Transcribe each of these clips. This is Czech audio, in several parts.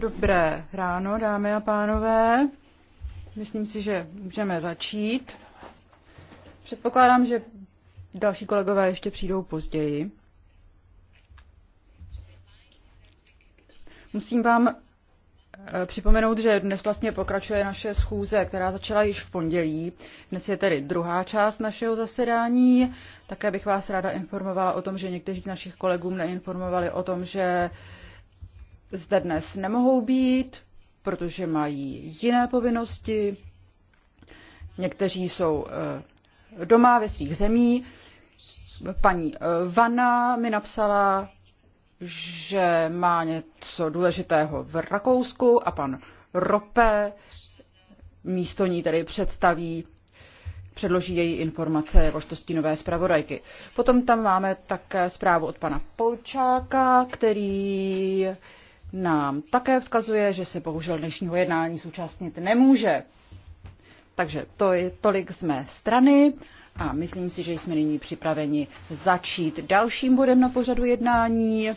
Dobré ráno, dámy a pánové. Myslím si, že můžeme začít. Předpokládám, že další kolegové ještě přijdou později. Musím vám eh, připomenout, že dnes vlastně pokračuje naše schůze, která začala již v pondělí. Dnes je tedy druhá část našeho zasedání. Také bych vás ráda informovala o tom, že někteří z našich kolegů neinformovali o tom, že zde dnes nemohou být, protože mají jiné povinnosti. Někteří jsou eh, doma ve svých zemí. Paní eh, Vana mi napsala, že má něco důležitého v Rakousku a pan Rope místo ní tedy představí předloží její informace jakožto stínové zpravodajky. Potom tam máme také zprávu od pana Poučáka, který nám také vzkazuje, že se bohužel dnešního jednání zúčastnit nemůže. Takže to je tolik z mé strany a myslím si, že jsme nyní připraveni začít dalším bodem na pořadu jednání.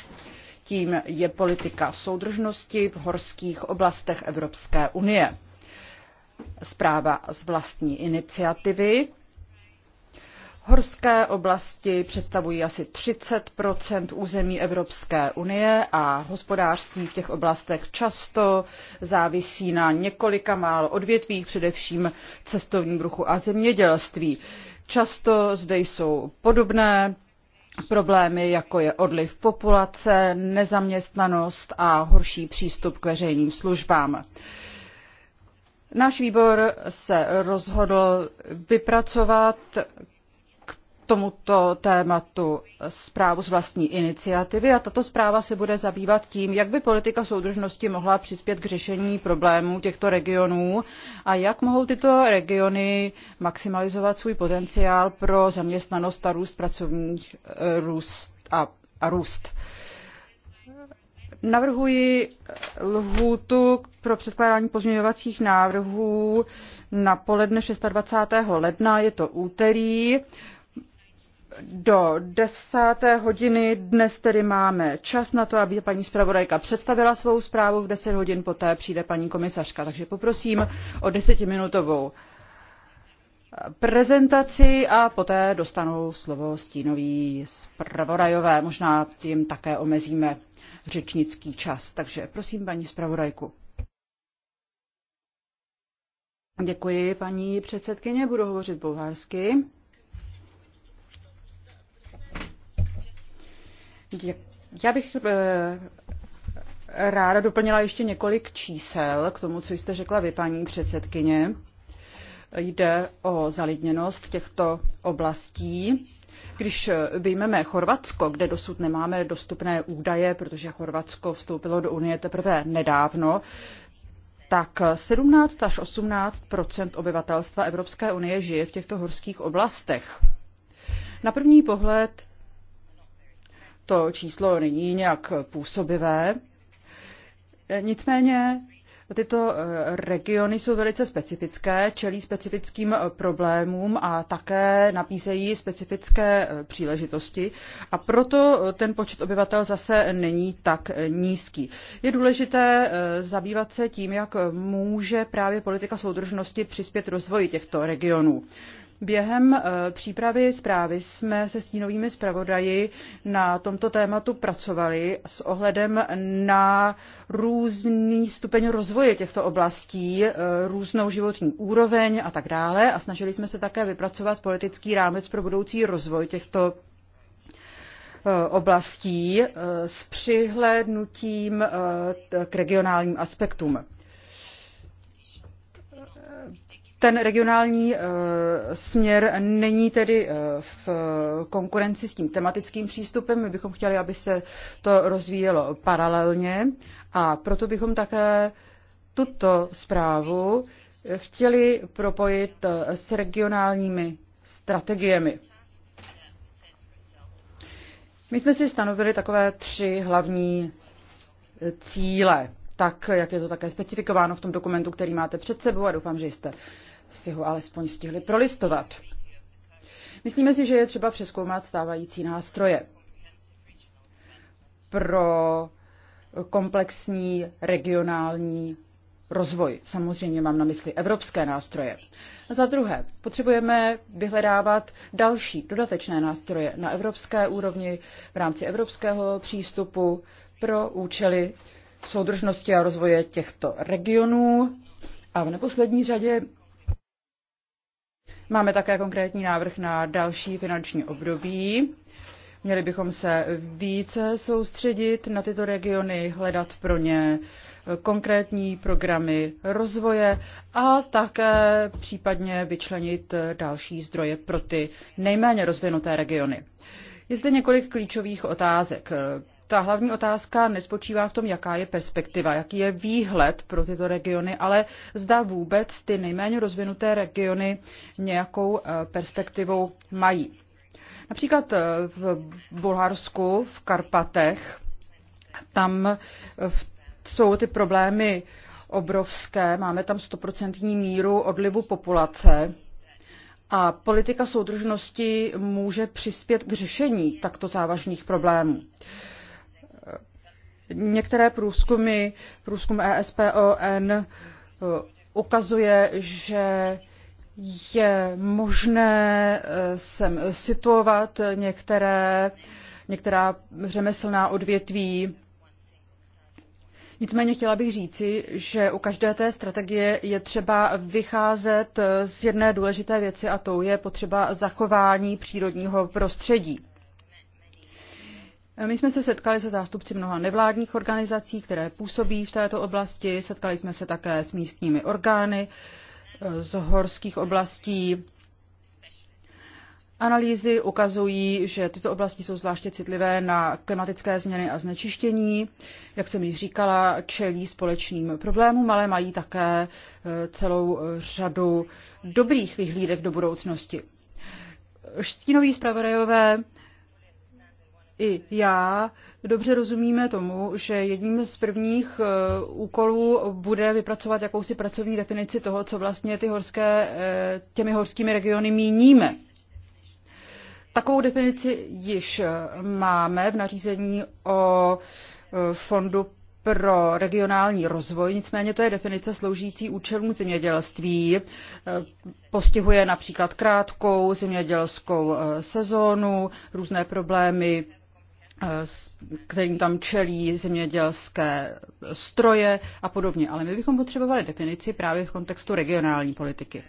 Tím je politika soudržnosti v horských oblastech Evropské unie. Zpráva z vlastní iniciativy Horské oblasti představují asi 30 území Evropské unie a hospodářství v těch oblastech často závisí na několika málo odvětvích, především cestovním ruchu a zemědělství. Často zde jsou podobné problémy, jako je odliv populace, nezaměstnanost a horší přístup k veřejným službám. Náš výbor se rozhodl vypracovat tomuto tématu zprávu z vlastní iniciativy a tato zpráva se bude zabývat tím, jak by politika soudržnosti mohla přispět k řešení problémů těchto regionů a jak mohou tyto regiony maximalizovat svůj potenciál pro zaměstnanost a růst pracovních eh, růst a, a růst. Navrhuji lhůtu pro předkládání pozměňovacích návrhů na poledne 26. ledna, je to úterý do desáté hodiny dnes tedy máme čas na to, aby paní zpravodajka představila svou zprávu. V deset hodin poté přijde paní komisařka, takže poprosím o desetiminutovou prezentaci a poté dostanou slovo stínový zpravodajové. Možná tím také omezíme řečnický čas. Takže prosím paní zpravodajku. Děkuji, paní předsedkyně, budu hovořit bulharsky. Já bych eh, ráda doplnila ještě několik čísel k tomu, co jste řekla vy, paní předsedkyně. Jde o zalidněnost těchto oblastí. Když vyjmeme Chorvatsko, kde dosud nemáme dostupné údaje, protože Chorvatsko vstoupilo do Unie teprve nedávno, tak 17 až 18 obyvatelstva Evropské unie žije v těchto horských oblastech. Na první pohled to číslo není nějak působivé. Nicméně tyto e, regiony jsou velice specifické, čelí specifickým problémům a také nabízejí specifické e, příležitosti a proto ten počet obyvatel zase není tak nízký. Je důležité e, zabývat se tím, jak může právě politika soudržnosti přispět rozvoji těchto regionů. Během eh, přípravy zprávy jsme se stínovými zpravodaji na tomto tématu pracovali s ohledem na různý stupeň rozvoje těchto oblastí, eh, různou životní úroveň a tak dále a snažili jsme se také vypracovat politický rámec pro budoucí rozvoj těchto eh, oblastí s přihlédnutím k regionálním aspektům. Ten regionální eh, směr není tedy eh, v konkurenci s tím tematickým přístupem. My bychom chtěli, aby se to rozvíjelo paralelně a proto bychom také tuto zprávu chtěli propojit eh, s regionálními strategiemi. My jsme si stanovili takové tři hlavní cíle, tak jak je to také specifikováno v tom dokumentu, který máte před sebou a doufám, že jste si ho alespoň stihli prolistovat. Myslíme si, že je třeba přeskoumat stávající nástroje pro komplexní regionální rozvoj. Samozřejmě mám na mysli evropské nástroje. Za druhé, potřebujeme vyhledávat další dodatečné nástroje na evropské úrovni v rámci evropského přístupu pro účely soudržnosti a rozvoje těchto regionů. A v neposlední řadě Máme také konkrétní návrh na další finanční období. Měli bychom se více soustředit na tyto regiony, hledat pro ně konkrétní programy rozvoje a také případně vyčlenit další zdroje pro ty nejméně rozvinuté regiony. Je zde několik klíčových otázek ta hlavní otázka nespočívá v tom, jaká je perspektiva, jaký je výhled pro tyto regiony, ale zda vůbec ty nejméně rozvinuté regiony nějakou eh, perspektivou mají. Například eh, v Bulharsku, v Karpatech, tam eh, jsou ty problémy obrovské, máme tam 100 míru odlivu populace a politika soudržnosti může přispět k řešení takto závažných problémů. Uh, Některé průzkumy, průzkum ESPON eh, ukazuje, že je možné eh, sem situovat některé, některá řemeslná odvětví. Nicméně chtěla bych říci, že u každé té strategie je třeba vycházet z jedné důležité věci a tou je potřeba zachování přírodního prostředí. My jsme se setkali se zástupci mnoha nevládních organizací, které působí v této oblasti. Setkali jsme se také s místními orgány eh, z horských oblastí. Analýzy ukazují, že tyto oblasti jsou zvláště citlivé na klimatické změny a znečištění. Jak jsem již říkala, čelí společným problémům, ale mají také eh, celou eh, řadu dobrých vyhlídek do budoucnosti. Štínoví zpravodajové i já dobře rozumíme tomu, že jedním z prvních eh, úkolů bude vypracovat jakousi pracovní definici toho, co vlastně ty horské, eh, těmi horskými regiony míníme. Takovou definici již eh, máme v nařízení o fondu pro regionální rozvoj, nicméně to je definice sloužící účelům zemědělství. Postihuje například krátkou zemědělskou sezónu, různé problémy Eh, kterým tam čelí zemědělské stroje a podobně. Ale my bychom potřebovali definici právě v kontextu regionální politiky.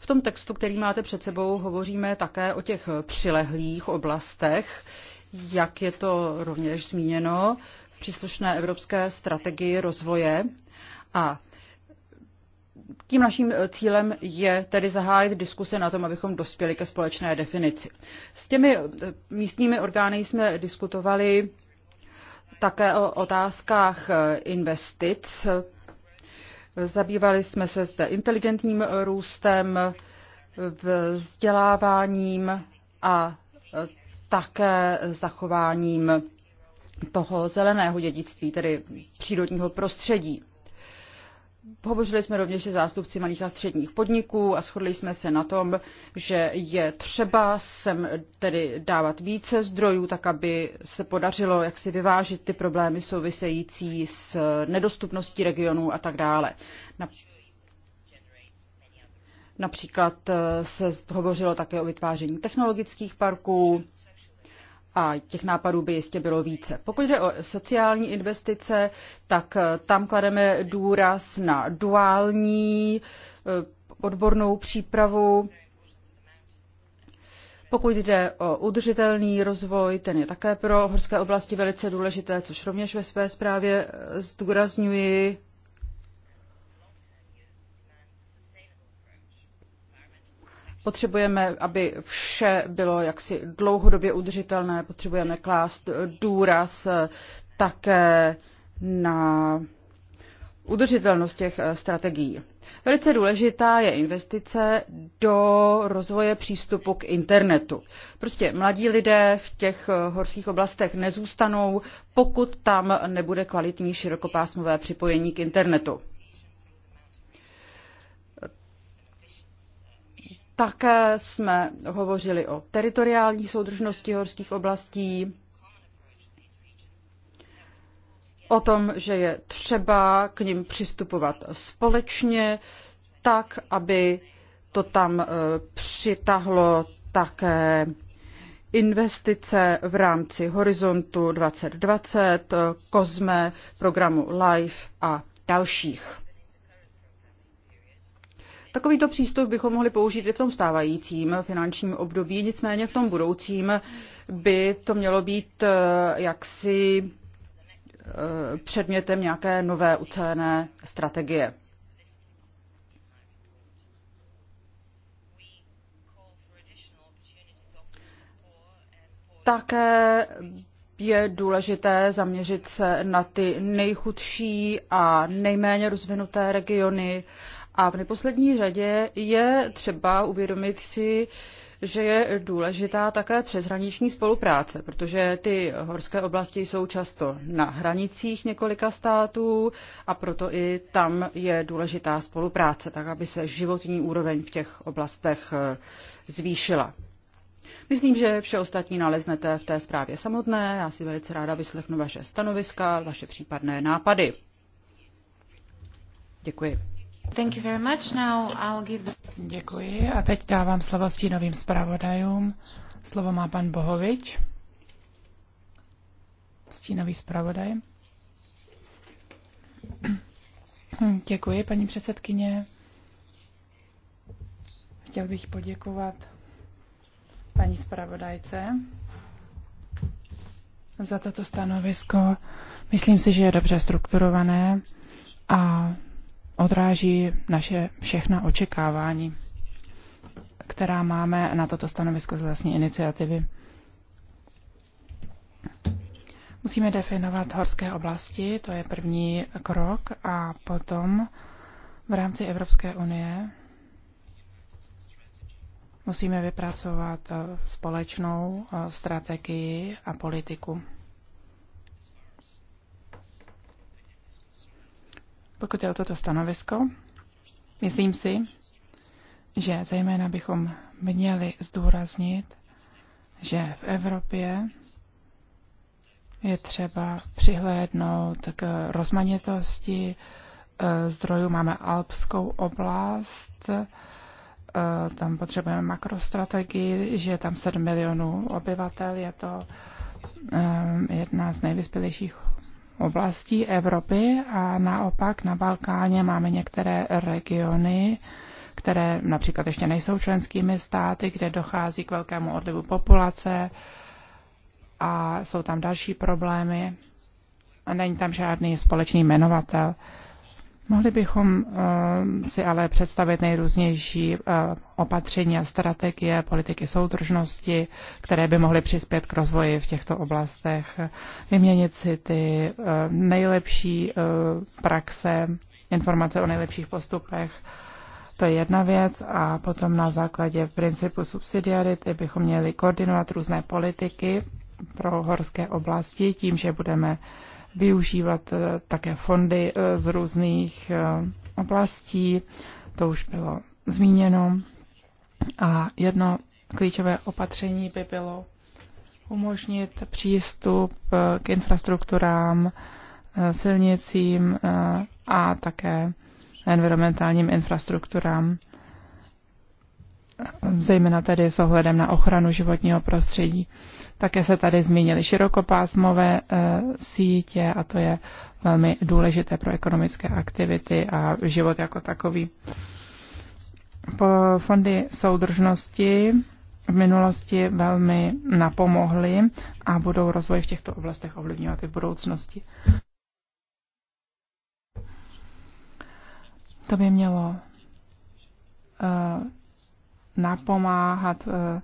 V tom textu, který máte před sebou, hovoříme také o těch přilehlých oblastech, jak je to rovněž zmíněno v příslušné evropské strategii rozvoje. A tím naším eh, cílem je tedy zahájit diskuse na tom, abychom dospěli ke společné definici. S těmi eh, místními orgány jsme diskutovali také o otázkách eh, investic. Zabývali jsme se zde inteligentním růstem, vzděláváním a také zachováním toho zeleného dědictví, tedy přírodního prostředí. Hovořili jsme rovněž se zástupci malých a středních podniků a shodli jsme se na tom, že je třeba sem tedy dávat více zdrojů, tak aby se podařilo jak si vyvážit ty problémy související s nedostupností regionů a tak dále. Například eh, se hovořilo také o vytváření technologických parků, a těch nápadů by jistě bylo více. Pokud jde o sociální investice, tak eh, tam klademe důraz na duální eh, odbornou přípravu. Pokud jde o udržitelný rozvoj, ten je také pro horské oblasti velice důležité, což rovněž ve své zprávě eh, zdůrazňuji. Potřebujeme, aby vše bylo jaksi dlouhodobě udržitelné, potřebujeme klást důraz také na udržitelnost těch eh, strategií. Velice důležitá je investice do rozvoje přístupu k internetu. Prostě mladí lidé v těch eh, horských oblastech nezůstanou, pokud tam nebude kvalitní širokopásmové připojení k internetu. Také jsme hovořili o teritoriální soudržnosti horských oblastí, o tom, že je třeba k ním přistupovat společně, tak, aby to tam e, přitahlo také investice v rámci Horizontu 2020, e, COSME, programu LIFE a dalších. Takovýto přístup bychom mohli použít i v tom stávajícím finančním období, nicméně v tom budoucím by to mělo být eh, jaksi eh, předmětem nějaké nové ucelené strategie. Také je důležité zaměřit se na ty nejchudší a nejméně rozvinuté regiony a v neposlední řadě je třeba uvědomit si, že je důležitá také přeshraniční spolupráce, protože ty horské oblasti jsou často na hranicích několika států a proto i tam je důležitá spolupráce, tak aby se životní úroveň v těch oblastech eh, zvýšila. Myslím, že vše ostatní naleznete v té zprávě samotné. Já si velice ráda vyslechnu vaše stanoviska, vaše případné nápady. Děkuji. Děkuji a teď dávám slovo stínovým zpravodajům. Slovo má pan Bohovič. Stínový zpravodaj. Děkuji, paní předsedkyně. Chtěl bych poděkovat paní zpravodajce za toto stanovisko. Myslím si, že je dobře strukturované a odráží naše všechna očekávání, která máme na toto stanovisko z vlastní iniciativy. Musíme definovat horské oblasti, to je první krok, a potom v rámci Evropské unie musíme vypracovat společnou eh, strategii a politiku. Pokud je o toto stanovisko, myslím si, že zejména bychom měli zdůraznit, že v Evropě je třeba přihlédnout k rozmanitosti e, zdrojů. Máme alpskou oblast, e, tam potřebujeme makrostrategii, že je tam 7 milionů obyvatel, je to e, jedna z nejvyspělejších oblastí Evropy a naopak na Balkáně máme některé regiony, které například ještě nejsou členskými státy, kde dochází k velkému odlivu populace a jsou tam další problémy a není tam žádný společný jmenovatel. Mohli bychom eh, si ale představit nejrůznější eh, opatření a strategie politiky soudržnosti, které by mohly přispět k rozvoji v těchto oblastech, vyměnit si ty eh, nejlepší praxe, informace o nejlepších postupech. To je jedna věc a potom na základě principu subsidiarity bychom měli koordinovat různé politiky pro horské oblasti tím, že budeme uh, využívat eh, také fondy eh, z různých eh, oblastí, to už bylo zmíněno. A jedno klíčové opatření by bylo umožnit přístup k infrastrukturám, silnicím a také environmentálním infrastrukturám, zejména tedy s ohledem na ochranu životního prostředí. Také se tady zmínily širokopásmové eh, sítě a to je velmi důležité pro ekonomické aktivity a život jako takový. Po fondy soudržnosti v minulosti velmi napomohly a budou rozvoj v těchto oblastech ovlivňovat i v budoucnosti. To by mělo eh, napomáhat eh,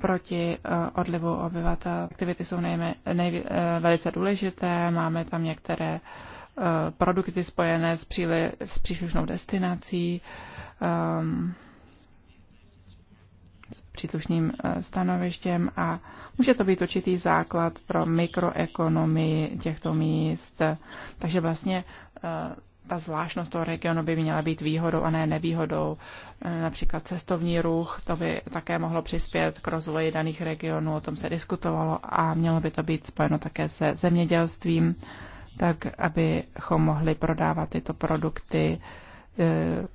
proti eh, odlivu obyvatel. Aktivity jsou nejme, nej, eh, velice důležité, máme tam některé eh, produkty spojené s, příli, s příslušnou destinací, um, s příslušným stanovištěm a může to být určitý základ pro mikroekonomii těchto míst. Takže vlastně ta zvláštnost toho regionu by měla být výhodou a ne nevýhodou. E, například cestovní ruch, to by také mohlo přispět k rozvoji daných regionů, o tom se diskutovalo a mělo by to být spojeno také se zemědělstvím, tak abychom mohli prodávat tyto produkty e,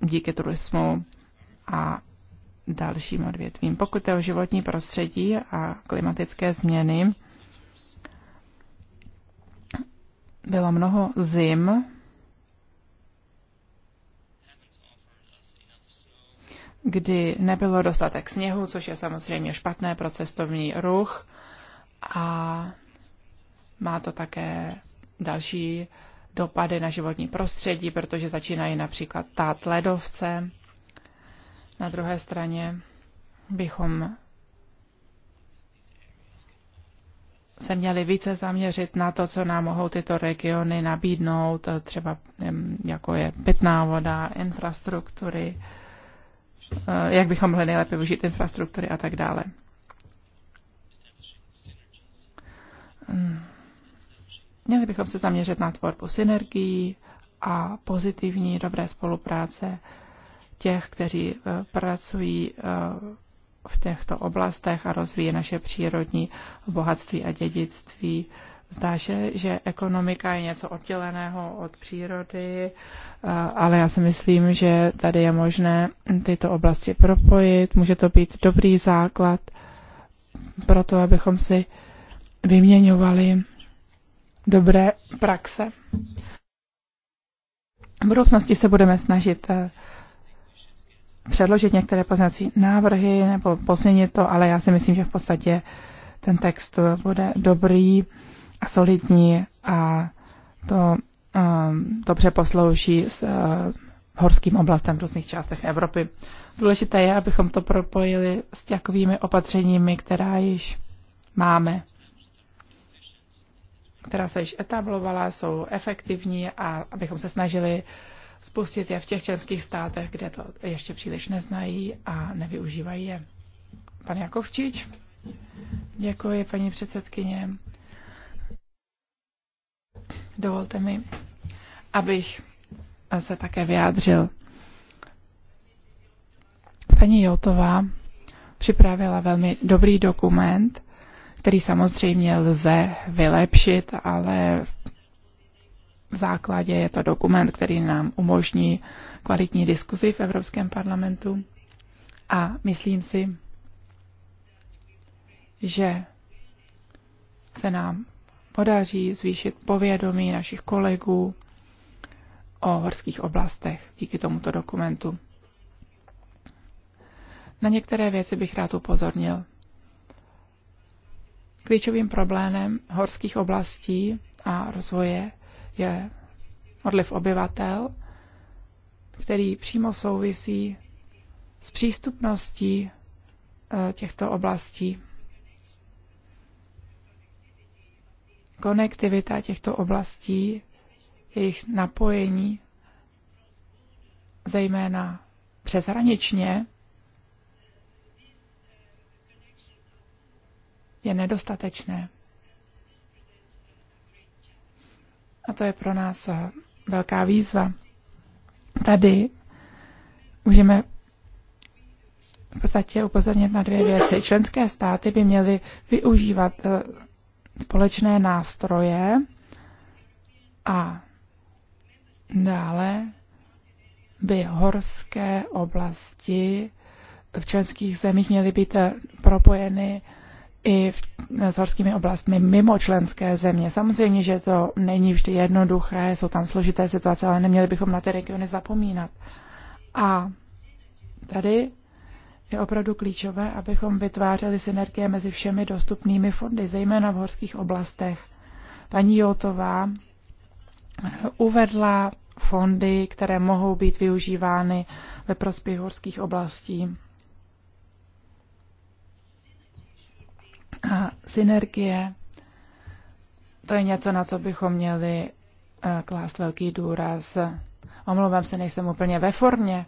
díky turismu a dalším odvětvím. Pokud je o životní prostředí a klimatické změny, bylo mnoho zim, kdy nebylo dostatek sněhu, což je samozřejmě špatné pro cestovní ruch a má to také další dopady na životní prostředí, protože začínají například tát ledovce. Na druhé straně bychom se měli více zaměřit na to, co nám mohou tyto regiony nabídnout, třeba jako je pitná voda, infrastruktury, eh, jak bychom mohli nejlépe využít infrastruktury a tak dále. Měli bychom se zaměřit na tvorbu synergií a pozitivní dobré spolupráce těch, kteří eh, pracují eh, v těchto oblastech a rozvíjí naše přírodní bohatství a dědictví. Zdá se, že ekonomika je něco odděleného od přírody, eh, ale já si myslím, že tady je možné tyto oblasti propojit. Může to být dobrý základ pro to, abychom si vyměňovali dobré praxe. V budoucnosti se budeme snažit eh, předložit některé poznací návrhy nebo pozměnit to, ale já si myslím, že v podstatě ten text bude dobrý a solidní a to um, dobře poslouží s uh, horským oblastem v různých částech Evropy. Důležité je, abychom to propojili s takovými opatřeními, která již máme, která se již etablovala, jsou efektivní a abychom se snažili uh, spustit je v těch členských státech, kde to ještě příliš neznají a nevyužívají je. Pan Jakovčič. Děkuji, paní předsedkyně. Dovolte mi, abych se také vyjádřil. Paní Joutová připravila velmi dobrý dokument, který samozřejmě lze vylepšit, ale v základě je to dokument, který nám umožní kvalitní diskuzi v Evropském parlamentu a myslím si, že se nám podaří zvýšit povědomí našich kolegů o horských oblastech díky tomuto dokumentu. Na některé věci bych rád upozornil. Klíčovým problémem horských oblastí a rozvoje je odliv obyvatel, který přímo souvisí s přístupností eh, těchto oblastí. Konektivita těchto oblastí, jejich napojení, zejména přeshraničně, je nedostatečné. A to je pro nás eh, velká výzva. Tady můžeme v podstatě upozornit na dvě věci. Členské státy by měly využívat eh, společné nástroje a dále by horské oblasti v členských zemích měly být eh, propojeny i v, s horskými oblastmi mimo členské země. Samozřejmě, že to není vždy jednoduché, jsou tam složité situace, ale neměli bychom na ty regiony zapomínat. A tady je opravdu klíčové, abychom vytvářeli synergie mezi všemi dostupnými fondy, zejména v horských oblastech. Paní Joutová uvedla fondy, které mohou být využívány ve prospěch horských oblastí. A synergie, to je něco, na co bychom měli eh, klást velký důraz. Omlouvám se, nejsem úplně ve formě,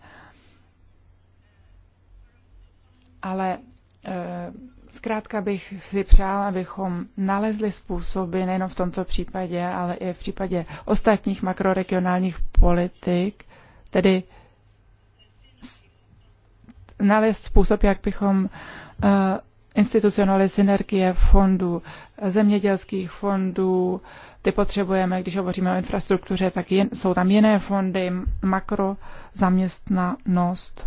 ale eh, zkrátka bych si přál, abychom nalezli způsoby, nejen v tomto případě, ale i v případě ostatních makroregionálních politik, tedy nalézt způsob, jak bychom eh, institucionální synergie fondů, zemědělských fondů, ty potřebujeme, když hovoříme o infrastruktuře, tak jen, jsou tam jiné fondy, makro, zaměstnanost.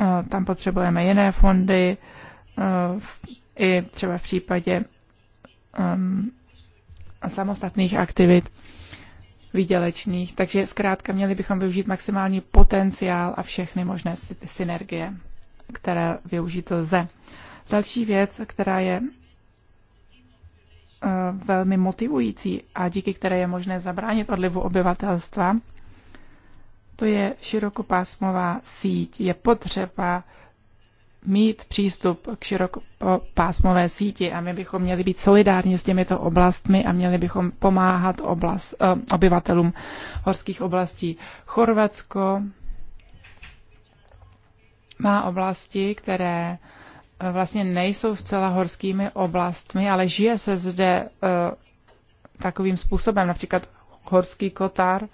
Eh, tam potřebujeme jiné fondy, eh, i třeba v případě ehm, samostatných aktivit výdělečných. Takže zkrátka měli bychom využít maximální potenciál a všechny možné synergie, které využít lze. Další věc, která je eh, velmi motivující a díky které je možné zabránit odlivu obyvatelstva, to je širokopásmová síť. Je potřeba mít přístup k širokopásmové síti a my bychom měli být solidární s těmito oblastmi a měli bychom pomáhat oblast, eh, obyvatelům horských oblastí. Chorvatsko má oblasti, které eh, vlastně nejsou zcela horskými oblastmi, ale žije se zde eh, takovým způsobem, například horský kotár.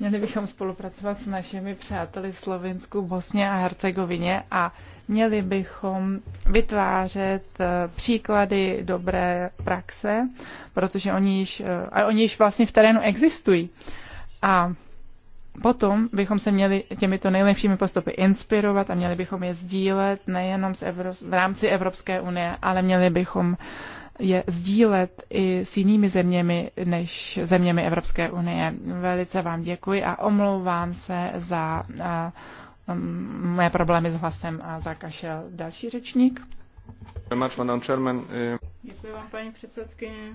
Měli bychom spolupracovat s našimi přáteli v Slovensku, Bosně a Hercegovině a měli bychom vytvářet eh, příklady dobré praxe, protože oni již, eh, a oni již vlastně v terénu existují. A potom bychom se měli těmito nejlepšími postupy inspirovat a měli bychom je sdílet nejenom v rámci Evropské unie, ale měli bychom je sdílet i s jinými zeměmi než zeměmi Evropské unie. Velice vám děkuji a omlouvám se za mé um, problémy s hlasem a za kašel. Další řečník. Děkuji vám, paní předsedkyně.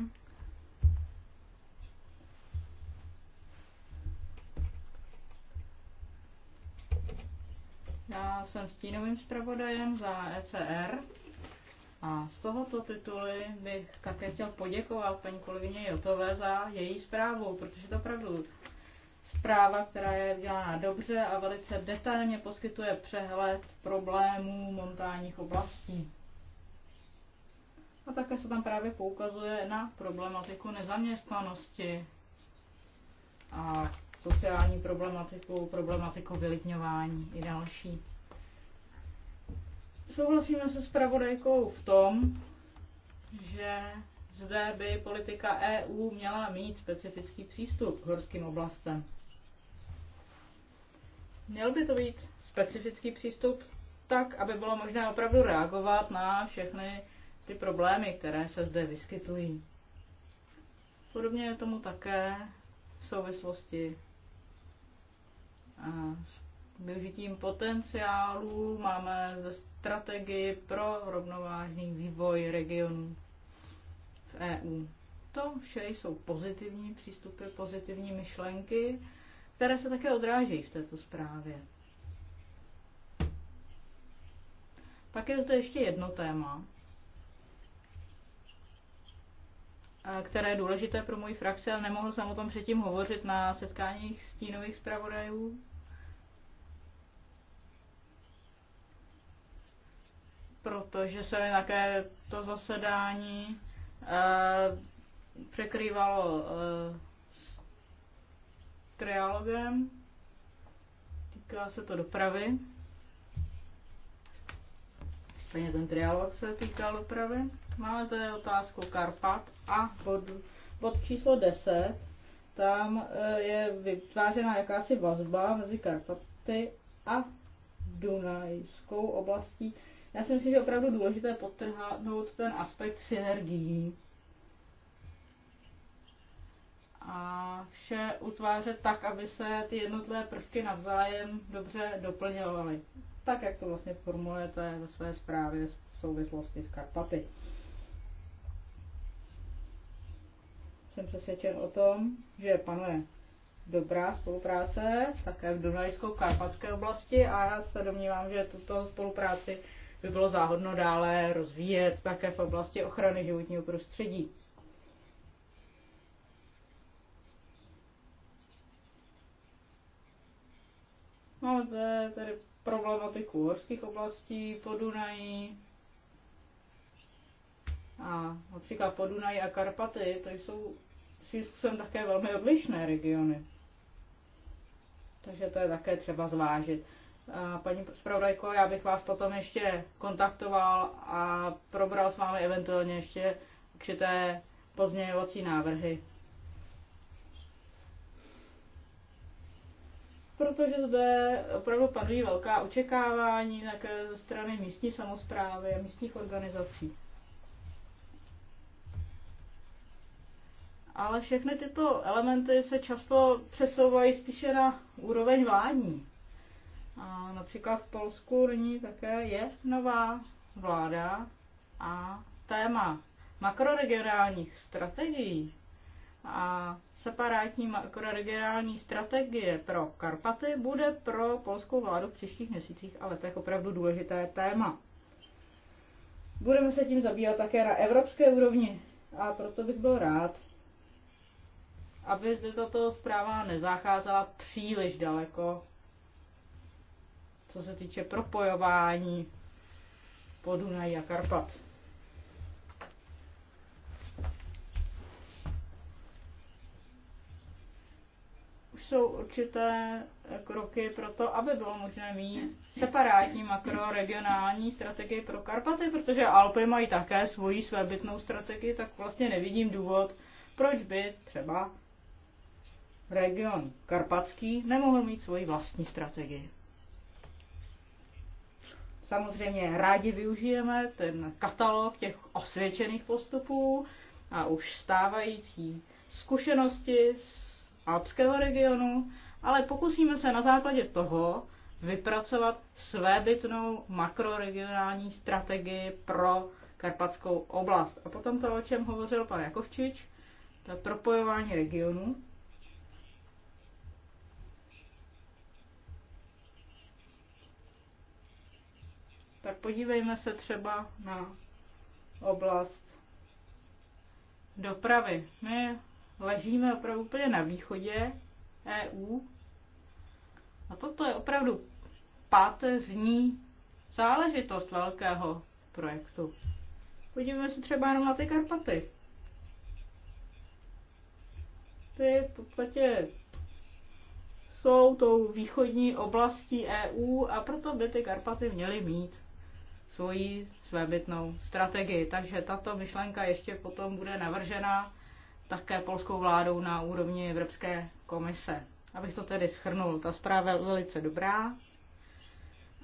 Já jsem stínovým zpravodajem za ECR. A z tohoto titulu bych také chtěl poděkovat paní kolegyně Jotové za její zprávu, protože to opravdu zpráva, která je dělána dobře a velice detailně poskytuje přehled problémů montánních oblastí. A také se tam právě poukazuje na problematiku nezaměstnanosti a sociální problematiku, problematiku vylidňování i další. Souhlasíme se spravodajkou v tom, že zde by politika EU měla mít specifický přístup k horským oblastem. Měl by to být specifický přístup tak, aby bylo možné opravdu reagovat na všechny ty problémy, které se zde vyskytují. Podobně je tomu také v souvislosti s využitím potenciálů máme ze strategii pro rovnovážný vývoj regionů v EU. To vše jsou pozitivní přístupy, pozitivní myšlenky, které se také odrážejí v této zprávě. Pak je zde ještě jedno téma, které je důležité pro moji frakci, ale nemohl jsem o tom předtím hovořit na setkáních stínových zpravodajů, protože se mi také to zasedání eh, překrývalo eh, s trialogem. Týká se to dopravy. Stejně ten trialog se týkal dopravy. Máme zde otázku Karpat a bod, bod číslo 10. Tam eh, je vytvářena jakási vazba mezi Karpaty a Dunajskou oblastí já si myslím, že je opravdu důležité podtrhnout ten aspekt synergií a vše utvářet tak, aby se ty jednotlivé prvky navzájem dobře doplňovaly. Tak, jak to vlastně formulujete ve své zprávě v souvislosti s Karpaty. Jsem přesvědčen o tom, že panuje dobrá spolupráce také v Dunajsko-Karpatské oblasti a já se domnívám, že tuto spolupráci by bylo záhodno dále rozvíjet také v oblasti ochrany životního prostředí. Máme zde tedy problematiku horských oblastí, Podunají a například Podunají a Karpaty, to jsou svým způsobem také velmi odlišné regiony. Takže to je také třeba zvážit. Paní zpravodajko, já bych vás potom ještě kontaktoval a probral s vámi eventuálně ještě určité pozměňovací návrhy. Protože zde opravdu panují velká očekávání také eh, ze strany místní samozprávy a místních organizací. Ale všechny tyto elementy se často přesouvají spíše na úroveň vládní. A například v Polsku nyní také je nová vláda a téma makroregionálních strategií a separátní makroregionální strategie pro Karpaty bude pro polskou vládu v příštích měsících a letech opravdu důležité téma. Budeme se tím zabývat také na evropské úrovni a proto bych byl rád, aby zde tato zpráva nezacházela příliš daleko co se týče propojování Podunají a Karpat. Už jsou určité kroky pro to, aby bylo možné mít separátní makroregionální strategii pro Karpaty, protože Alpy mají také svoji svébytnou strategii, tak vlastně nevidím důvod, proč by třeba region karpatský nemohl mít svoji vlastní strategii. Samozřejmě rádi využijeme ten katalog těch osvědčených postupů a už stávající zkušenosti z alpského regionu, ale pokusíme se na základě toho vypracovat svébytnou makroregionální strategii pro Karpatskou oblast. A potom to, o čem hovořil pan Jakovčič, to propojování regionů, tak podívejme se třeba na oblast dopravy. My ležíme opravdu úplně na východě EU a toto je opravdu páteřní záležitost velkého projektu. Podívejme se třeba jenom na ty Karpaty. Ty v podstatě jsou tou východní oblastí EU a proto by ty Karpaty měly mít svoji svébytnou strategii. Takže tato myšlenka ještě potom bude navržena také polskou vládou na úrovni Evropské komise. Abych to tedy schrnul, ta zpráva je velice dobrá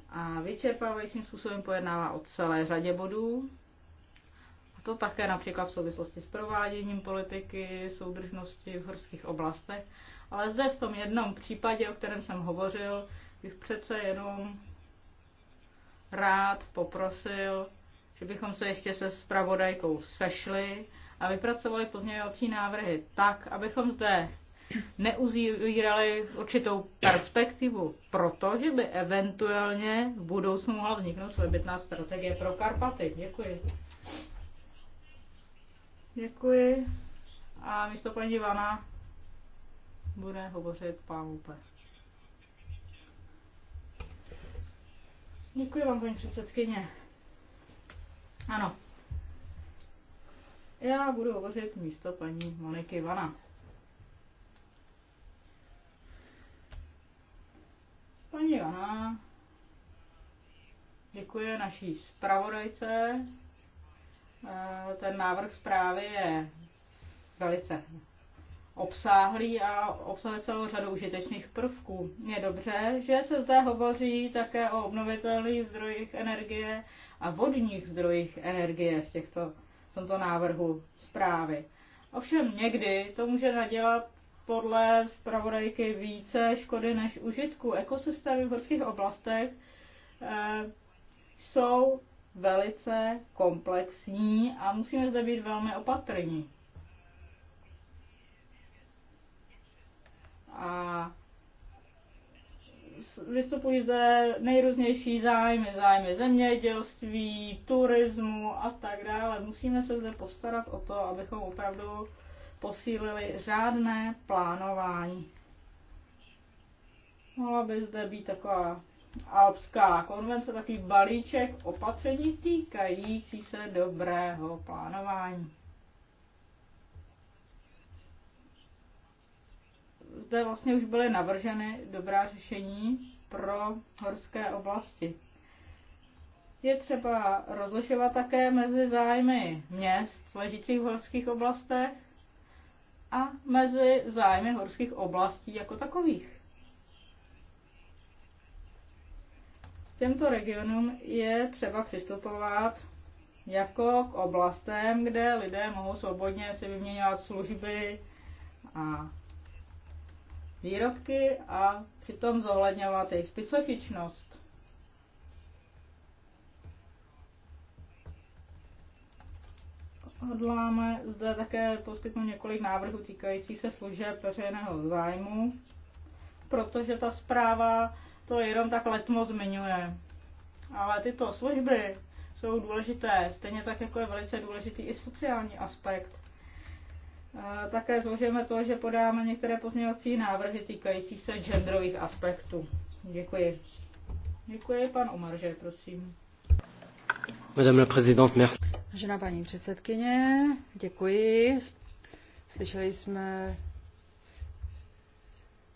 a vyčerpávajícím způsobem pojednává o celé řadě bodů. A to také například v souvislosti s prováděním politiky, soudržnosti v horských oblastech. Ale zde v tom jednom případě, o kterém jsem hovořil, bych přece jenom rád poprosil, že bychom se ještě se spravodajkou sešli a vypracovali pozměňovací návrhy tak, abychom zde neuzírali určitou perspektivu, protože by eventuálně v budoucnu mohla vzniknout svébytná strategie pro Karpaty. Děkuji. Děkuji. A místo paní Ivana bude hovořit pán Úpech. Děkuji vám, paní předsedkyně. Ano. Já budu hovořit místo paní Moniky Vana. Paní Vana děkuje naší zpravodajce. Eh, ten návrh zprávy je velice obsáhlý a obsahuje celou řadu užitečných prvků. Je dobře, že se zde hovoří také o obnovitelných zdrojích energie a vodních zdrojích energie v, těchto, v tomto návrhu zprávy. Ovšem někdy to může nadělat podle zpravodajky více škody než užitku. Ekosystémy v horských oblastech e, jsou velice komplexní a musíme zde být velmi opatrní. a vystupují zde nejrůznější zájmy, zájmy zemědělství, turismu a tak dále. Musíme se zde postarat o to, abychom opravdu posílili řádné plánování. Mohla by zde být taková Alpská konvence, takový balíček opatření týkající se dobrého plánování. zde vlastně už byly navrženy dobrá řešení pro horské oblasti. Je třeba rozlišovat také mezi zájmy měst ležících v horských oblastech a mezi zájmy horských oblastí jako takových. Těmto regionům je třeba přistupovat jako k oblastem, kde lidé mohou svobodně si vyměňovat služby a výrobky a přitom zohledňovat jejich specifičnost. Hodláme zde také poskytnout několik návrhů týkajících se služeb veřejného zájmu, protože ta zpráva to jenom tak letmo zmiňuje. Ale tyto služby jsou důležité, stejně tak jako je velice důležitý i sociální aspekt. Také zložíme to, že podáme některé pozměňovací návrhy týkající se genderových aspektů. Děkuji. Děkuji, pan Omarže, prosím. Madame la présidente, merci. Žena paní předsedkyně, děkuji. Slyšeli jsme,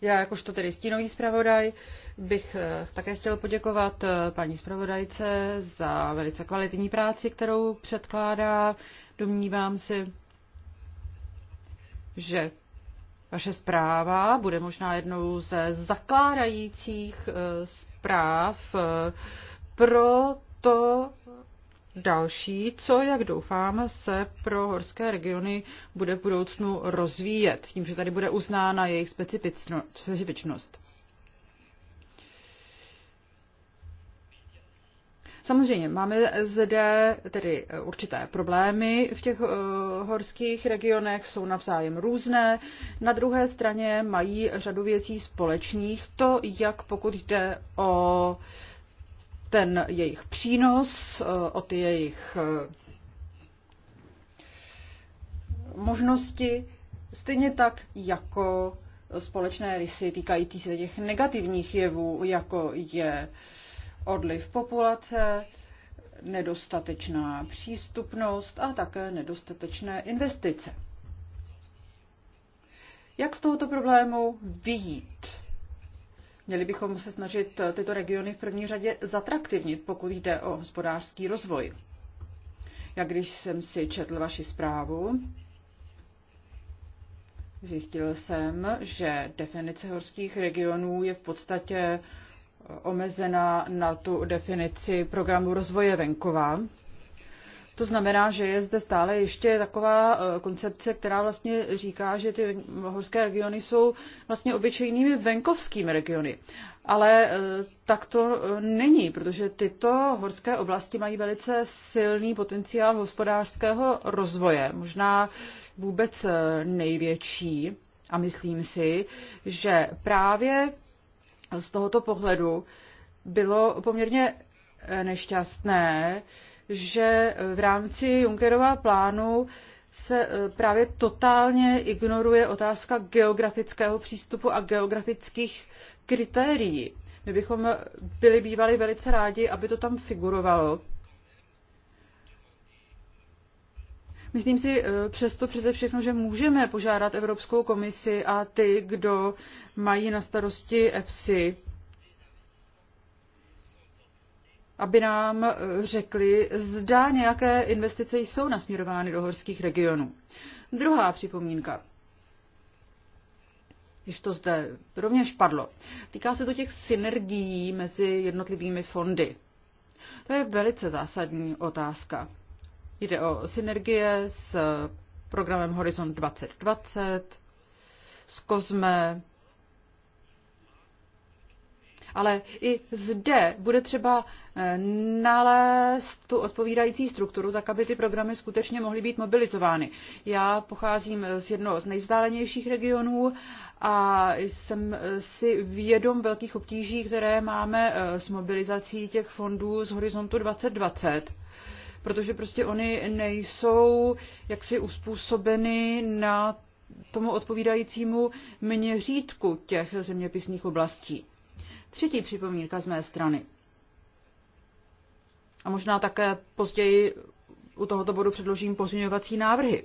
já jakožto tedy stínový zpravodaj, bych eh, také chtěl poděkovat eh, paní zpravodajce za velice kvalitní práci, kterou předkládá. Domnívám si, že vaše zpráva bude možná jednou ze zakládajících eh, zpráv eh, pro to další, co, jak doufám, se pro horské regiony bude v budoucnu rozvíjet, tím, že tady bude uznána jejich specifičnost. Samozřejmě máme zde tedy eh, určité problémy v těch eh, horských regionech, jsou navzájem různé. Na druhé straně mají řadu věcí společných. To, jak pokud jde o ten jejich přínos, eh, o ty jejich možnosti, stejně tak jako společné rysy týkající se těch negativních jevů, jako je uh, odliv populace, nedostatečná přístupnost a také nedostatečné investice. Jak z tohoto problému vyjít? Měli bychom se snažit tyto regiony v první řadě zatraktivnit, pokud jde o hospodářský rozvoj. Jak když jsem si četl vaši zprávu, zjistil jsem, že definice horských regionů je v podstatě uh, omezená na tu definici programu rozvoje venkova. To znamená, že je zde stále ještě taková eh, koncepce, která vlastně říká, že ty horské regiony jsou vlastně obyčejnými venkovskými regiony. Ale eh, tak to eh, není, protože tyto horské oblasti mají velice silný potenciál hospodářského rozvoje, možná vůbec největší. A myslím si, že právě z tohoto pohledu bylo poměrně eh, nešťastné, že eh, v rámci Junckerova plánu se eh, právě totálně ignoruje otázka geografického přístupu a geografických kritérií. My bychom byli bývali velice rádi, aby to tam figurovalo, Myslím si eh, přesto přeze všechno, že můžeme požádat Evropskou komisi a ty, kdo mají na starosti EFSI, aby nám eh, řekli, zda nějaké investice jsou nasměrovány do horských regionů. Druhá připomínka, když to zde rovněž padlo, týká se to těch synergií mezi jednotlivými fondy. To je velice zásadní otázka. Jde o synergie s programem Horizont 2020, s COSME, ale i zde bude třeba eh, nalézt tu odpovídající strukturu, tak aby ty programy skutečně mohly být mobilizovány. Já pocházím z jednoho z nejvzdálenějších regionů a jsem eh, si vědom velkých obtíží, které máme eh, s mobilizací těch fondů z Horizontu 2020 protože prostě oni nejsou jaksi uspůsobeny na tomu odpovídajícímu měřítku těch zeměpisných oblastí. Třetí připomínka z mé strany. A možná také později u tohoto bodu předložím pozměňovací návrhy. E,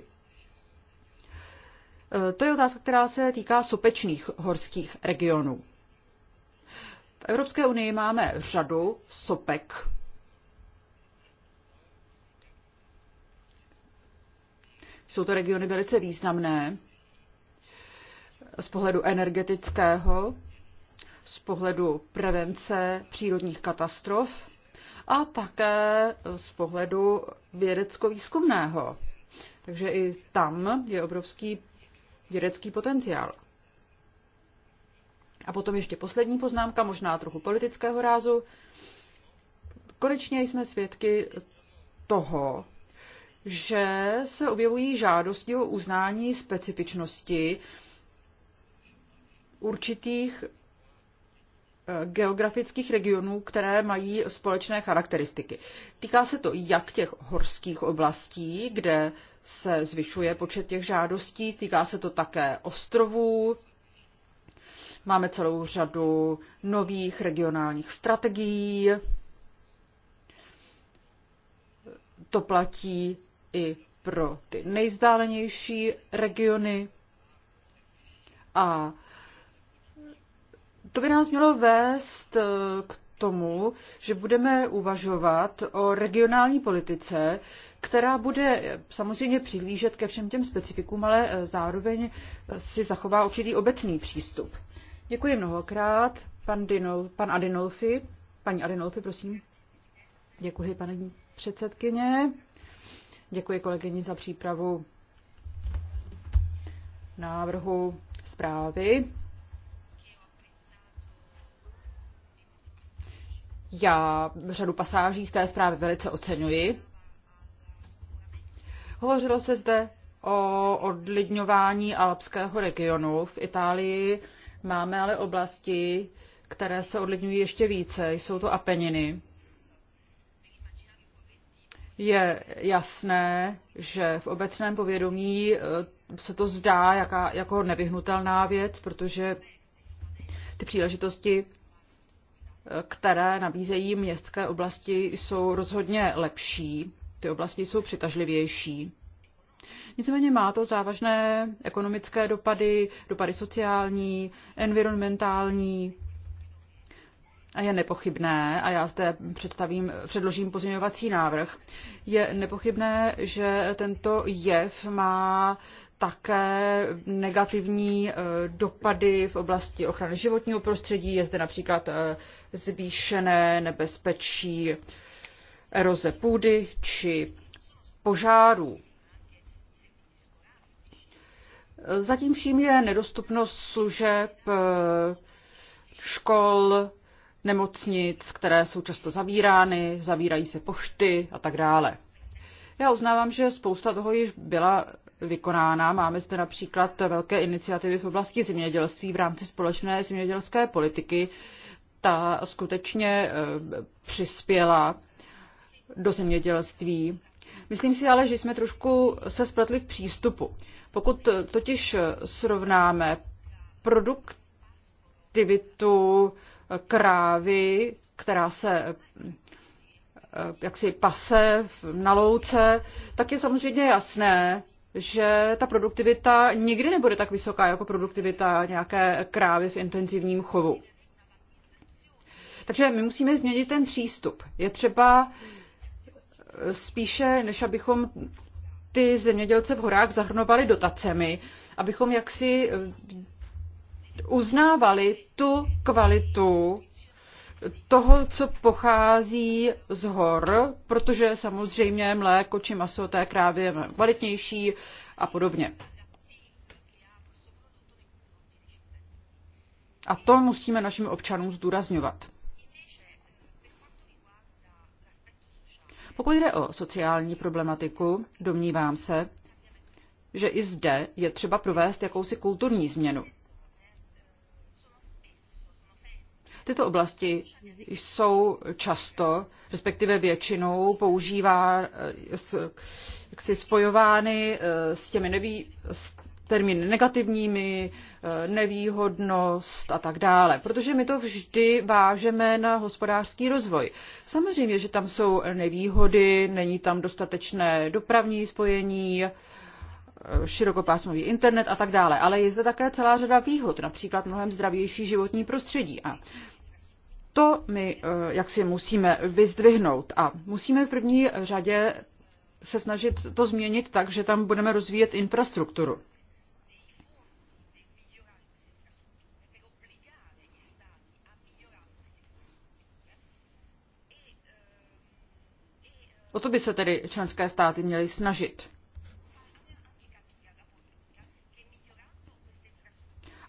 to je otázka, která se týká sopečných horských regionů. V Evropské unii máme řadu sopek, Jsou to regiony velice významné z pohledu energetického, z pohledu prevence přírodních katastrof a také z pohledu vědecko-výzkumného. Takže i tam je obrovský vědecký potenciál. A potom ještě poslední poznámka, možná trochu politického rázu. Konečně jsme svědky toho, že se objevují žádosti o uznání specifičnosti určitých eh, geografických regionů, které mají společné charakteristiky. Týká se to jak těch horských oblastí, kde se zvyšuje počet těch žádostí, týká se to také ostrovů. Máme celou řadu nových regionálních strategií. To platí i pro ty nejzdálenější regiony. A to by nás mělo vést eh, k tomu, že budeme uvažovat o regionální politice, která bude eh, samozřejmě přihlížet ke všem těm specifikům, ale eh, zároveň si zachová určitý obecný přístup. Děkuji mnohokrát. Pan, Dinol, pan Adinolfi, paní Adinolfi, prosím. Děkuji, paní předsedkyně. Děkuji kolegyni za přípravu návrhu zprávy. Já řadu pasáží z té zprávy velice oceňuji. Hovořilo se zde o odlidňování alpského regionu. V Itálii máme ale oblasti, které se odlidňují ještě více. Jsou to Apeniny je jasné, že v obecném povědomí eh, se to zdá jaká, jako nevyhnutelná věc, protože ty příležitosti, eh, které nabízejí městské oblasti, jsou rozhodně lepší, ty oblasti jsou přitažlivější. Nicméně má to závažné ekonomické dopady, dopady sociální, environmentální, je nepochybné, a já zde představím, předložím pozměňovací návrh, je nepochybné, že tento jev má také negativní eh, dopady v oblasti ochrany životního prostředí. Je zde například eh, zvýšené nebezpečí eroze půdy či požárů. Zatím vším je nedostupnost služeb, eh, škol, nemocnic, které jsou často zavírány, zavírají se pošty a tak dále. Já uznávám, že spousta toho již byla vykonána. Máme zde například velké iniciativy v oblasti zemědělství v rámci společné zemědělské politiky. Ta skutečně eh, přispěla do zemědělství. Myslím si ale, že jsme trošku se spletli v přístupu. Pokud totiž srovnáme produktivitu krávy, která se eh, jaksi pase na louce, tak je samozřejmě jasné, že ta produktivita nikdy nebude tak vysoká jako produktivita nějaké krávy v intenzivním chovu. Takže my musíme změnit ten přístup. Je třeba eh, spíše, než abychom ty zemědělce v horách zahrnovali dotacemi, abychom jaksi eh, uznávali tu kvalitu toho, co pochází z hor, protože samozřejmě mléko či maso té krávy je kvalitnější a podobně. A to musíme našim občanům zdůrazňovat. Pokud jde o sociální problematiku, domnívám se, že i zde je třeba provést jakousi kulturní změnu. Tyto oblasti jsou často, respektive většinou, používá, eh, jaksi spojovány eh, s těmi nevý, s termíny negativními, eh, nevýhodnost a tak dále, protože my to vždy vážeme na hospodářský rozvoj. Samozřejmě, že tam jsou nevýhody, není tam dostatečné dopravní spojení, Eh, širokopásmový internet a tak dále. Ale je zde také celá řada výhod, například mnohem zdravější životní prostředí. A to my eh, jak si musíme vyzdvihnout. A musíme v první řadě se snažit to změnit tak, že tam budeme rozvíjet infrastrukturu. O to by se tedy členské státy měly snažit.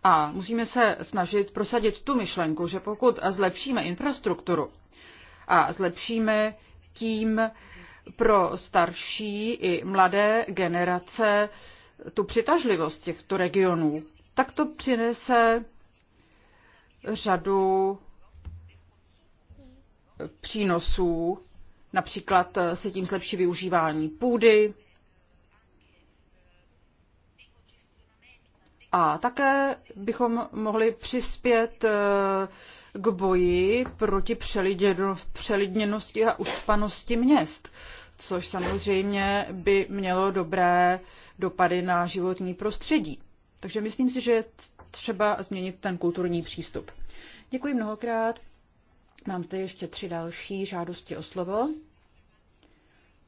A musíme se snažit prosadit tu myšlenku, že pokud zlepšíme infrastrukturu a zlepšíme tím pro starší i mladé generace tu přitažlivost těchto regionů, tak to přinese řadu přínosů. Například se tím zlepší využívání půdy, A také bychom mohli přispět eh, k boji proti přelidněnosti a ucpanosti měst, což samozřejmě by mělo dobré dopady na životní prostředí. Takže myslím si, že je třeba změnit ten kulturní přístup. Děkuji mnohokrát. Mám zde ještě tři další žádosti o slovo.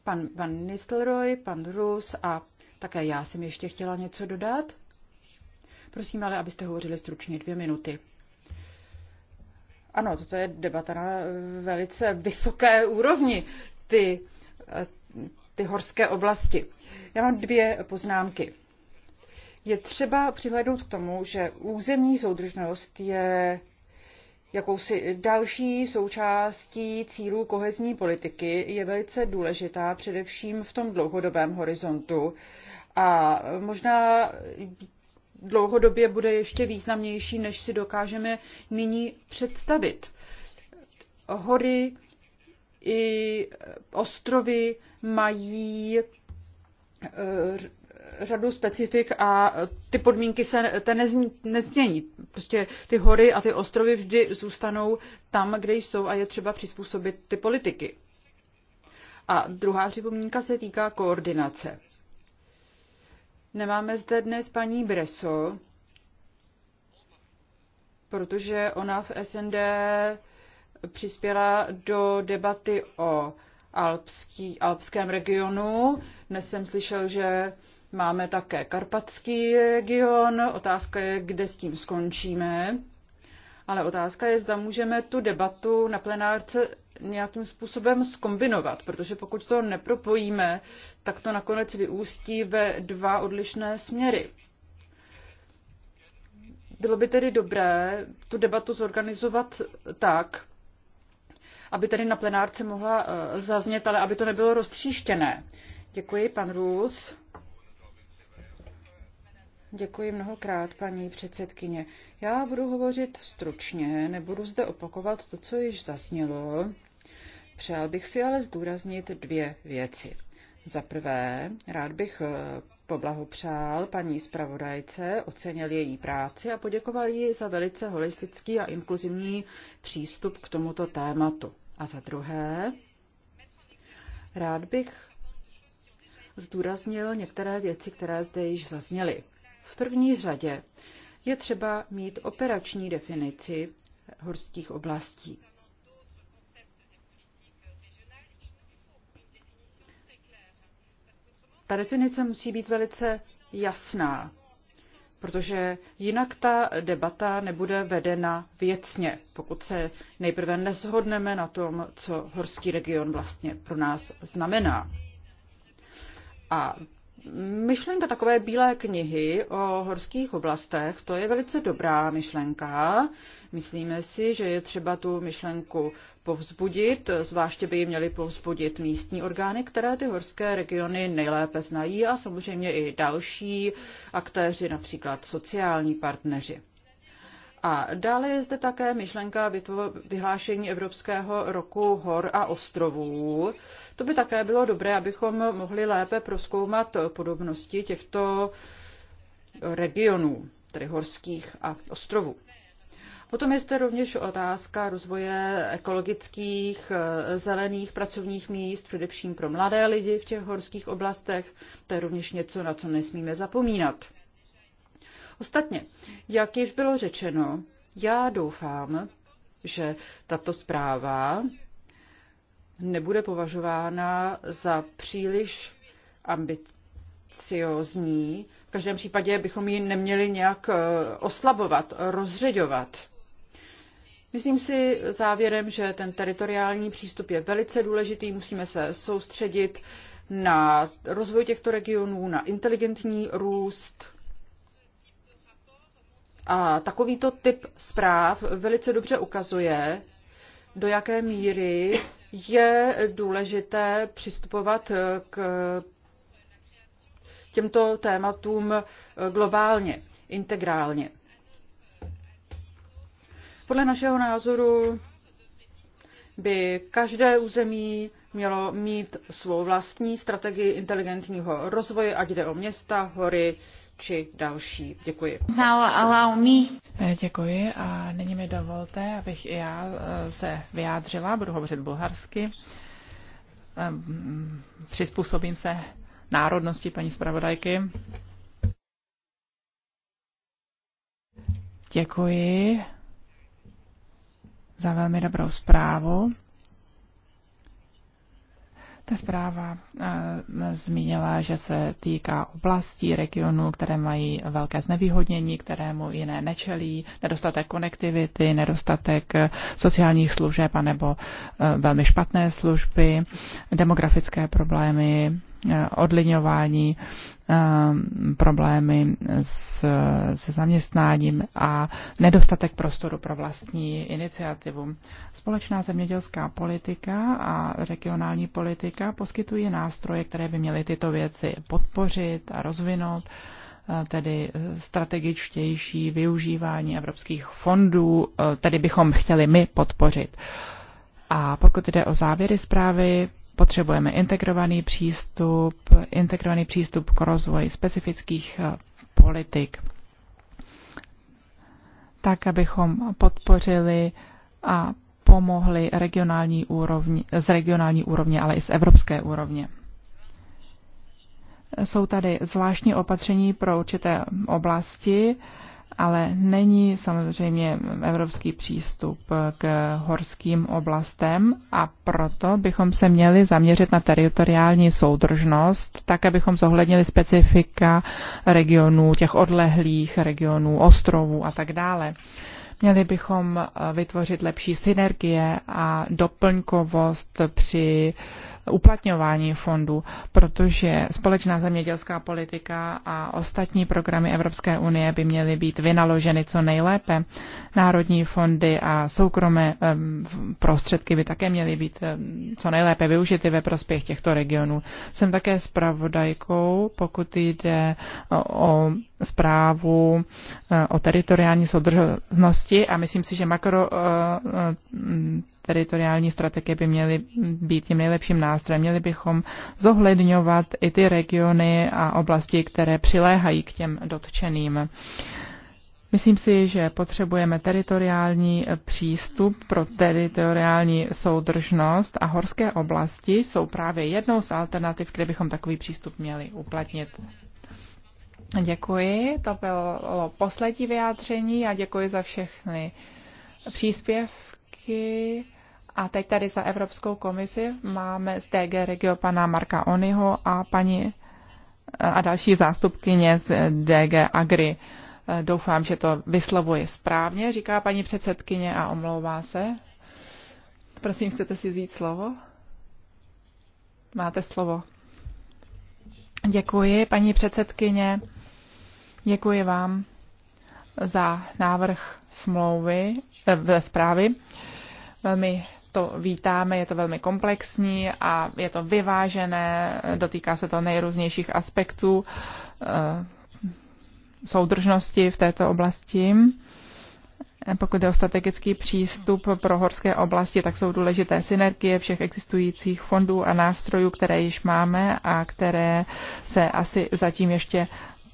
Pan Van Nistelrooy, pan Rus a také já jsem ještě chtěla něco dodat. Prosím ale, abyste hovořili stručně dvě minuty. Ano, toto je debata na velice vysoké úrovni, ty, ty horské oblasti. Já mám dvě poznámky. Je třeba přihlednout k tomu, že územní soudržnost je jakousi další součástí cílů kohezní politiky je velice důležitá především v tom dlouhodobém horizontu. A možná dlouhodobě bude ještě významnější, než si dokážeme nyní představit. Hory i ostrovy mají eh, řadu specifik a ty podmínky se te nezmění. Prostě ty hory a ty ostrovy vždy zůstanou tam, kde jsou a je třeba přizpůsobit ty politiky. A druhá připomínka se týká koordinace. Nemáme zde dnes paní Breso, protože ona v SND přispěla do debaty o alpský, alpském regionu. Dnes jsem slyšel, že máme také karpatský region. Otázka je, kde s tím skončíme. Ale otázka je, zda můžeme tu debatu na plenárce nějakým způsobem skombinovat, protože pokud to nepropojíme, tak to nakonec vyústí ve dva odlišné směry. Bylo by tedy dobré tu debatu zorganizovat tak, aby tady na plenárce mohla eh, zaznět, ale aby to nebylo roztříštěné. Děkuji, pan Růz. Děkuji mnohokrát, paní předsedkyně. Já budu hovořit stručně, nebudu zde opakovat to, co již zaznělo. Přál bych si ale zdůraznit dvě věci. Za prvé, rád bych eh, poblahopřál paní zpravodajce, ocenil její práci a poděkoval jí za velice holistický a inkluzivní přístup k tomuto tématu. A za druhé, rád bych zdůraznil některé věci, které zde již zazněly. V první řadě je třeba mít operační definici horských oblastí. Ta definice musí být velice jasná, protože jinak ta debata nebude vedena věcně, pokud se nejprve neshodneme na tom, co horský region vlastně pro nás znamená. A myšlenka takové bílé knihy o horských oblastech, to je velice dobrá myšlenka. Myslíme si, že je třeba tu myšlenku povzbudit, zvláště by ji měly povzbudit místní orgány, které ty horské regiony nejlépe znají a samozřejmě i další aktéři, například sociální partneři. A dále je zde také myšlenka vyhlášení Evropského roku hor a ostrovů. To by také bylo dobré, abychom mohli lépe proskoumat podobnosti těchto regionů, tedy horských a ostrovů. Potom je zde rovněž otázka rozvoje ekologických eh, zelených pracovních míst, především pro mladé lidi v těch horských oblastech. To je rovněž něco, na co nesmíme zapomínat. Ostatně, jak již bylo řečeno, já doufám, že tato zpráva nebude považována za příliš ambiciozní. V každém případě bychom ji neměli nějak eh, oslabovat, rozředovat. Myslím si závěrem, že ten teritoriální přístup je velice důležitý. Musíme se soustředit na rozvoj těchto regionů, na inteligentní růst, a takovýto typ zpráv velice dobře ukazuje, do jaké míry je důležité přistupovat k těmto tématům globálně, integrálně. Podle našeho názoru by každé území mělo mít svou vlastní strategii inteligentního rozvoje, ať jde o města, hory či další. Děkuji. Now allow me. Eh, děkuji a nyní mi dovolte, abych i já eh, se vyjádřila, budu hovořit bulharsky. Ehm, přizpůsobím se národnosti paní zpravodajky. Děkuji za velmi dobrou zprávu. Ta zpráva eh, zmínila, že se týká oblastí, regionů, které mají velké znevýhodnění, kterému jiné nečelí, nedostatek konektivity, nedostatek eh, sociálních služeb anebo eh, velmi špatné služby, demografické problémy, odliňování Um, problémy s, se zaměstnáním a nedostatek prostoru pro vlastní iniciativu. Společná zemědělská politika a regionální politika poskytují nástroje, které by měly tyto věci podpořit a rozvinout eh, tedy strategičtější využívání evropských fondů, eh, tedy bychom chtěli my podpořit. A pokud jde o závěry zprávy, Potřebujeme integrovaný přístup, integrovaný přístup k rozvoji specifických eh, politik, tak, abychom podpořili a pomohli regionální úrovni, z regionální úrovně, ale i z evropské úrovně. Jsou tady zvláštní opatření pro určité oblasti, ale není samozřejmě evropský přístup k horským oblastem a proto bychom se měli zaměřit na teritoriální soudržnost, tak abychom zohlednili specifika regionů, těch odlehlých regionů, ostrovů a tak dále. Měli bychom eh, vytvořit lepší synergie a doplňkovost při uh, uplatňování fondů, protože společná zemědělská politika a ostatní programy Evropské unie by měly být vynaloženy co nejlépe. Národní fondy a soukromé prostředky by také měly být co nejlépe využity ve prospěch těchto regionů. Jsem také zpravodajkou, pokud jde o zprávu o teritoriální soudržnosti a myslím si, že makro teritoriální strategie by měly být tím nejlepším nástrojem. Měli bychom zohledňovat i ty regiony a oblasti, které přiléhají k těm dotčeným. Myslím si, že potřebujeme teritoriální přístup pro teritoriální soudržnost a horské oblasti jsou právě jednou z alternativ, kde bychom takový přístup měli uplatnit. Děkuji, to bylo poslední vyjádření a děkuji za všechny příspěvky. A teď tady za Evropskou komisi máme z DG Regio pana Marka Onyho a paní a další zástupkyně z DG Agri. Doufám, že to vyslovuji správně, říká paní předsedkyně a omlouvá se. Prosím, chcete si vzít slovo? Máte slovo. Děkuji, paní předsedkyně. Děkuji vám za návrh smlouvy eh, ve zprávy. Velmi to vítáme, je to velmi komplexní a je to vyvážené, dotýká se to nejrůznějších aspektů eh, soudržnosti v této oblasti. Pokud je o strategický přístup pro horské oblasti, tak jsou důležité synergie všech existujících fondů a nástrojů, které již máme a které se asi zatím ještě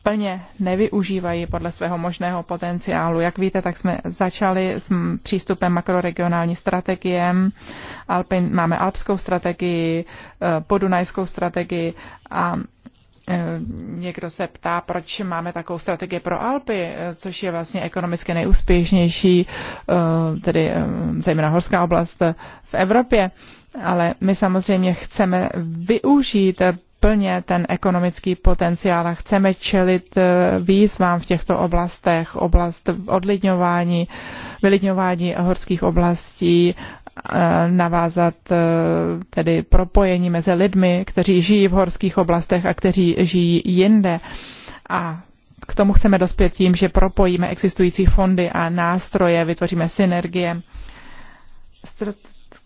plně nevyužívají podle svého možného potenciálu. Jak víte, tak jsme začali s přístupem makroregionální strategie, Alpin, máme alpskou strategii, e, podunajskou strategii a e, Někdo se ptá, proč máme takovou strategii pro Alpy, e, což je vlastně ekonomicky nejúspěšnější, tedy zejména horská oblast v Evropě. Ale my samozřejmě chceme využít plně ten ekonomický potenciál a chceme čelit eh, výzvám v těchto oblastech, oblast odlidňování, vylidňování horských oblastí, eh, navázat eh, tedy propojení mezi lidmi, kteří žijí v horských oblastech a kteří žijí jinde. A k tomu chceme dospět tím, že propojíme existující fondy a nástroje, vytvoříme synergie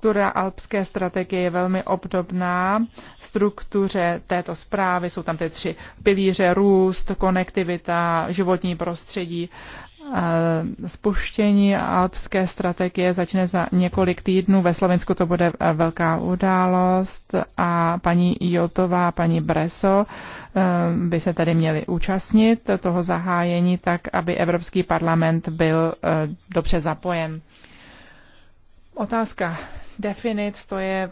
Struktura alpské strategie je velmi obdobná v struktuře této zprávy. Jsou tam ty tři pilíře růst, konektivita, životní prostředí. E, spuštění alpské strategie začne za několik týdnů. Ve Slovensku to bude e, velká událost a paní Jotová, paní Breso e, by se tady měli účastnit toho zahájení tak, aby Evropský parlament byl dobře zapojen. Otázka definic, to je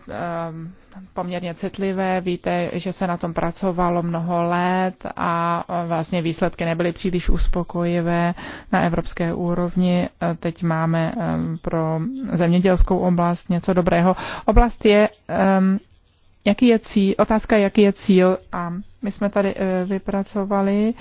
um, poměrně citlivé. Víte, že se na tom pracovalo mnoho let a e, vlastně výsledky nebyly příliš uspokojivé na evropské úrovni. E, teď máme um, pro zemědělskou oblast něco dobrého. Oblast je um, jaký je cíl, otázka, jaký je cíl. A my jsme tady e, vypracovali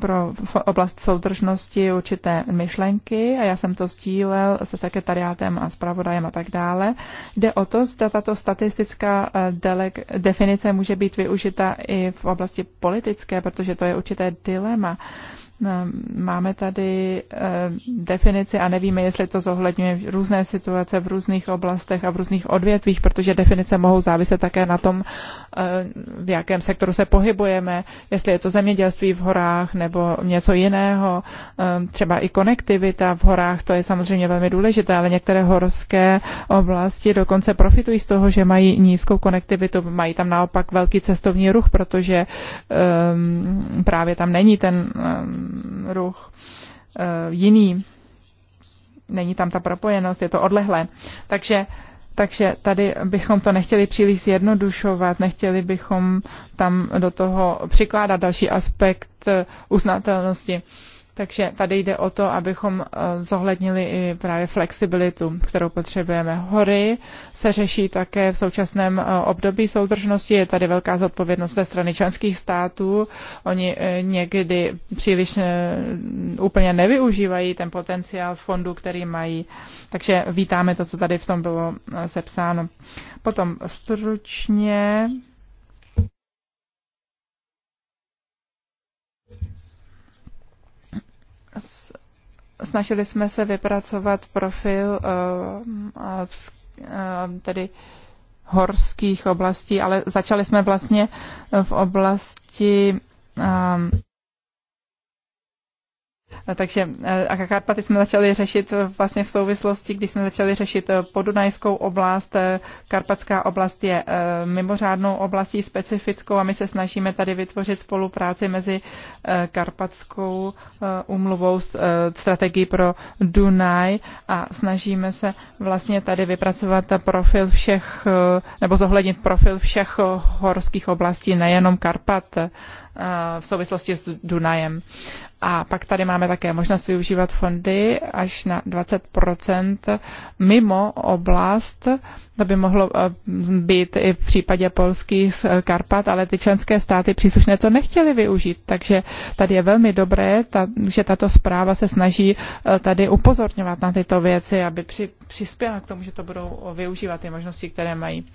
pro oblast soudržnosti určité myšlenky a já jsem to sdílel se sekretariátem a zpravodajem a tak dále. Jde o to, zda tato statistická eh, delek, definice může být využita i v oblasti politické, protože to je určité dilema. Uh, Ehm, máme tady ehm, definici a nevíme, jestli to zohledňuje různé situace v různých oblastech a v různých odvětvích, protože definice mohou záviset také na tom, ehm, v jakém sektoru se pohybujeme, jestli je to zemědělství v horách nebo něco jiného, třeba i konektivita v horách, to je samozřejmě velmi důležité, ale některé horské oblasti dokonce profitují z toho, že mají nízkou konektivitu, mají tam naopak velký cestovní ruch, protože právě tam není ten ruch eh, jiný. Není tam ta propojenost, je to odlehlé. Takže takže tady bychom to nechtěli příliš zjednodušovat, nechtěli bychom tam do toho přikládat další aspekt eh, uznatelnosti. Takže tady jde o to, abychom eh, zohlednili i právě flexibilitu, kterou potřebujeme. Hory se řeší také v současném eh, období soudržnosti. Je tady velká zodpovědnost ze strany členských států. Oni eh, někdy příliš úplně nevyužívají ten potenciál fondu, který mají. Takže vítáme to, co tady v tom bylo sepsáno. Potom stručně snažili jsme se vypracovat profil eh, eh, eh, tedy horských oblastí, ale začali jsme vlastně v oblasti takže eh, a Karpaty jsme začali řešit eh, vlastně v souvislosti, když jsme začali řešit eh, podunajskou oblast. Karpatská oblast je mimořádnou oblastí specifickou a my se snažíme tady vytvořit spolupráci mezi Karpatskou umluvou strategii pro Dunaj a snažíme se vlastně tady vypracovat profil všech, nebo zohlednit profil všech horských oblastí, nejenom Karpat v souvislosti s Dunajem. A pak tady máme také možnost využívat fondy až na 20 mimo oblast. To by mohlo eh, být i v případě polských eh, Karpat, ale ty členské státy příslušné to nechtěly využít. Takže tady je velmi dobré, že tato zpráva se snaží eh, tady upozorňovat na tyto věci, aby při, přispěla k tomu, že to budou využívat ty možnosti, které mají.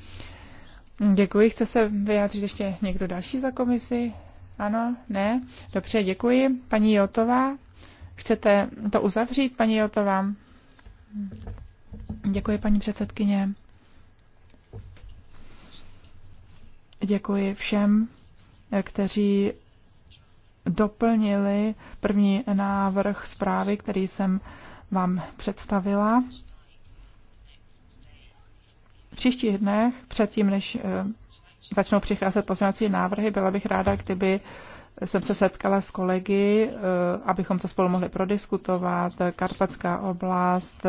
Děkuji. Chce se vyjádřit ještě někdo další za komisi? Ano, ne. Dobře, děkuji. Paní Jotová, chcete to uzavřít, paní Jotová? Děkuji, paní předsedkyně. Děkuji všem, kteří doplnili první návrh zprávy, který jsem vám představila. V příštích dnech, předtím, než eh, začnou přicházet pozměňovací návrhy. Byla bych ráda, kdyby jsem se setkala s kolegy, eh, abychom to spolu mohli prodiskutovat, Karpatská oblast,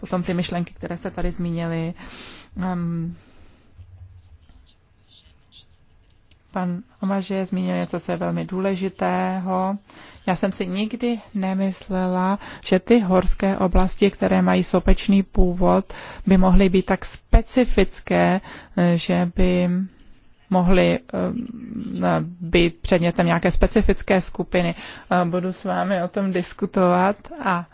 potom ty myšlenky, které se tady zmínili. Ehm, pan Omaže zmínil něco, co je velmi důležitého. Já jsem si nikdy nemyslela, že ty horské oblasti, které mají sopečný původ, by mohly být tak specifické, eh, že by mohly eh, být předmětem nějaké specifické skupiny. Eh, budu s vámi o tom diskutovat a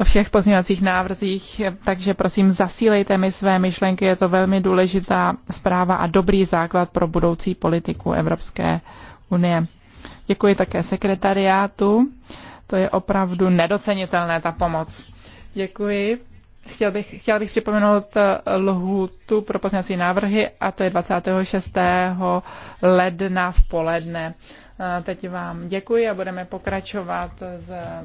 o všech pozměňovacích návrzích, takže prosím zasílejte mi své myšlenky, je to velmi důležitá zpráva a dobrý základ pro budoucí politiku Evropské unie. Děkuji také sekretariátu, to je opravdu nedocenitelné ta pomoc. Děkuji Chtěl bych, chtěl bych připomenout eh, lhůtu pro pozměňovací návrhy a to je 26. ledna v poledne. Eh, teď vám děkuji a budeme pokračovat z... Eh,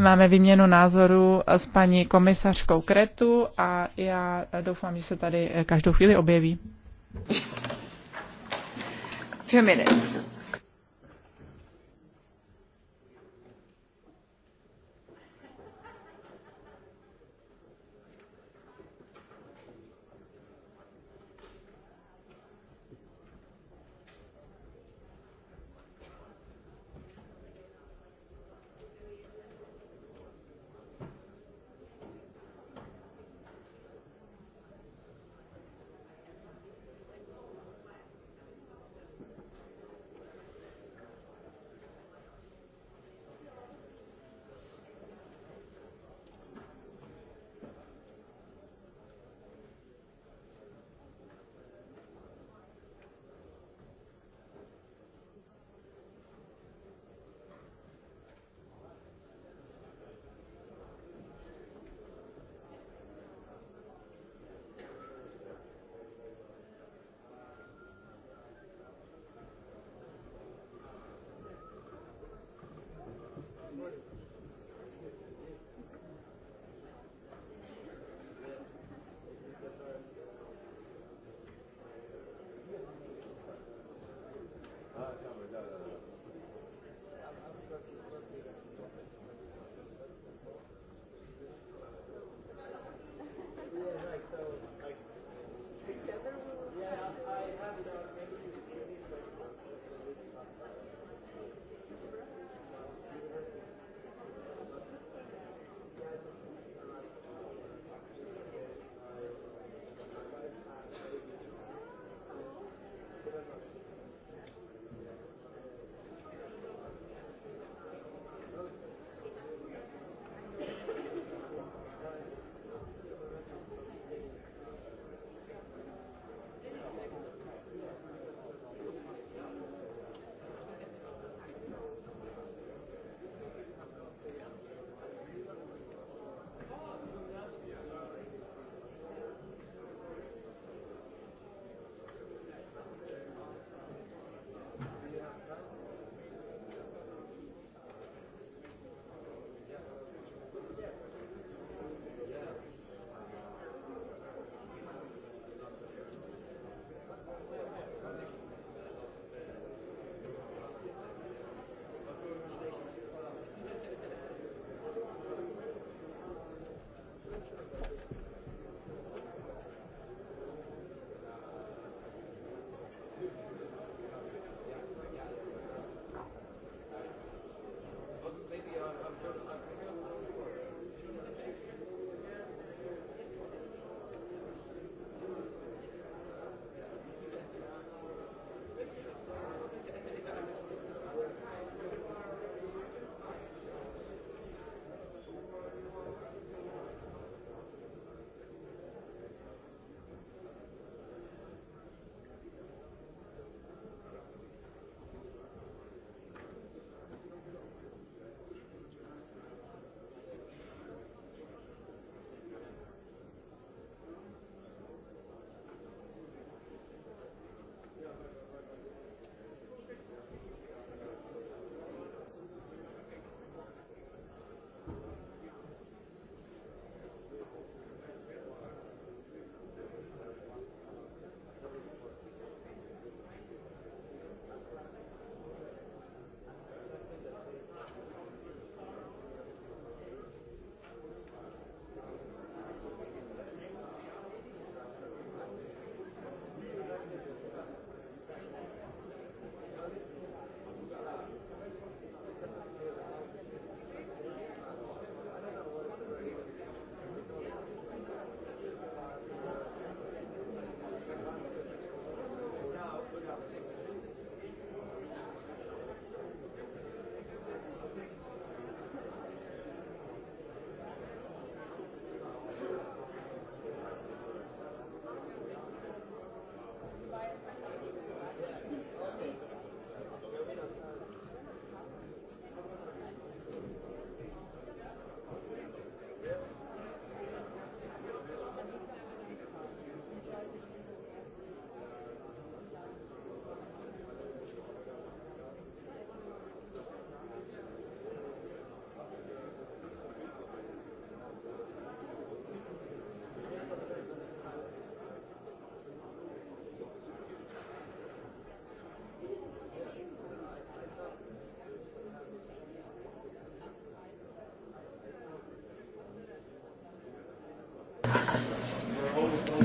máme výměnu názoru s paní komisařkou Kretu a já doufám, že se tady každou chvíli objeví. Two minutes.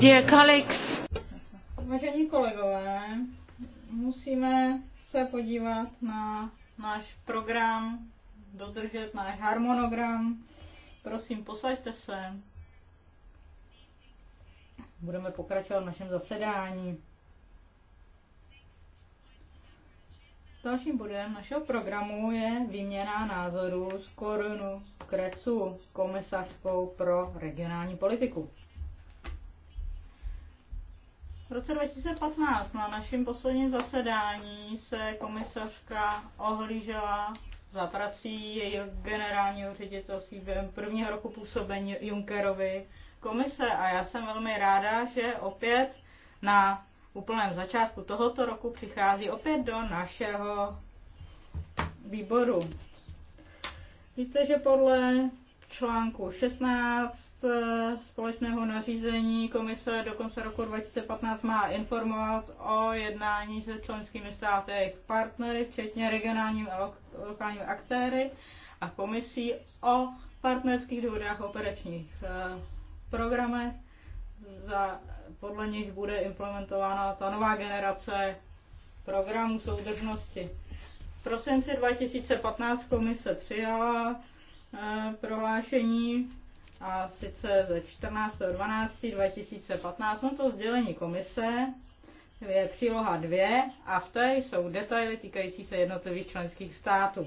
Dear colleagues. Vážení kolegové, musíme se podívat na náš program, dodržet náš harmonogram. Prosím, posaďte se. Budeme pokračovat v našem zasedání. Dalším bodem našeho programu je výměna názorů z Korunu Krecu, komisařkou pro regionální politiku roce 2015 na našem posledním zasedání se komisařka ohlížela za prací jejího generálního ředitelství během prvního roku působení Junckerovi komise a já jsem velmi ráda, že opět na úplném začátku tohoto roku přichází opět do našeho výboru. Víte, že podle článku 16 eh, společného nařízení komise do konce roku 2015 má informovat o jednání se členskými státy a jejich partnery, včetně regionálními a lokálními aktéry a komisí o partnerských dohodách operačních eh, programech, za, podle nich bude implementována ta nová generace programů soudržnosti. V prosinci 2015 komise přijala Eh, prohlášení a sice ze 14.12.2015, no to sdělení komise, je příloha 2 a v té jsou detaily týkající se jednotlivých členských států.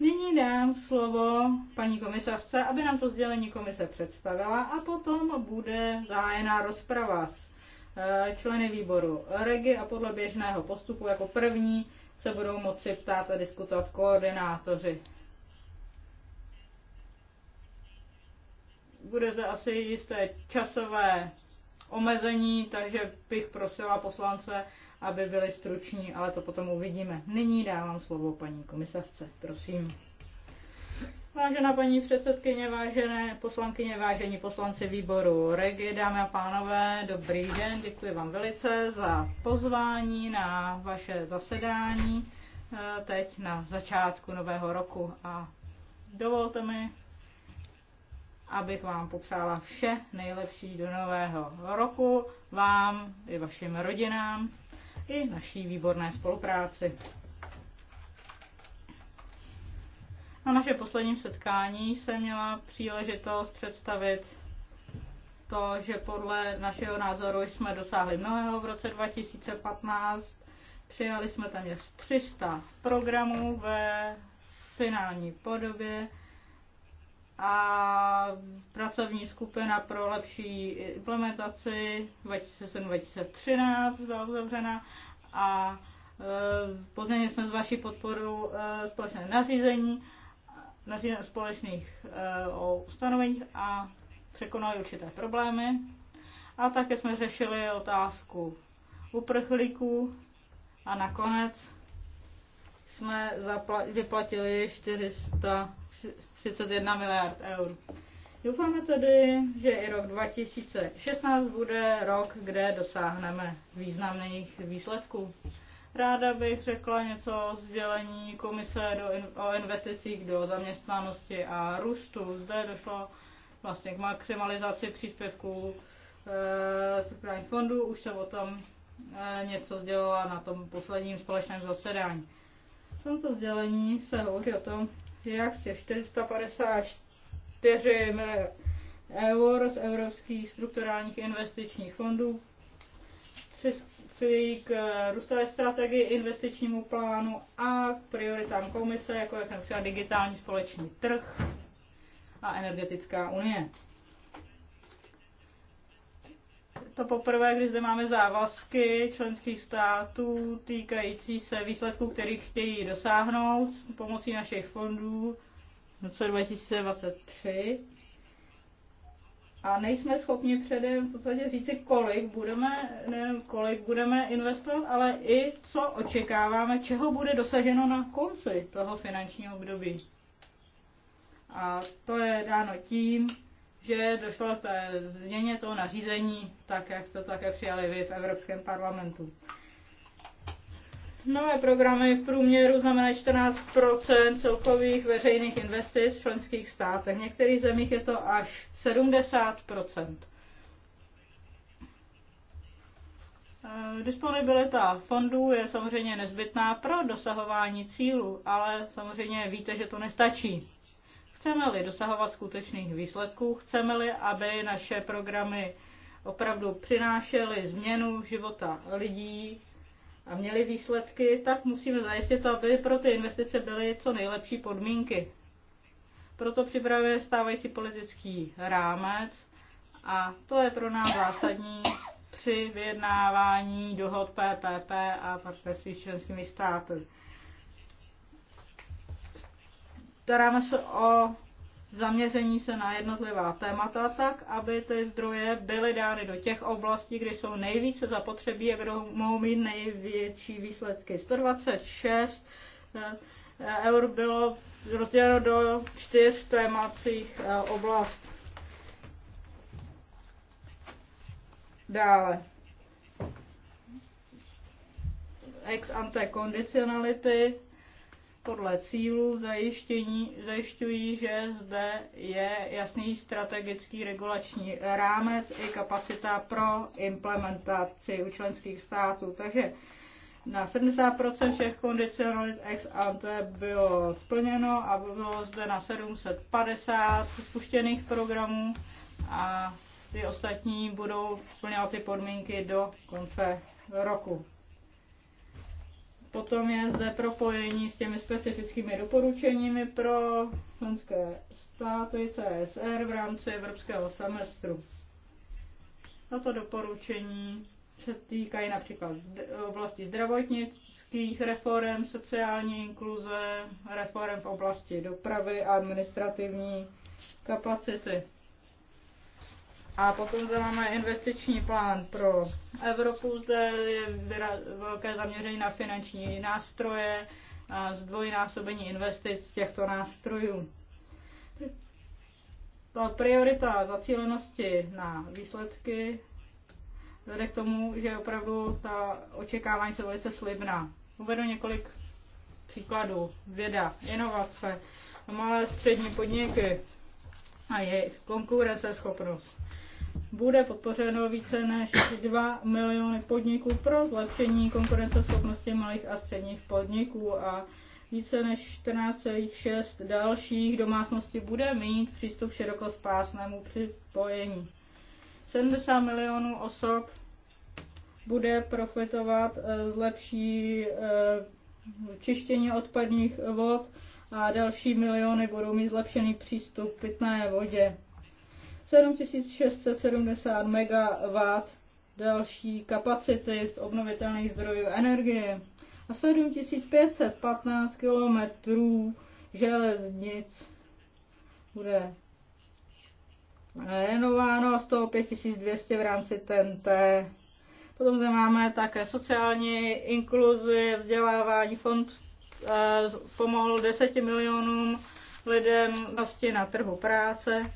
Nyní dám slovo paní komisařce, aby nám to sdělení komise představila a potom bude zahájená rozprava s eh, členy výboru REGI a podle běžného postupu jako první se budou moci ptát a diskutovat koordinátoři bude zde asi jisté časové omezení, takže bych prosila poslance, aby byli struční, ale to potom uvidíme. Nyní dávám slovo paní komisařce, prosím. Vážená paní předsedkyně, vážené poslankyně, vážení poslanci výboru Regi, dámy a pánové, dobrý den, děkuji vám velice za pozvání na vaše zasedání eh, teď na začátku nového roku a dovolte mi abych vám popřála vše nejlepší do nového roku, vám i vašim rodinám i naší výborné spolupráci. Na našem posledním setkání jsem měla příležitost představit to, že podle našeho názoru jsme dosáhli mnohého v roce 2015. Přijali jsme tam 300 programů ve finální podobě a pracovní skupina pro lepší implementaci 2007-2013 byla uzavřena a e, později jsme s vaší podporou e, společné nařízení, nařízení společných e, o ustanoveních a překonali určité problémy. A také jsme řešili otázku uprchlíků a nakonec jsme zapla- vyplatili 400 31 miliard eur. Doufáme tedy, že i rok 2016 bude rok, kde dosáhneme významných výsledků. Ráda bych řekla něco o sdělení komise do, o investicích do zaměstnanosti a růstu. Zde došlo vlastně k maximalizaci příspěvků e, strukturálních fondů. Už se o tom e, něco sdělila na tom posledním společném zasedání. V tomto sdělení se hovoří o tom, jak z těch 454 miliard eur z evropských strukturálních investičních fondů přispějí k růstové strategii, investičnímu plánu a k prioritám komise, jako je například digitální společný trh a energetická unie to poprvé, kdy zde máme závazky členských států týkající se výsledků, kterých chtějí dosáhnout pomocí našich fondů v roce 2023. A nejsme schopni předem v podstatě říci, kolik budeme, nejen kolik budeme investovat, ale i co očekáváme, čeho bude dosaženo na konci toho finančního období. A to je dáno tím, že došlo k té změně toho nařízení, tak jak jste také přijali vy v Evropském parlamentu. Nové programy v průměru znamenají 14 celkových veřejných investic v členských státech. V některých zemích je to až 70 eh, Disponibilita fondů je samozřejmě nezbytná pro dosahování cílu, ale samozřejmě víte, že to nestačí. Chceme-li dosahovat skutečných výsledků, chceme-li, aby naše programy opravdu přinášely změnu života lidí a měly výsledky, tak musíme zajistit, aby pro ty investice byly co nejlepší podmínky. Proto připravuje stávající politický rámec a to je pro nás zásadní při vyjednávání dohod PPP a partnerství s členskými státy staráme se o zaměření se na jednotlivá témata tak, aby ty zdroje byly dány do těch oblastí, kde jsou nejvíce zapotřebí a kde mohou mít největší výsledky. 126 eh, eur bylo rozděleno do čtyř témacích eh, oblast. Dále. Ex ante kondicionality, podle cílů zajištění, zajišťují, že zde je jasný strategický regulační rámec i kapacita pro implementaci u členských států. Takže na 70% všech kondicionalit ex ante bylo splněno a bylo zde na 750 spuštěných programů a ty ostatní budou splňovat ty podmínky do konce roku. Potom je zde propojení s těmi specifickými doporučeními pro členské státy CSR v rámci evropského semestru. Tato doporučení se týkají například oblasti zdravotnických reform, sociální inkluze, reform v oblasti dopravy a administrativní kapacity. A potom zde máme investiční plán pro Evropu, zde je velké zaměření na finanční nástroje a zdvojnásobení investic těchto nástrojů. Ta priorita zacílenosti na výsledky vede k tomu, že opravdu ta očekávání jsou velice slibná. Uvedu několik příkladů. Věda, inovace, malé střední podniky a jejich konkurenceschopnost bude podpořeno více než 2 miliony podniků pro zlepšení konkurenceschopnosti malých a středních podniků a více než 14,6 dalších domácností bude mít přístup širokospásnému připojení. 70 milionů osob bude profitovat eh, z lepší eh, čištění odpadních vod a další miliony budou mít zlepšený přístup k pitné vodě. 7670 MW další kapacity z obnovitelných zdrojů energie a 7515 km železnic bude renováno a z toho 5200 v rámci TNT. Potom zde máme také sociální inkluzi, vzdělávání. Fond eh, pomohl 10 milionům lidem vlastně na trhu práce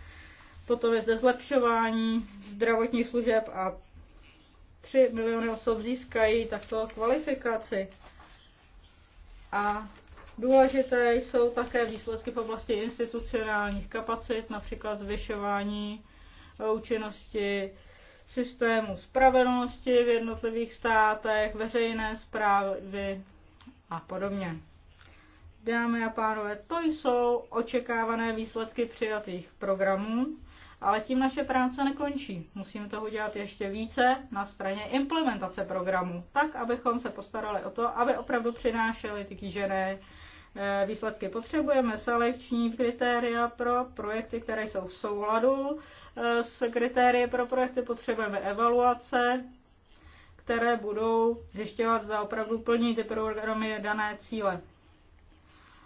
Potom je zde zlepšování zdravotních služeb a 3 miliony osob získají takto kvalifikaci. A důležité jsou také výsledky v oblasti institucionálních kapacit, například zvyšování eh, účinnosti systému spravedlnosti v jednotlivých státech, veřejné zprávy a podobně. Dámy a pánové, to jsou očekávané výsledky přijatých programů ale tím naše práce nekončí. Musíme toho dělat ještě více na straně implementace programu, tak, abychom se postarali o to, aby opravdu přinášeli ty kýžené eh, výsledky. Potřebujeme selekční kritéria pro projekty, které jsou v souladu eh, s kritérii pro projekty. Potřebujeme evaluace, které budou zjišťovat, zda opravdu plní ty programy dané cíle.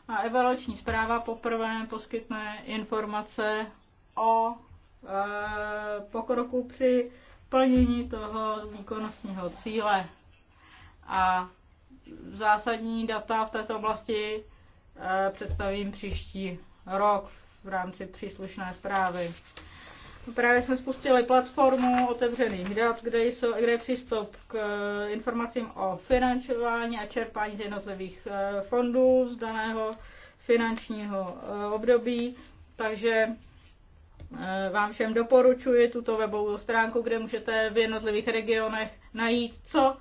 A evaluační zpráva poprvé poskytne informace o Eh, pokroku při plnění toho výkonnostního cíle. A zásadní data v této oblasti eh, představím příští rok v rámci příslušné zprávy. Právě jsme spustili platformu otevřených dat, kde, jsou, kde je přístup k eh, informacím o financování a čerpání z jednotlivých fondů z daného finančního období. Takže Eh, vám všem doporučuji tuto webovou stránku, kde můžete v jednotlivých regionech najít, co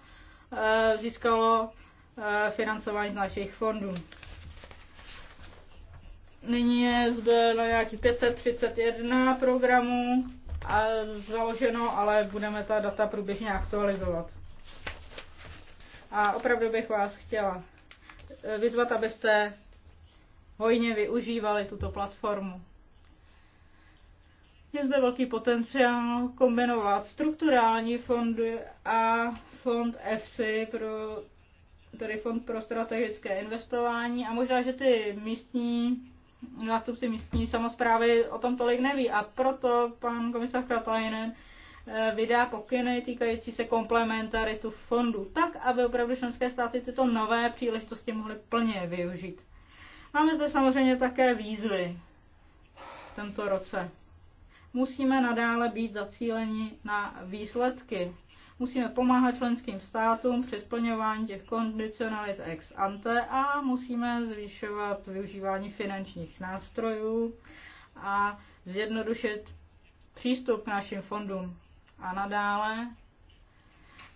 eh, získalo eh, financování z našich fondů. Nyní je zde na nějaký 531 programů a založeno, ale budeme ta data průběžně aktualizovat. A opravdu bych vás chtěla vyzvat, abyste hojně využívali tuto platformu. Je zde velký potenciál kombinovat strukturální fondy a fond EFSI pro tedy fond pro strategické investování a možná, že ty místní zástupci místní samozprávy o tom tolik neví a proto pan komisař Kratajnen eh, vydá pokyny týkající se komplementaritu fondu, tak, aby opravdu členské státy tyto nové příležitosti mohly plně využít. Máme zde samozřejmě také výzvy v tomto roce. Musíme nadále být zacíleni na výsledky. Musíme pomáhat členským státům při splňování těch kondicionalit ex ante a musíme zvyšovat využívání finančních nástrojů a zjednodušit přístup k našim fondům. A nadále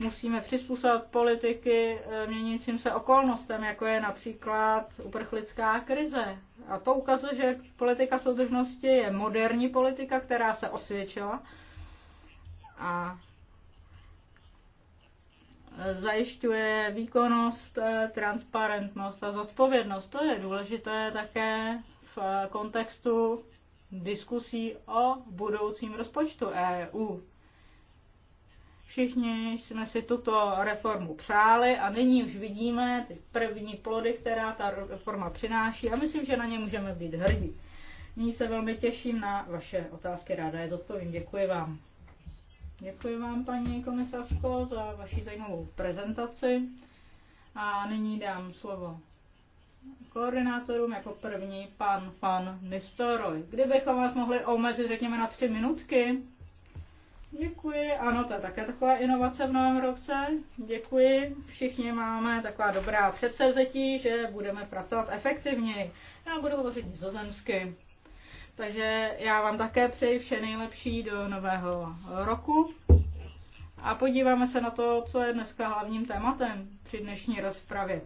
musíme přizpůsobit politiky eh, měnícím se okolnostem, jako je například uprchlická krize. A to ukazuje, že politika soudržnosti je moderní politika, která se osvědčila a zajišťuje výkonnost, eh, transparentnost a zodpovědnost. To je důležité také v eh, kontextu diskusí o budoucím rozpočtu EU. Všichni jsme si tuto reformu přáli a nyní už vidíme ty první plody, která ta reforma přináší a myslím, že na ně můžeme být hrdí. Nyní se velmi těším na vaše otázky, ráda je zodpovím. Děkuji vám. Děkuji vám, paní komisařko, za vaši zajímavou prezentaci. A nyní dám slovo koordinátorům jako první pan Fan Nistoroj. Kdybychom vás mohli omezit, řekněme, na tři minutky, Děkuji, ano, to je také taková inovace v novém roce. Děkuji, všichni máme taková dobrá předsevzetí, že budeme pracovat efektivněji. Já budu hovořit nizozemsky. Takže já vám také přeji vše nejlepší do nového roku. A podíváme se na to, co je dneska hlavním tématem při dnešní rozpravě.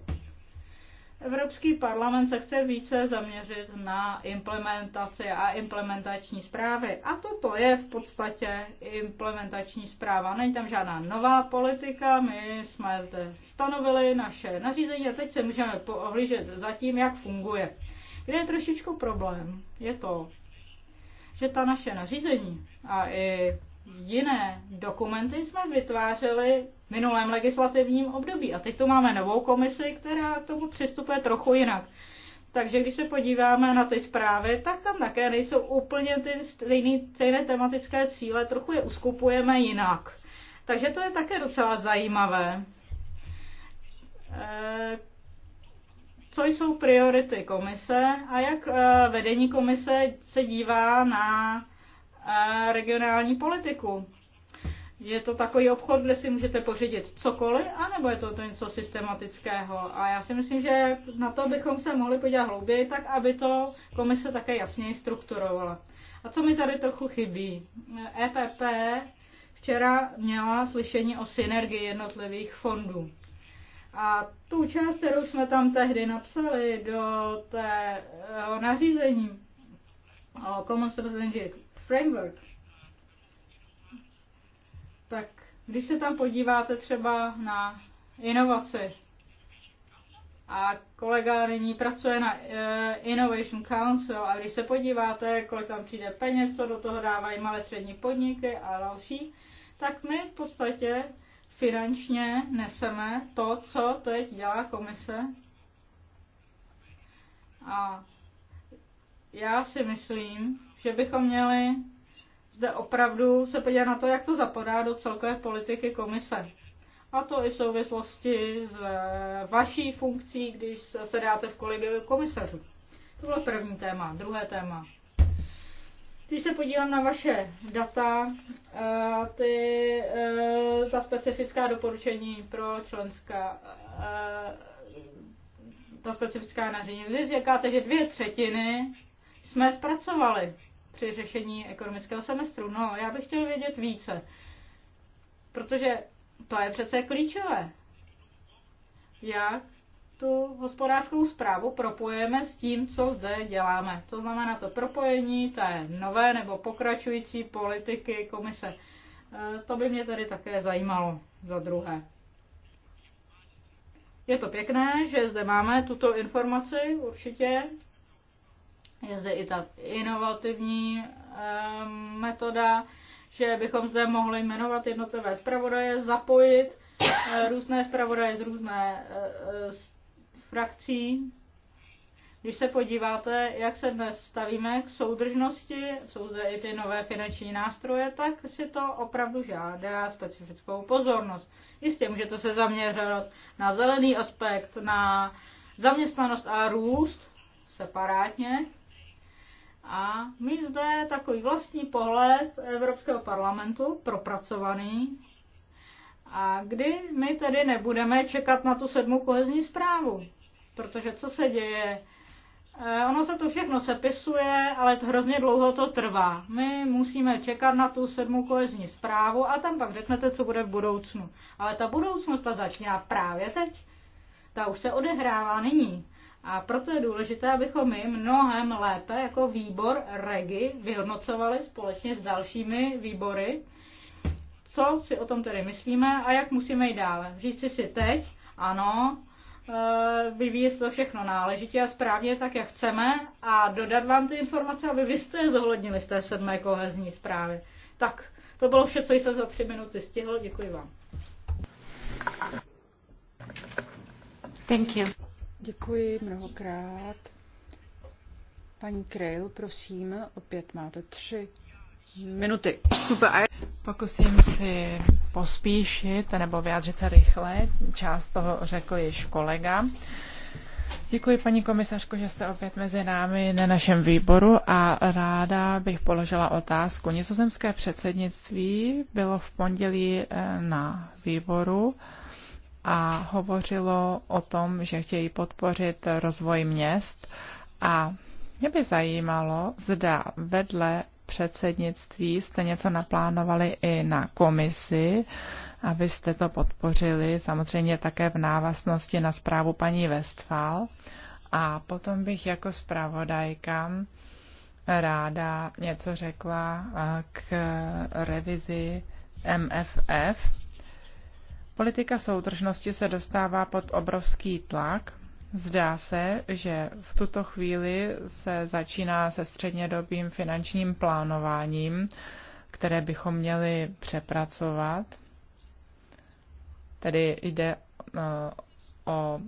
Evropský parlament se chce více zaměřit na implementaci a implementační zprávy. A toto je v podstatě implementační zpráva. Není tam žádná nová politika, my jsme zde stanovili naše nařízení a teď se můžeme pohlížet za tím, jak funguje. Kde je trošičku problém, je to, že ta naše nařízení a i jiné dokumenty jsme vytvářeli minulém legislativním období. A teď tu máme novou komisi, která k tomu přistupuje trochu jinak. Takže když se podíváme na ty zprávy, tak tam také nejsou úplně ty stejné, stejné tematické cíle, trochu je uskupujeme jinak. Takže to je také docela zajímavé. Eh, co jsou priority komise a jak eh, vedení komise se dívá na eh, regionální politiku? Je to takový obchod, kde si můžete pořídit cokoliv, anebo je to, to něco systematického. A já si myslím, že na to bychom se mohli podívat hlouběji, tak aby to komise také jasněji strukturovala. A co mi tady trochu chybí? EPP včera měla slyšení o synergii jednotlivých fondů. A tu část, kterou jsme tam tehdy napsali do té eh, o nařízení o Common Strategic Framework, tak když se tam podíváte třeba na inovace, a kolega nyní pracuje na uh, Innovation Council a když se podíváte, kolik tam přijde peněz, co do toho dávají malé střední podniky a další, tak my v podstatě finančně neseme to, co teď dělá komise. A já si myslím, že bychom měli zde opravdu se podívat na to, jak to zapadá do celkové politiky komise. A to i v souvislosti s eh, vaší funkcí, když se dáte v kolegiu komisařů. To bylo první téma. Druhé téma. Když se podívám na vaše data, eh, ty, eh, ta specifická doporučení pro členská, ta specifická nařízení, vy říkáte, že dvě třetiny jsme zpracovali při řešení ekonomického semestru. No, já bych chtěl vědět více, protože to je přece klíčové. Jak tu hospodářskou zprávu propojeme s tím, co zde děláme. To znamená to propojení té nové nebo pokračující politiky komise. E, to by mě tady také zajímalo za druhé. Je to pěkné, že zde máme tuto informaci určitě, je zde i ta inovativní eh, metoda, že bychom zde mohli jmenovat jednotlivé zpravodaje, zapojit eh, různé zpravodaje z různé eh, frakcí. Když se podíváte, jak se dnes stavíme k soudržnosti, jsou zde i ty nové finanční nástroje, tak si to opravdu žádá specifickou pozornost. Jistě můžete se zaměřovat na zelený aspekt, na zaměstnanost a růst separátně, a my zde takový vlastní pohled Evropského parlamentu, propracovaný, a kdy my tedy nebudeme čekat na tu sedmou kohezní zprávu. Protože co se děje? E, ono se to všechno sepisuje, ale to hrozně dlouho to trvá. My musíme čekat na tu sedmou kohezní zprávu a tam pak řeknete, co bude v budoucnu. Ale ta budoucnost ta začíná právě teď. Ta už se odehrává nyní. A proto je důležité, abychom my mnohem lépe jako výbor REGI vyhodnocovali společně s dalšími výbory, co si o tom tedy myslíme a jak musíme jít dále. Říci si teď, ano, e, vyvíjí se to všechno náležitě a správně tak, jak chceme a dodat vám ty informace, aby vy jste je zohlednili v té sedmé kohezní zprávě. Tak, to bylo vše, co jsem za tři minuty stihl. Děkuji vám. Thank you. Děkuji mnohokrát. Paní Krejl, prosím, opět máte tři minuty. Super. Pokusím si pospíšit nebo vyjádřit se rychle. Část toho řekl již kolega. Děkuji, paní komisařko, že jste opět mezi námi na našem výboru a ráda bych položila otázku. Nizozemské předsednictví bylo v pondělí eh, na výboru a hovořilo o tom, že chtějí podpořit rozvoj měst a mě by zajímalo, zda vedle předsednictví jste něco naplánovali i na komisi, abyste to podpořili, samozřejmě také v návaznosti na zprávu paní Westfal. A potom bych jako zpravodajka ráda něco řekla eh, k revizi MFF, Politika soudržnosti se dostává pod obrovský tlak. Zdá se, že v tuto chvíli se začíná se střednědobým finančním plánováním, které bychom měli přepracovat. Tedy jde eh, o,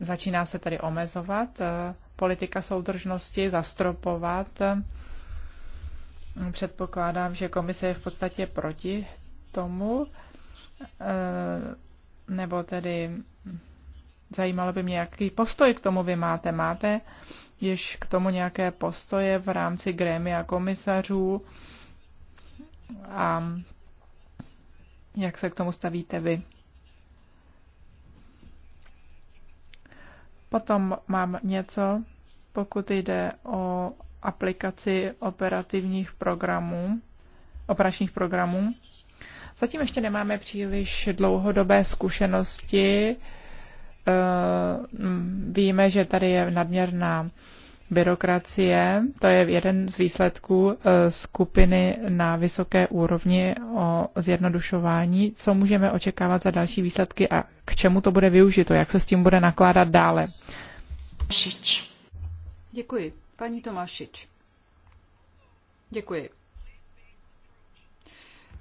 začíná se tady omezovat eh, politika soudržnosti, zastropovat. Předpokládám, že komise je v podstatě proti tomu. Eh, nebo tedy zajímalo by mě, jaký postoj k tomu vy máte. Máte již k tomu nějaké postoje v rámci grémia komisařů a jak se k tomu stavíte vy? Potom mám něco, pokud jde o aplikaci operativních programů, operačních programů. Zatím ještě nemáme příliš dlouhodobé zkušenosti. Eh, mm, víme, že tady je nadměrná byrokracie. To je jeden z výsledků eh, skupiny na vysoké úrovni o zjednodušování. Co můžeme očekávat za další výsledky a k čemu to bude využito? Jak se s tím bude nakládat dále? Děkuji. Paní Tomášič. Děkuji.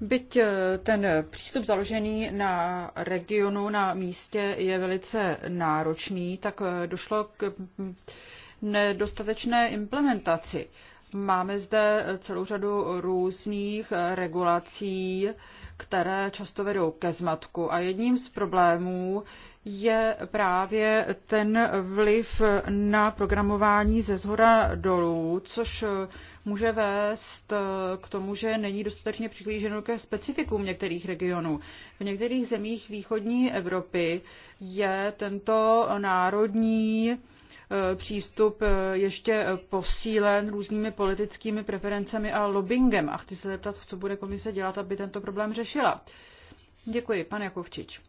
Byť eh, ten přístup založený na regionu, na místě je velice náročný, tak eh, došlo k mm, nedostatečné implementaci. Máme zde eh, celou řadu různých regulací, které často vedou ke zmatku. A jedním z problémů je právě ten vliv na programování ze zhora dolů, což může vést k tomu, že není dostatečně přihlíženo ke specifikům některých regionů. V některých zemích východní Evropy je tento národní eh, přístup eh, ještě posílen různými politickými preferencemi a lobbyingem. A chci se zeptat, co bude komise dělat, aby tento problém řešila. Děkuji, pan Jakovčič.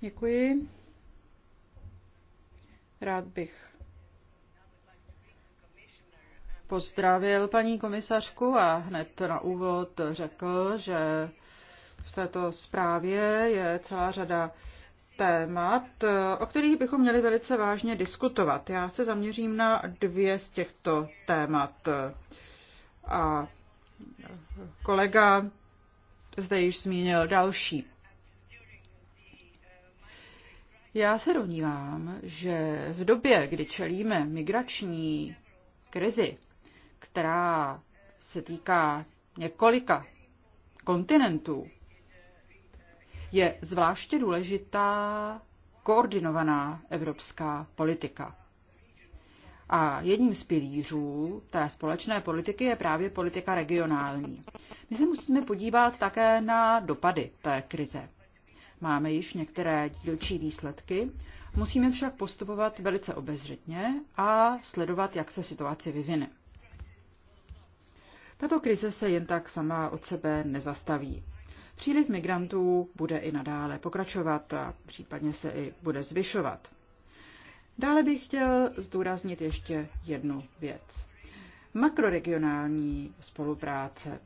Děkuji. Rád bych pozdravil paní komisařku a hned na úvod řekl, že v této zprávě je celá řada témat, o kterých bychom měli velice vážně diskutovat. Já se zaměřím na dvě z těchto témat. A kolega zde již zmínil další. Já se domnívám, že v době, kdy čelíme migrační krizi, která se týká několika kontinentů, je zvláště důležitá koordinovaná evropská politika. A jedním z pilířů té společné politiky je právě politika regionální. My se musíme podívat také na dopady té krize. Máme již některé dílčí výsledky, musíme však postupovat velice obezřetně a sledovat, jak se situace vyvine. Tato krize se jen tak sama od sebe nezastaví. Příliv migrantů bude i nadále pokračovat a případně se i bude zvyšovat. Dále bych chtěl zdůraznit ještě jednu věc. Makroregionální spolupráce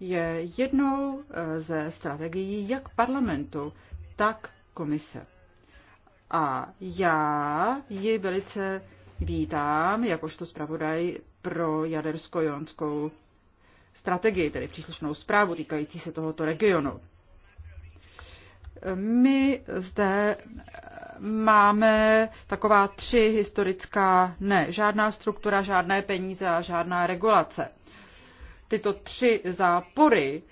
je jednou eh, ze strategií jak parlamentu, tak komise. A já ji velice vítám jakožto zpravodaj pro jadersko-jonskou strategii, tedy příslušnou zprávu týkající se tohoto regionu. My zde máme taková tři historická ne. Žádná struktura, žádné peníze a žádná regulace. Tyto tři zápory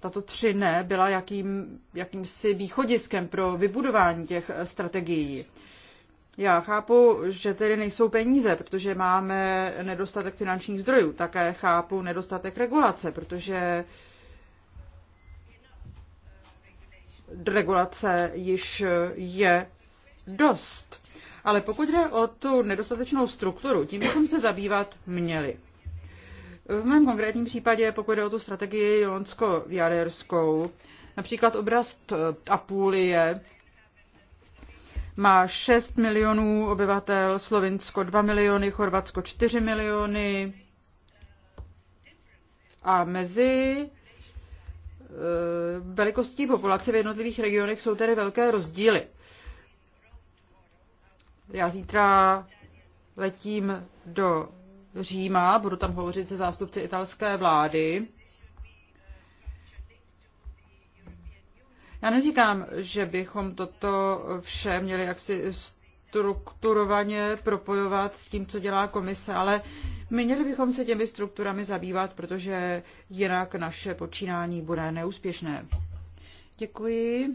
tato tři ne byla jakým, jakýmsi východiskem pro vybudování těch eh, strategií. Já chápu, že tedy nejsou peníze, protože máme nedostatek finančních zdrojů. Také chápu nedostatek regulace, protože regulace již eh, je dost. Ale pokud jde o tu nedostatečnou strukturu, tím bychom se zabývat měli. V mém konkrétním případě, pokud jde o tu strategii jolonsko jaderskou například oblast Apulie má 6 milionů obyvatel, Slovinsko 2 miliony, Chorvatsko 4 miliony a mezi eh, velikostí populace v jednotlivých regionech jsou tedy velké rozdíly. Já zítra letím do Říma, budu tam hovořit se zástupci italské vlády. Já neříkám, že bychom toto vše měli jaksi strukturovaně propojovat s tím, co dělá komise, ale my měli bychom se těmi strukturami zabývat, protože jinak naše počínání bude neúspěšné. Děkuji.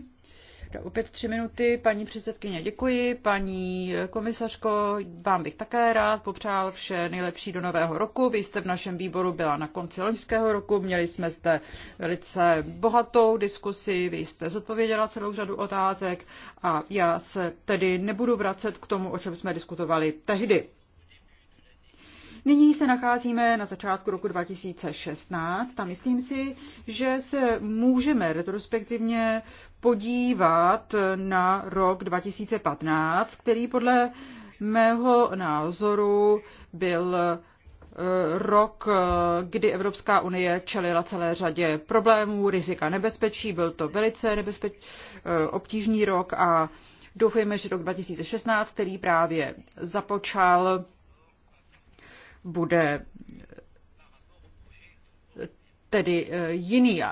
Opět tři minuty, paní předsedkyně, děkuji. Paní komisařko, vám bych také rád popřál vše nejlepší do nového roku. Vy jste v našem výboru byla na konci loňského roku, měli jsme zde velice bohatou diskusi, vy jste zodpověděla celou řadu otázek a já se tedy nebudu vracet k tomu, o čem jsme diskutovali tehdy. Nyní se nacházíme na začátku roku 2016 a myslím si, že se můžeme retrospektivně podívat na rok 2015, který podle mého názoru byl eh, rok, eh, kdy Evropská unie čelila celé řadě problémů, rizika nebezpečí, byl to velice nebezpeč, eh, obtížný rok a doufejme, že rok 2016, který právě započal, bude tedy eh, jiný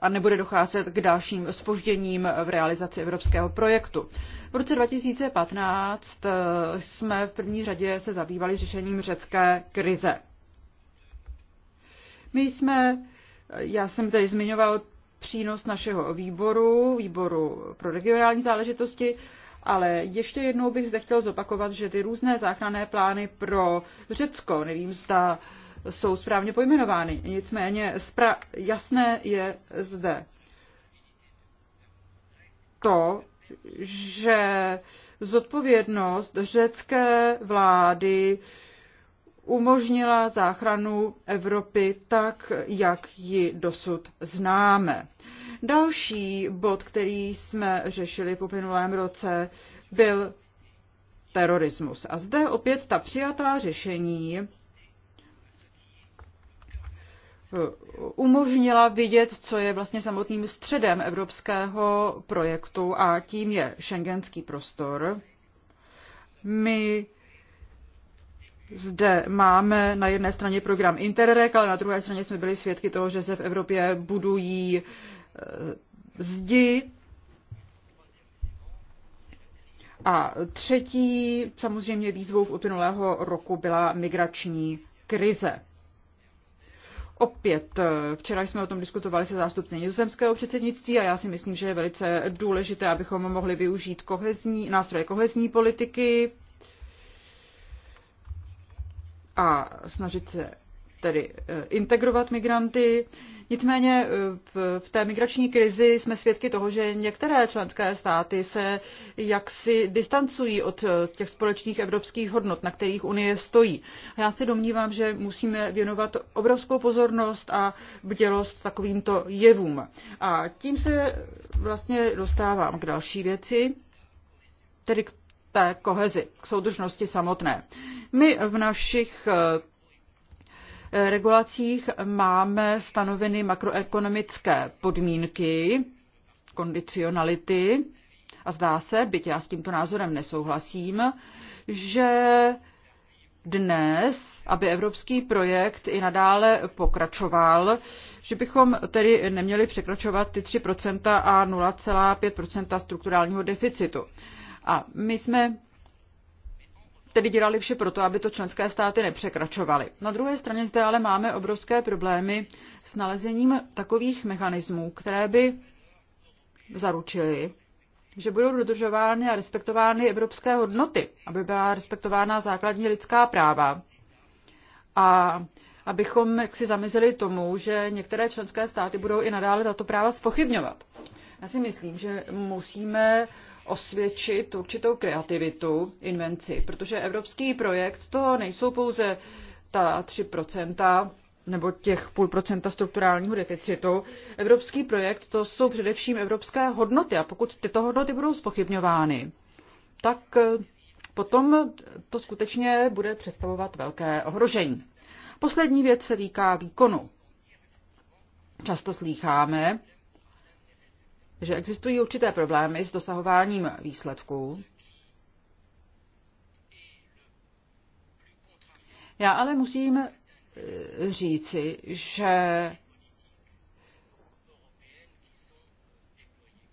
a nebude docházet k dalším spožděním v realizaci evropského projektu. V roce 2015 eh, jsme v první řadě se zabývali řešením řecké krize. My jsme, eh, já jsem tady zmiňoval přínos našeho výboru, výboru pro regionální záležitosti, ale ještě jednou bych zde chtěl zopakovat, že ty různé záchranné plány pro Řecko, nevím, zda jsou správně pojmenovány. Nicméně jasné je zde to, že zodpovědnost řecké vlády umožnila záchranu Evropy tak, jak ji dosud známe. Další bod, který jsme řešili po minulém roce, byl terorismus. A zde opět ta přijatá řešení eh, umožnila vidět, co je vlastně samotným středem evropského projektu a tím je šengenský prostor. My zde máme na jedné straně program Interreg, ale na druhé straně jsme byli svědky toho, že se v Evropě budují uh, Eh, zdi. A třetí samozřejmě výzvou v uplynulého roku byla migrační krize. Opět, eh, včera jsme o tom diskutovali se zástupci nizozemského předsednictví a já si myslím, že je velice důležité, abychom mohli využít kohezní, nástroje kohezní politiky a snažit se tedy eh, integrovat migranty. Nicméně eh, v té migrační krizi jsme svědky toho, že některé členské státy se jaksi distancují od eh, těch společných evropských hodnot, na kterých Unie stojí. A já si domnívám, že musíme věnovat obrovskou pozornost a bdělost takovýmto jevům. A tím se vlastně dostávám k další věci, tedy k té kohezi, k soudržnosti samotné. My v našich eh, Eh, regulacích máme stanoveny makroekonomické podmínky, kondicionality a zdá se, byť já s tímto názorem nesouhlasím, že dnes, aby evropský projekt i nadále pokračoval, že bychom tedy neměli překračovat ty 3% a 0,5% strukturálního deficitu. A my jsme tedy dělali vše proto, aby to členské státy nepřekračovaly. Na druhé straně zde ale máme obrovské problémy s nalezením takových mechanismů, které by zaručily, že budou dodržovány a respektovány evropské hodnoty, aby byla respektována základní lidská práva. A abychom si zamizeli tomu, že některé členské státy budou i nadále tato práva spochybňovat. Já si myslím, že musíme osvědčit určitou kreativitu, invenci, protože evropský projekt to nejsou pouze ta 3% nebo těch půl procenta strukturálního deficitu. Evropský projekt to jsou především evropské hodnoty a pokud tyto hodnoty budou spochybňovány, tak eh, potom to skutečně bude představovat velké ohrožení. Poslední věc se týká výkonu. Často slýcháme, že existují určité problémy s dosahováním výsledků. Já ale musím eh, říci, že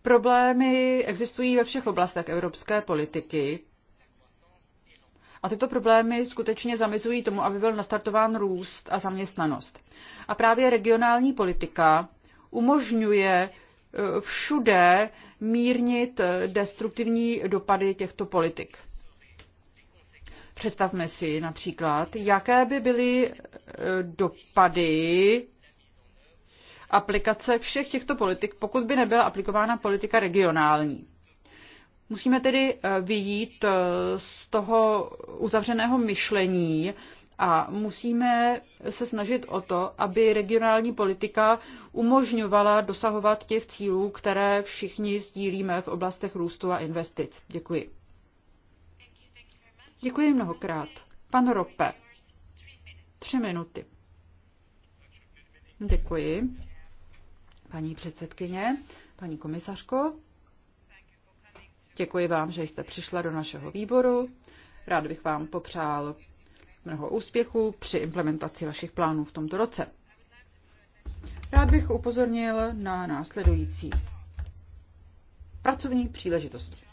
problémy existují ve všech oblastech evropské politiky a tyto problémy skutečně zamizují tomu, aby byl nastartován růst a zaměstnanost. A právě regionální politika umožňuje všude mírnit destruktivní dopady těchto politik. Představme si například, jaké by byly e, dopady aplikace všech těchto politik, pokud by nebyla aplikována politika regionální. Musíme tedy e, vyjít e, z toho uzavřeného myšlení, a musíme se snažit o to, aby regionální politika umožňovala dosahovat těch cílů, které všichni sdílíme v oblastech růstu a investic. Děkuji. Děkuji mnohokrát. Pan Rope. Tři minuty. Děkuji. Paní předsedkyně, paní komisařko, děkuji vám, že jste přišla do našeho výboru. Rád bych vám popřál mnoho úspěchů při implementaci vašich plánů v tomto roce. Rád bych upozornil na následující pracovní příležitosti.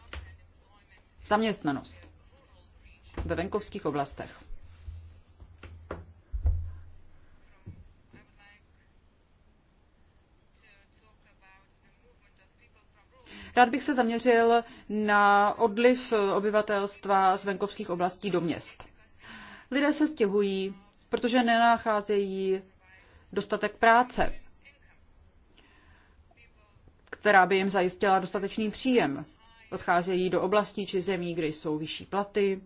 Zaměstnanost ve venkovských oblastech. Rád bych se zaměřil na odliv obyvatelstva z venkovských oblastí do měst. Lidé se stěhují, protože nenacházejí dostatek práce, která by jim zajistila dostatečný příjem. Odcházejí do oblastí či zemí, kde jsou vyšší platy.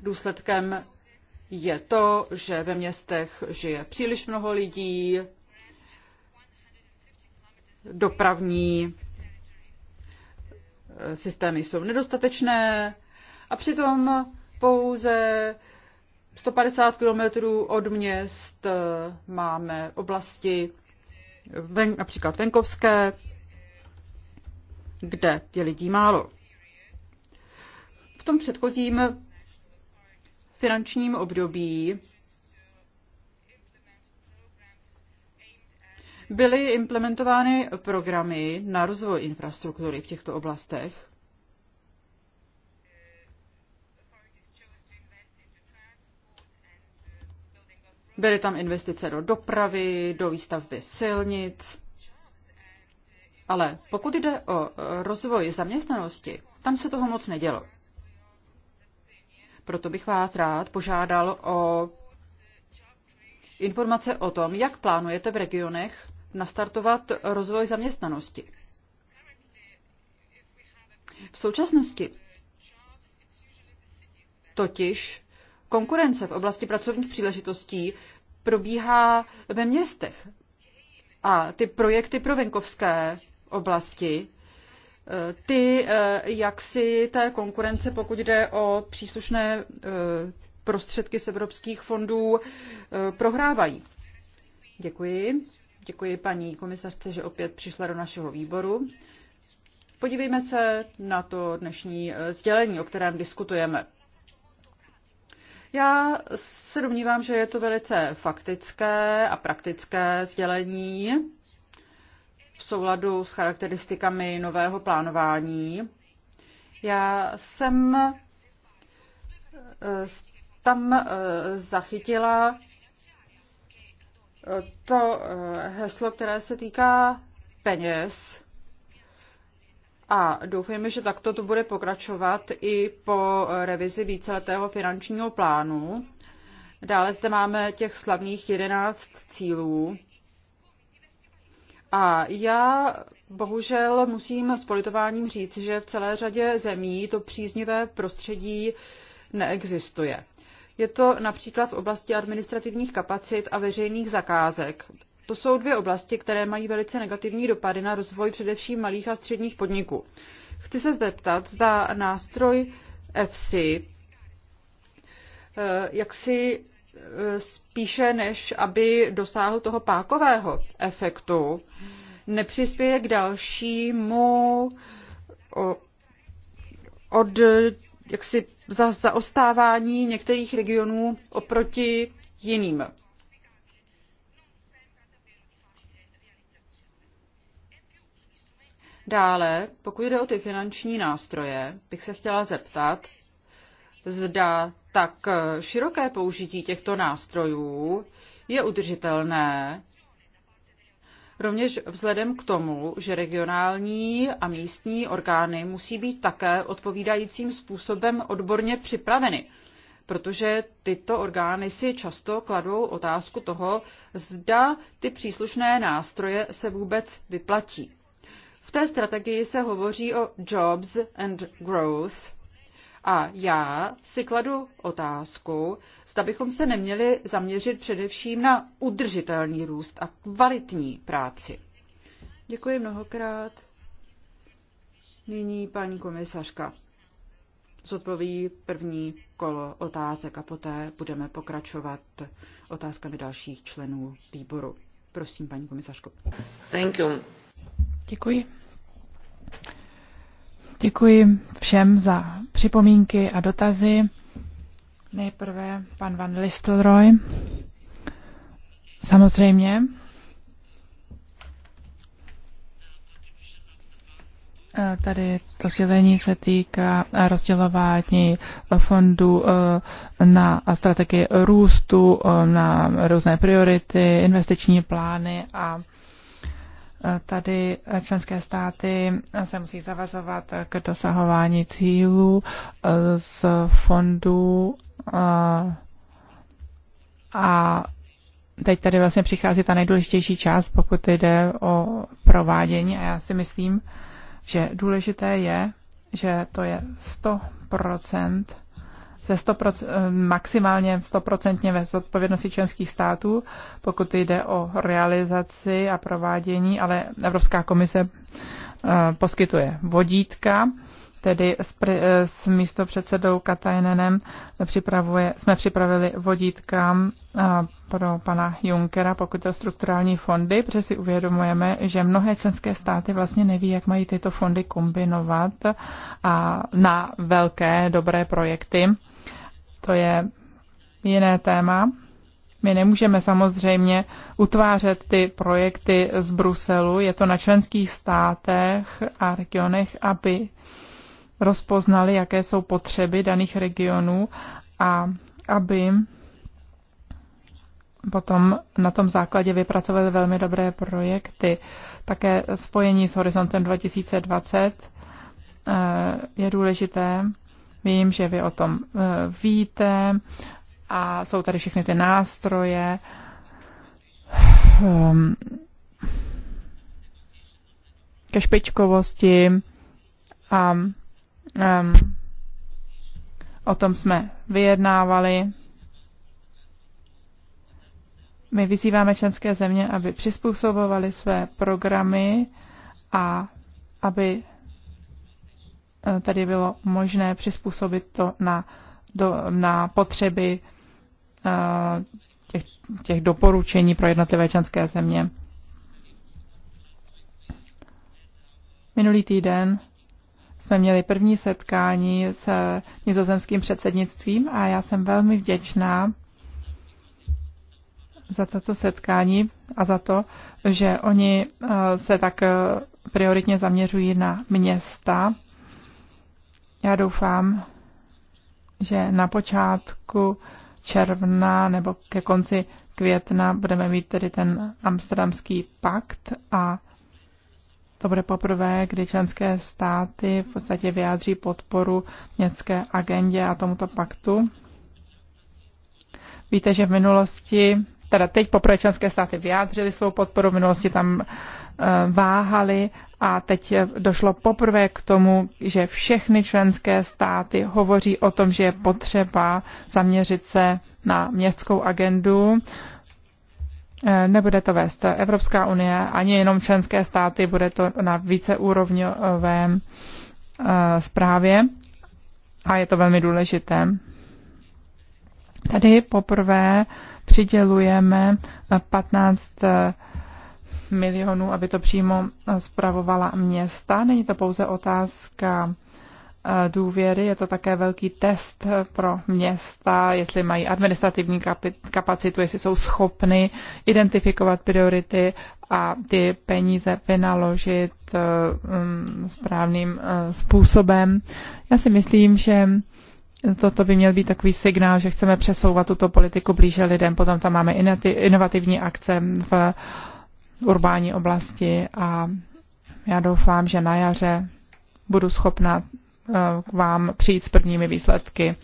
Důsledkem je to, že ve městech žije příliš mnoho lidí, dopravní systémy jsou nedostatečné a přitom pouze 150 km od měst máme oblasti ven, například venkovské, kde je lidí málo. V tom předchozím finančním období byly implementovány programy na rozvoj infrastruktury v těchto oblastech. Byly tam investice do dopravy, do výstavby silnic. Ale pokud jde o rozvoj zaměstnanosti, tam se toho moc nedělo. Proto bych vás rád požádal o informace o tom, jak plánujete v regionech nastartovat rozvoj zaměstnanosti. V současnosti totiž konkurence v oblasti pracovních příležitostí probíhá ve městech. A ty projekty pro venkovské oblasti, e, ty e, jak si té konkurence, pokud jde o příslušné e, prostředky z evropských fondů, prohrávají. Děkuji. Děkuji paní komisařce, že opět přišla do našeho výboru. Podívejme se na to dnešní eh, sdělení, o kterém diskutujeme. Já se domnívám, že je to velice faktické a praktické sdělení v souladu s charakteristikami nového plánování. Já jsem eh, tam eh, zachytila to eh, heslo, které se týká peněz. A doufejme, že takto to bude pokračovat i po revizi víceletého finančního plánu. Dále zde máme těch slavných 11 cílů. A já bohužel musím s politováním říct, že v celé řadě zemí to příznivé prostředí neexistuje. Je to například v oblasti administrativních kapacit a veřejných zakázek. To jsou dvě oblasti, které mají velice negativní dopady na rozvoj především malých a středních podniků. Chci se zeptat, zda nástroj EFSI, eh, jak si eh, spíše než aby dosáhl toho pákového efektu, nepřispěje k dalšímu od jaksi za zaostávání některých regionů oproti jiným. Dále, pokud jde o ty finanční nástroje, bych se chtěla zeptat, zda tak široké použití těchto nástrojů je udržitelné Rovněž vzhledem k tomu, že regionální a místní orgány musí být také odpovídajícím způsobem odborně připraveny, protože tyto orgány si často kladou otázku toho, zda ty příslušné nástroje se vůbec vyplatí. V té strategii se hovoří o jobs and growth a já si kladu otázku, zda bychom se neměli zaměřit především na udržitelný růst a kvalitní práci. Děkuji mnohokrát. Nyní paní komisařka zodpoví první kolo otázek a poté budeme pokračovat otázkami dalších členů výboru. Prosím, paní komisařko. Thank you. Děkuji. Děkuji všem za připomínky a dotazy. Nejprve pan Van Listelroy. Samozřejmě. Eh, tady to sdělení se týká rozdělování fondů eh, na strategii růstu, eh, na různé priority, investiční plány a tady členské státy se musí zavazovat k dosahování cílů eh, z fondů eh, a teď tady vlastně přichází ta nejdůležitější část, pokud jde o provádění a já si myslím, že důležité je, že to je 100% ze 100%, maximálně 100% ve zodpovědnosti členských států, pokud jde o realizaci a provádění, ale Evropská komise eh, poskytuje vodítka, tedy s, eh, s místopředsedou Katajnenem připravuje, jsme připravili vodítka eh, pro pana Junkera, pokud to strukturální fondy, protože si uvědomujeme, že mnohé členské státy vlastně neví, jak mají tyto fondy kombinovat a na velké dobré projekty to je jiné téma. My nemůžeme samozřejmě utvářet ty projekty z Bruselu, je to na členských státech a regionech, aby rozpoznali, jaké jsou potřeby daných regionů a aby potom na tom základě vypracovali velmi dobré projekty. Také spojení s Horizontem 2020 eh, je důležité Vím, že vy o tom eh, víte a jsou tady všechny ty nástroje. Ehm, ke špičkovosti a um, o tom jsme vyjednávali. My vyzýváme členské země, aby přizpůsobovali své programy a aby Eh, tady bylo možné přizpůsobit to na, do, na potřeby eh, těch, těch doporučení pro jednotlivé členské země. Minulý týden jsme měli první setkání s nizozemským předsednictvím a já jsem velmi vděčná za toto setkání a za to, že oni eh, se tak prioritně zaměřují na města já doufám, že na počátku června nebo ke konci května budeme mít tedy ten amsterdamský pakt a to bude poprvé, kdy členské státy v podstatě vyjádří podporu městské agendě a tomuto paktu. Víte, že v minulosti teda teď poprvé členské státy vyjádřily svou podporu, v minulosti tam e, váhali a teď došlo poprvé k tomu, že všechny členské státy hovoří o tom, že je potřeba zaměřit se na městskou agendu. E, nebude to vést Evropská unie, ani jenom členské státy, bude to na víceúrovňovém zprávě e, a je to velmi důležité. Tady poprvé uh, přidělujeme 15 eh, eh, milionů, aby to přímo zpravovala eh, města. Není to pouze otázka důvěry, je to také velký test pro města, jestli mají administrativní kapacitu, jestli jsou schopny identifikovat priority a ty peníze vynaložit mm, správným způsobem. Já si myslím, že to by měl být takový signál, že chceme přesouvat tuto politiku blíže lidem. Potom tam máme inovativní akce v urbání oblasti a já doufám, že na jaře budu schopna eh, k vám přijít s prvními výsledky.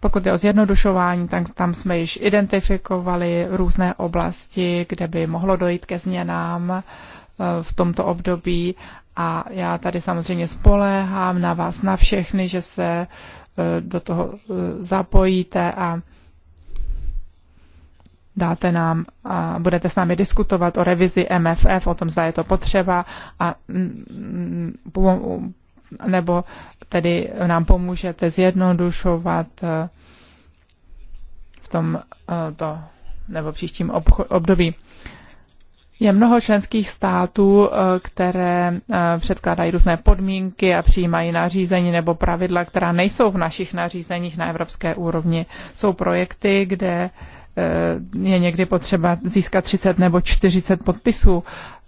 Pokud je o zjednodušování, tak tam jsme již identifikovali různé oblasti, kde by mohlo dojít ke změnám eh, v tomto období a já tady samozřejmě spoléhám na vás, na všechny, že se Eh, do toho eh, zapojíte a dáte nám a budete s námi diskutovat o revizi MFF, o tom, zda je to potřeba a mm, mm, nebo tedy nám pomůžete zjednodušovat eh, v tom to, nebo v příštím období. Je mnoho členských států, eh, které eh, předkládají různé podmínky a přijímají nařízení nebo pravidla, která nejsou v našich nařízeních na evropské úrovni. Jsou projekty, kde eh, je někdy potřeba získat 30 nebo 40 podpisů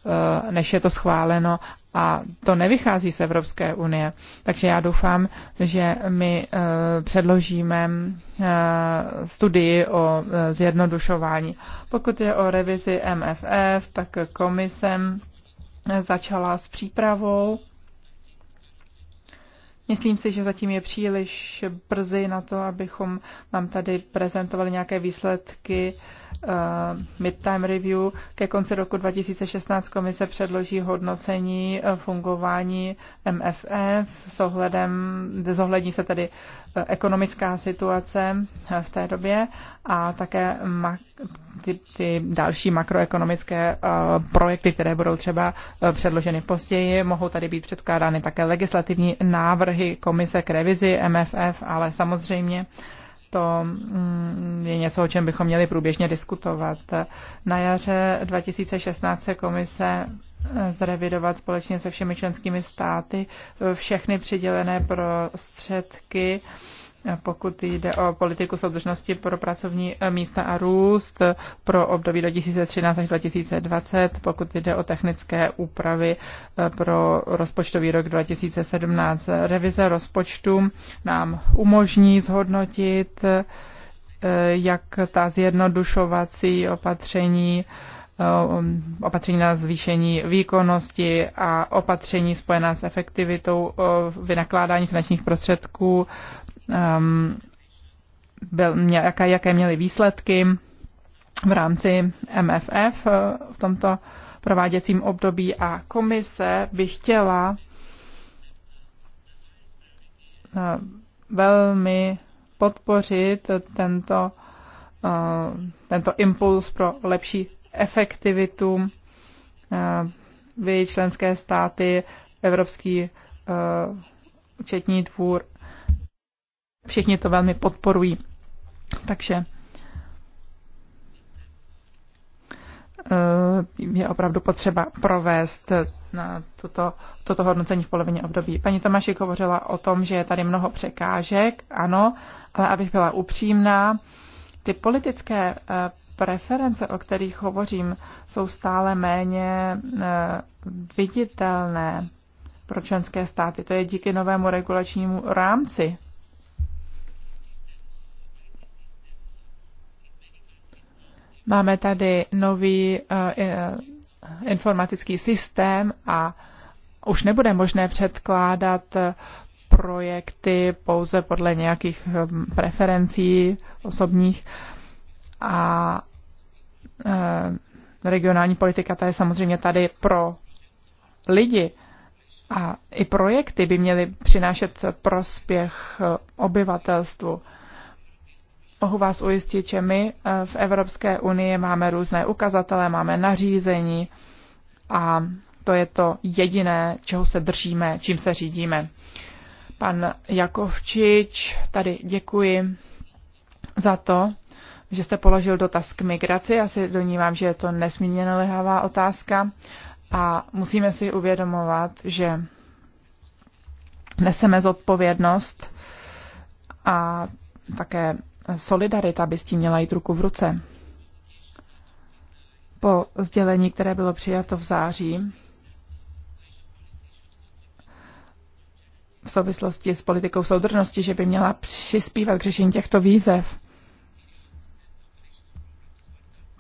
Eh, než je to schváleno a to nevychází z Evropské unie. Takže já doufám, že my eh, předložíme eh, studii o zjednodušování. Pokud je o revizi MFF, tak komisem začala s přípravou. Myslím si, že zatím je příliš brzy na to, abychom vám tady prezentovali nějaké výsledky uh, Eh, midtime review. Ke konci roku 2016 komise předloží hodnocení eh, fungování MFF s ohledem, zohlední se tedy eh, ekonomická situace v té době a také ty, ty další makroekonomické projekty, které budou třeba předloženy později. Mohou tady být předkládány také legislativní návrhy komise k revizi MFF, ale samozřejmě to mm, je něco, o čem bychom měli průběžně diskutovat. Na jaře 2016 se komise zrevidovat společně se všemi členskými státy všechny přidělené prostředky pokud jde o politiku soudržnosti pro pracovní eh, místa a růst pro období 2013 až 2020, pokud jde o technické úpravy eh, pro rozpočtový rok 2017. Revize rozpočtu nám umožní zhodnotit, eh, jak ta zjednodušovací opatření opatření na zvýšení výkonnosti a opatření spojená s efektivitou vynakládání finančních prostředků Ehm, byl, jaké, jaké měly výsledky v rámci MFF eh, v tomto prováděcím období a komise by chtěla eh, velmi podpořit tento, eh, tento impuls pro lepší efektivitu. Vy, členské státy, Evropský účetní dvůr Všichni to velmi podporují. Takže eh, je opravdu potřeba provést eh, na toto, toto hodnocení v polovině období. Paní Tomášek hovořila o tom, že je tady mnoho překážek, ano, ale abych byla upřímná, ty politické eh, preference, o kterých hovořím, jsou stále méně viditelné pro členské státy. To je díky novému regulačnímu rámci Máme tady nový eh, eh, informatický systém a už nebude možné předkládat eh, projekty pouze podle nějakých hm, preferencí osobních a regionální politika ta je samozřejmě tady pro lidi. A i projekty by měly přinášet prospěch obyvatelstvu. Mohu vás ujistit, že my eh, v Evropské unii máme různé ukazatele, máme nařízení a to je to jediné, čeho se držíme, čím se řídíme. Pan Jakovčič, tady děkuji za to, že jste položil dotaz k migraci. Já si donívám, že je to nesmírně nalehavá otázka a musíme si uvědomovat, že neseme zodpovědnost a také solidarita by s tím měla jít ruku v ruce. Po sdělení, které bylo přijato v září, v souvislosti s politikou soudrnosti, že by měla přispívat k řešení těchto výzev.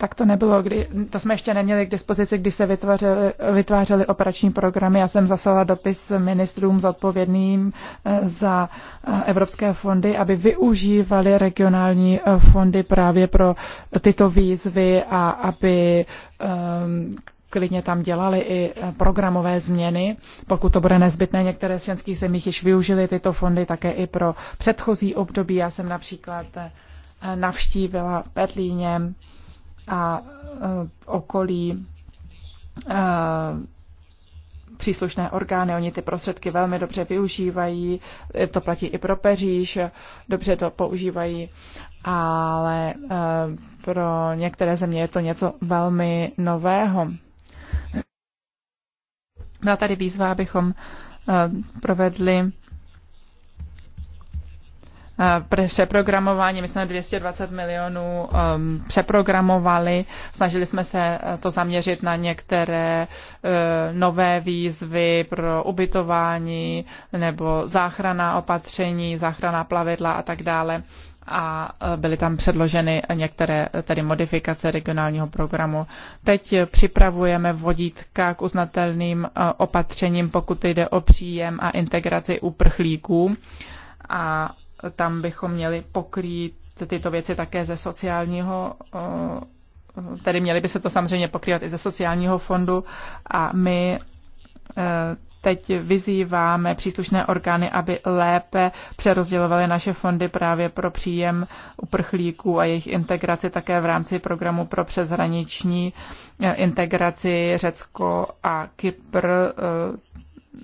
Tak to nebylo, kdy, to jsme ještě neměli k dispozici, když se vytvářely, vytvářely operační programy. Já jsem zaslala dopis ministrům zodpovědným eh, za eh, evropské fondy, aby využívali regionální eh, fondy právě pro tyto výzvy a aby um, klidně tam dělali i programové změny. Pokud to bude nezbytné, některé z členských zemích již využili tyto fondy také i pro předchozí období. Já jsem například navštívila Petlíně a e, okolí e, příslušné orgány, oni ty prostředky velmi dobře využívají, e, to platí i pro Peříž, dobře to používají, ale pro některé země je to něco velmi nového. Byla tady výzva, abychom provedli Eh, přeprogramování. My jsme 220 milionů ehm, přeprogramovali. Snažili jsme se eh, to zaměřit na některé eh, nové výzvy pro ubytování nebo záchrana opatření, záchrana plavidla a tak dále a byly tam předloženy některé tedy modifikace regionálního programu. Teď připravujeme vodítka k uznatelným opatřením, pokud jde o příjem a integraci uprchlíků a tam bychom měli pokrýt tyto věci také ze sociálního, eh, tedy měli by se to samozřejmě pokrývat i ze sociálního fondu a my eh, teď vyzýváme příslušné orgány, aby lépe přerozdělovaly naše fondy právě pro příjem uprchlíků a jejich integraci také v rámci programu pro přeshraniční eh, integraci Řecko a Kypr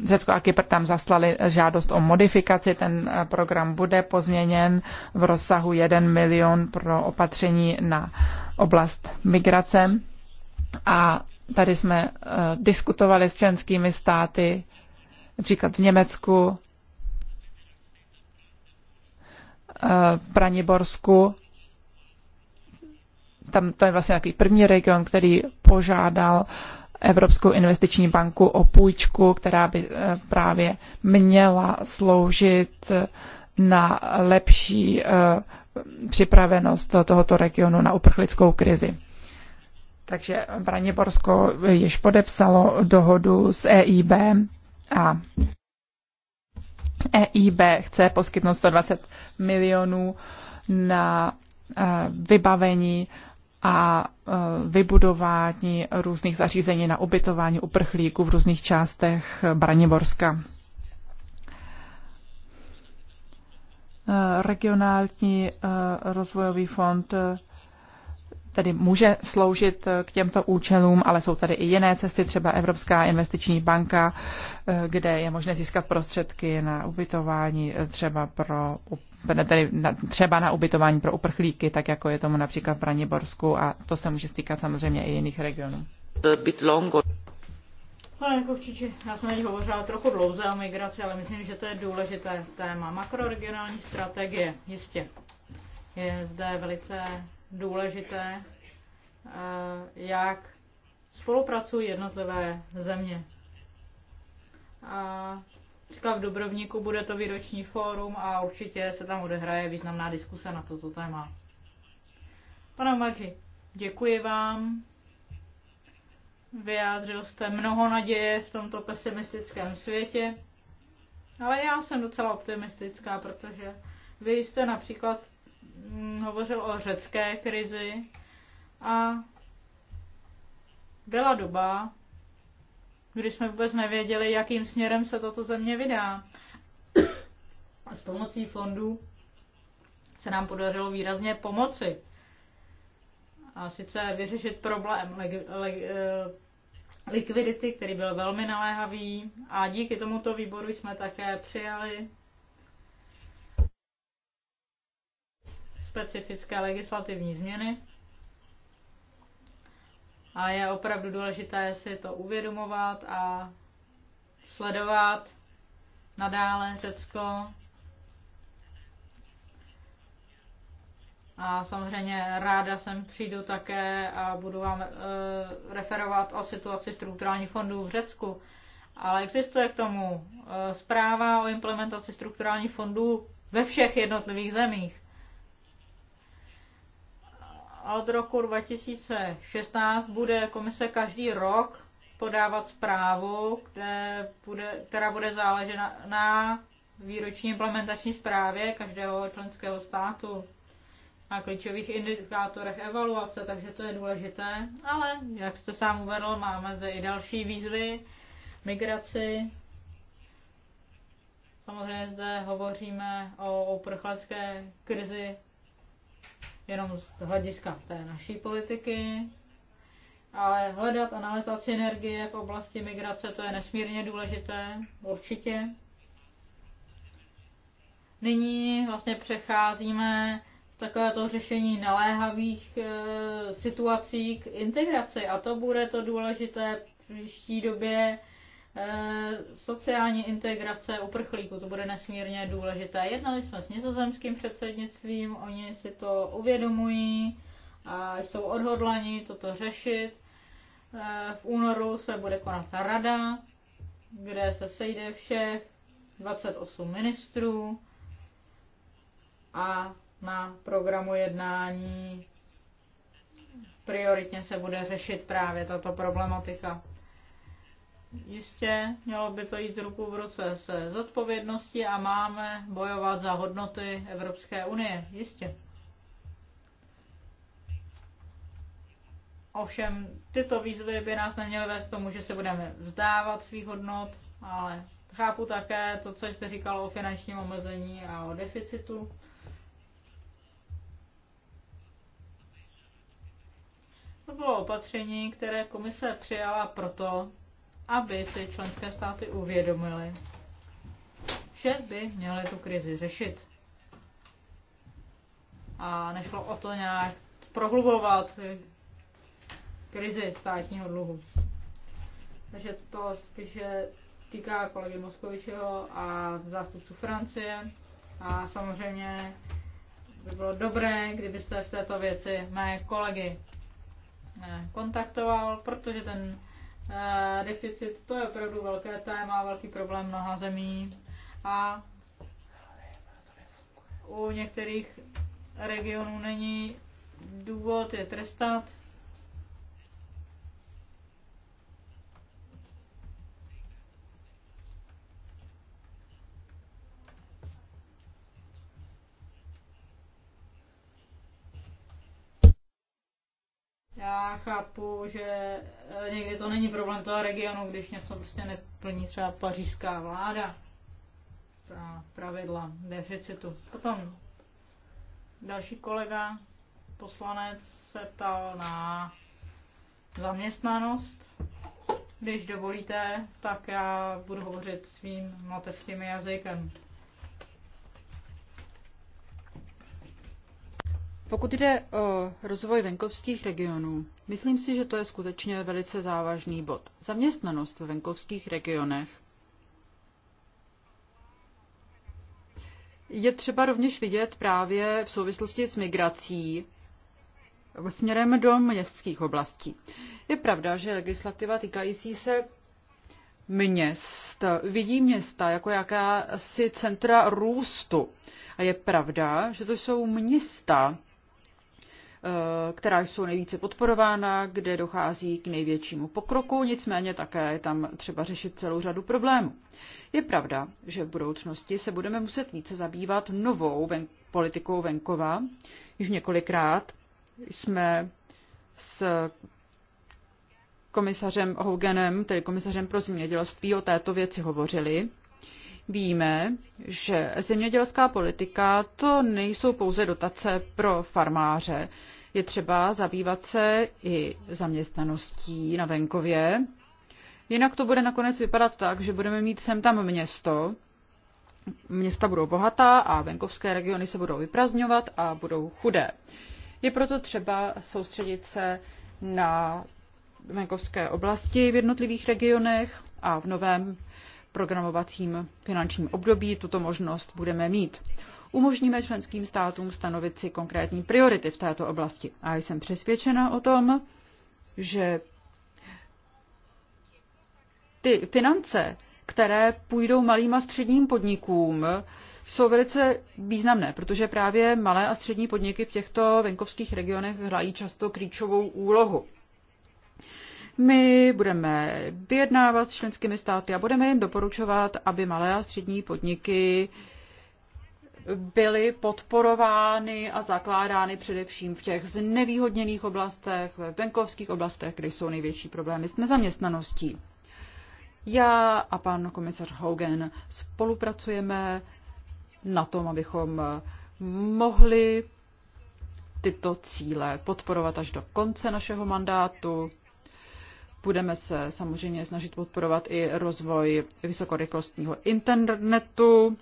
Řecko a Kypr tam zaslali žádost o modifikaci. Ten eh, program bude pozměněn v rozsahu 1 milion pro opatření na oblast migrace. A tady jsme eh, diskutovali s členskými státy, například v Německu, v eh, Braniborsku. Tam to je vlastně takový první region, který požádal uh, Evropskou investiční banku o půjčku, která by eh, právě měla sloužit eh, na lepší eh, připravenost tohoto regionu na uprchlickou krizi. Takže Braniborsko již podepsalo dohodu s EIB a EIB chce poskytnout 120 milionů na vybavení a e, vybudování různých zařízení na ubytování uprchlíků v různých částech e, Braniborska. E, regionální rozvojový fond tedy může sloužit eh, k těmto účelům, ale jsou tady i jiné cesty, třeba Evropská investiční banka, eh, kde je možné získat prostředky na ubytování eh, třeba pro tedy na, třeba na ubytování pro uprchlíky, tak jako je tomu například v Braniborsku a to se může stýkat samozřejmě i jiných regionů. Pane Kovčiči, já jsem teď hovořila trochu dlouze o migraci, ale myslím, že to je důležité téma. Makroregionální strategie, jistě. Je zde velice důležité, eh, jak spolupracují jednotlivé země. A třeba v Dubrovníku bude to výroční fórum a určitě se tam odehraje významná diskuse na toto téma. Pane Mači, děkuji vám. Vyjádřil jste mnoho naděje v tomto pesimistickém světě, ale já jsem docela optimistická, protože vy jste například Mm, hovořil o řecké krizi a byla doba, kdy jsme vůbec nevěděli, jakým směrem se tato země vydá. A s pomocí fondů se nám podařilo výrazně pomoci. A sice vyřešit problém leg, leg, eh, likvidity, který byl velmi naléhavý. A díky tomuto výboru jsme také přijali specifické legislativní změny. A je opravdu důležité si to uvědomovat a sledovat nadále Řecko. A samozřejmě ráda sem přijdu také a budu vám e, referovat o situaci strukturálních fondů v Řecku. Ale existuje k tomu e, zpráva o implementaci strukturálních fondů ve všech jednotlivých zemích a od roku 2016 bude komise každý rok podávat zprávu, kde bude, která bude záležena na výroční implementační zprávě každého členského státu a klíčových indikátorech evaluace, takže to je důležité. Ale, jak jste sám uvedl, máme zde i další výzvy, migraci. Samozřejmě zde hovoříme o uprchlecké krizi jenom z hlediska té naší politiky, ale hledat a nalézat synergie v oblasti migrace, to je nesmírně důležité, určitě. Nyní vlastně přecházíme z takovéto řešení naléhavých e, situací k integraci a to bude to důležité v příští době Eh, sociální integrace uprchlíků, to bude nesmírně důležité. Jednali jsme s nizozemským předsednictvím, oni si to uvědomují a jsou odhodlani toto řešit. Eh, v únoru se bude konat rada, kde se sejde všech 28 ministrů a na programu jednání prioritně se bude řešit právě tato problematika. Jistě mělo by to jít ruku v ruce se zodpovědností a máme bojovat za hodnoty Evropské unie. Jistě. Ovšem, tyto výzvy by nás neměly vést k tomu, že se budeme vzdávat svých hodnot, ale chápu také to, co jste říkal o finančním omezení a o deficitu. To bylo opatření, které komise přijala proto, aby si členské státy uvědomily, že by měly tu krizi řešit. A nešlo o to nějak prohlubovat krizi státního dluhu. Takže to spíše týká kolegy Moskovičeho a zástupců Francie. A samozřejmě by bylo dobré, kdybyste v této věci mé kolegy eh, kontaktoval, protože ten Eh, deficit, to je opravdu velké téma, velký problém mnoha zemí a u některých regionů není důvod je trestat, Já chápu, že eh, někdy to není problém toho regionu, když něco prostě neplní třeba pařížská vláda ta pravidla deficitu. Potom další kolega, poslanec, se ptal na zaměstnanost. Když dovolíte, tak já budu hovořit svým mateřským jazykem. Pokud jde o rozvoj venkovských regionů, myslím si, že to je skutečně velice závažný bod. Zaměstnanost v venkovských regionech je třeba rovněž vidět právě v souvislosti s migrací směrem do městských oblastí. Je pravda, že legislativa týkající se měst vidí města jako jakási centra růstu. A je pravda, že to jsou města, Eh, která jsou nejvíce podporována, kde dochází k největšímu pokroku, nicméně také je tam třeba řešit celou řadu problémů. Je pravda, že v budoucnosti se budeme muset více zabývat novou ven- politikou venkova. Již několikrát jsme s komisařem Hoganem, tedy komisařem pro zemědělství, o této věci hovořili. Víme, že zemědělská politika to nejsou pouze dotace pro farmáře. Je třeba zabývat se i zaměstnaností na venkově. Jinak to bude nakonec vypadat tak, že budeme mít sem tam město, města budou bohatá a venkovské regiony se budou vyprazňovat a budou chudé. Je proto třeba soustředit se na venkovské oblasti v jednotlivých regionech a v novém programovacím finančním období tuto možnost budeme mít. Umožníme členským státům stanovit si konkrétní priority v této oblasti. A jsem přesvědčena o tom, že ty finance, které půjdou malým a středním podnikům, jsou velice významné, protože právě malé a střední podniky v těchto venkovských regionech hrají často klíčovou úlohu. My budeme vyjednávat s členskými státy a budeme jim doporučovat, aby malé a střední podniky byly podporovány a zakládány především v těch znevýhodněných oblastech, ve venkovských oblastech, kde jsou největší problémy s nezaměstnaností. Já a pan komisař Hogan spolupracujeme na tom, abychom mohli tyto cíle podporovat až do konce našeho mandátu. Budeme se samozřejmě snažit podporovat i rozvoj vysokorychlostního internetu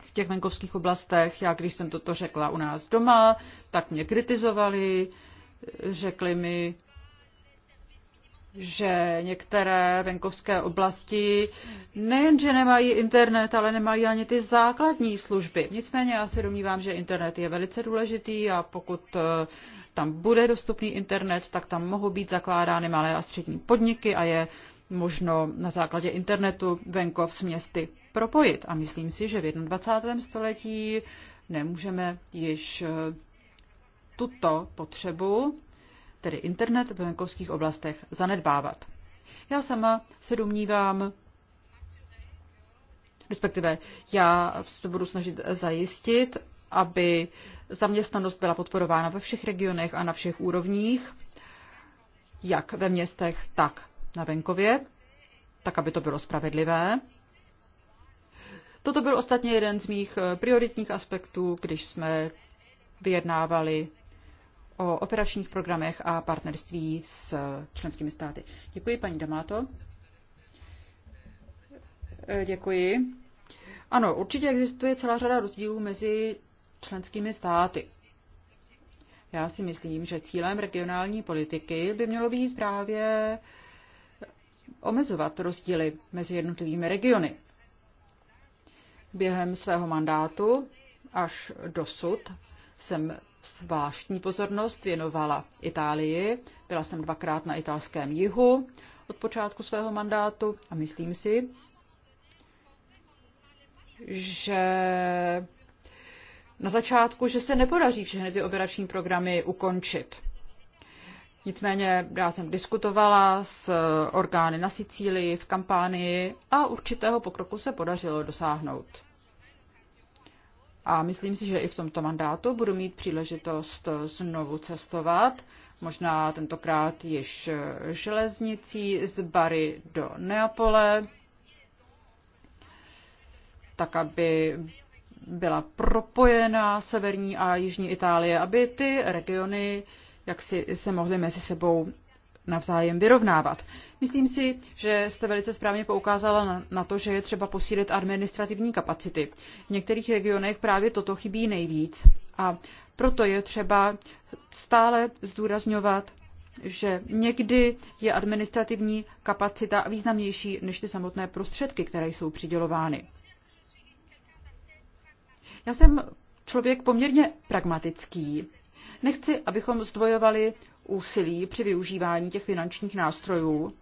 v těch venkovských oblastech. Já, když jsem toto řekla u nás doma, tak mě kritizovali, řekli mi, že některé venkovské oblasti nejenže nemají internet, ale nemají ani ty základní služby. Nicméně já se domnívám, že internet je velice důležitý a pokud tam bude dostupný internet, tak tam mohou být zakládány malé a střední podniky a je možno na základě internetu venkov s městy propojit. A myslím si, že v 21. století nemůžeme již eh, tuto potřebu, tedy internet v venkovských oblastech, zanedbávat. Já sama se domnívám, respektive já se to budu snažit zajistit, aby zaměstnanost byla podporována ve všech regionech a na všech úrovních, jak ve městech, tak na venkově, tak aby to bylo spravedlivé. Toto byl ostatně jeden z mých eh, prioritních aspektů, když jsme vyjednávali o operačních programech a partnerství s eh, členskými státy. Děkuji, paní Damato. Eh, děkuji. Ano, určitě existuje celá řada rozdílů mezi členskými státy. Já si myslím, že cílem regionální politiky by mělo být právě omezovat rozdíly mezi jednotlivými regiony. Během svého mandátu až dosud jsem zvláštní pozornost věnovala Itálii. Byla jsem dvakrát na italském jihu od počátku svého mandátu a myslím si, že na začátku, že se nepodaří všechny ty operační programy ukončit. Nicméně já jsem diskutovala s orgány na Sicílii, v kampánii a určitého pokroku se podařilo dosáhnout. A myslím si, že i v tomto mandátu budu mít příležitost znovu cestovat, možná tentokrát již železnicí z Bary do Neapole, tak aby byla propojena severní a jižní Itálie, aby ty regiony jak si se mohly mezi sebou navzájem vyrovnávat. Myslím si, že jste velice správně poukázala na to, že je třeba posílit administrativní kapacity. V některých regionech právě toto chybí nejvíc a proto je třeba stále zdůrazňovat, že někdy je administrativní kapacita významnější než ty samotné prostředky, které jsou přidělovány. Já jsem člověk poměrně pragmatický. Nechci, abychom zdvojovali úsilí při využívání těch finančních nástrojů.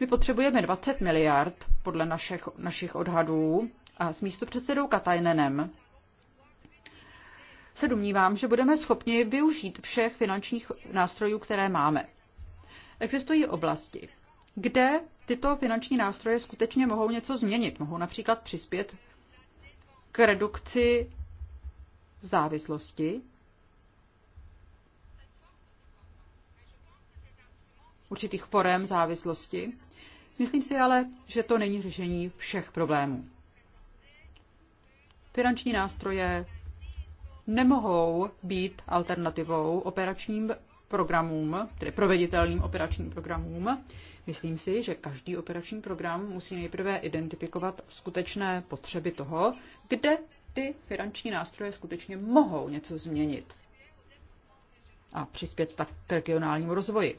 My potřebujeme 20 miliard podle našich, našich odhadů a s místopředsedou Katajnenem se domnívám, že budeme schopni využít všech finančních nástrojů, které máme. Existují oblasti, kde tyto finanční nástroje skutečně mohou něco změnit. Mohou například přispět k redukci závislosti, určitých forem závislosti. Myslím si ale, že to není řešení všech problémů. Finanční nástroje nemohou být alternativou operačním programům, tedy proveditelným operačním programům. Myslím si, že každý operační program musí nejprve identifikovat skutečné potřeby toho, kde ty finanční nástroje skutečně mohou něco změnit a přispět tak k regionálnímu rozvoji.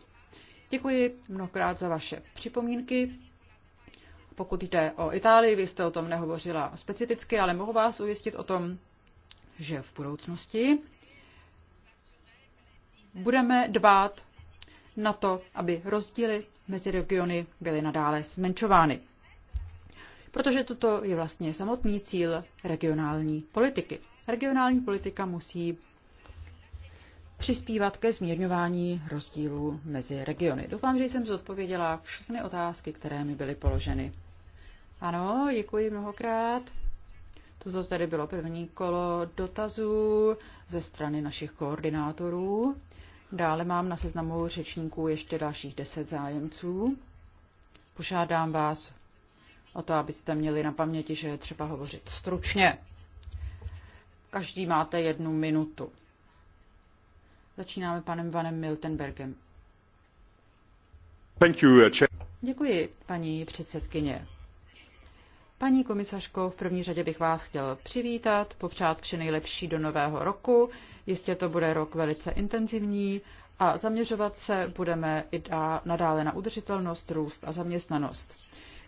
Děkuji mnohokrát za vaše připomínky. Pokud jde o Itálii, vy jste o tom nehovořila specificky, ale mohu vás ujistit o tom, že v budoucnosti budeme dbát na to, aby rozdíly mezi regiony byly nadále zmenšovány protože toto je vlastně samotný cíl regionální politiky. Regionální politika musí přispívat ke zmírňování rozdílů mezi regiony. Doufám, že jsem zodpověděla všechny otázky, které mi byly položeny. Ano, děkuji mnohokrát. Toto tady bylo první kolo dotazů ze strany našich koordinátorů. Dále mám na seznamu řečníků ještě dalších deset zájemců. Požádám vás o to, abyste měli na paměti, že je třeba hovořit stručně. Každý máte jednu minutu. Začínáme panem Vanem Miltenbergem. Thank you, uh, Děkuji, paní předsedkyně. Paní komisařko, v první řadě bych vás chtěl přivítat, popřát vše nejlepší do nového roku. Jistě to bude rok velice intenzivní a zaměřovat se budeme i nadále na udržitelnost, růst a zaměstnanost.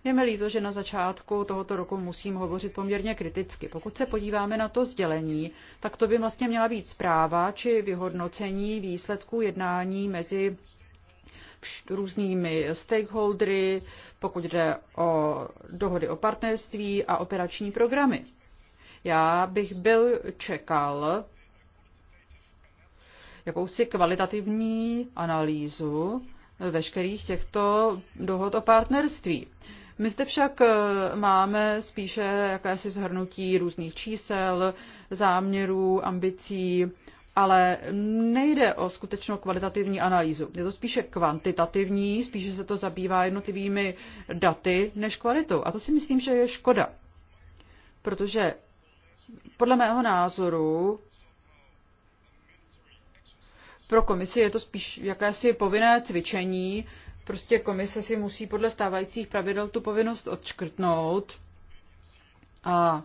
Je mi líto, že na začátku tohoto roku musím hovořit poměrně kriticky. Pokud se podíváme na to sdělení, tak to by vlastně měla být zpráva či vyhodnocení výsledků jednání mezi různými stakeholdery, pokud jde o dohody o partnerství a operační programy. Já bych byl čekal jakousi kvalitativní analýzu veškerých těchto dohod o partnerství. My zde však eh, máme spíše jakési zhrnutí různých čísel, záměrů, ambicí, ale nejde o skutečnou kvalitativní analýzu. Je to spíše kvantitativní, spíše se to zabývá jednotlivými daty než kvalitou. A to si myslím, že je škoda. Protože podle mého názoru pro komisi je to spíš jakési povinné cvičení, Prostě komise si musí podle stávajících pravidel tu povinnost odškrtnout a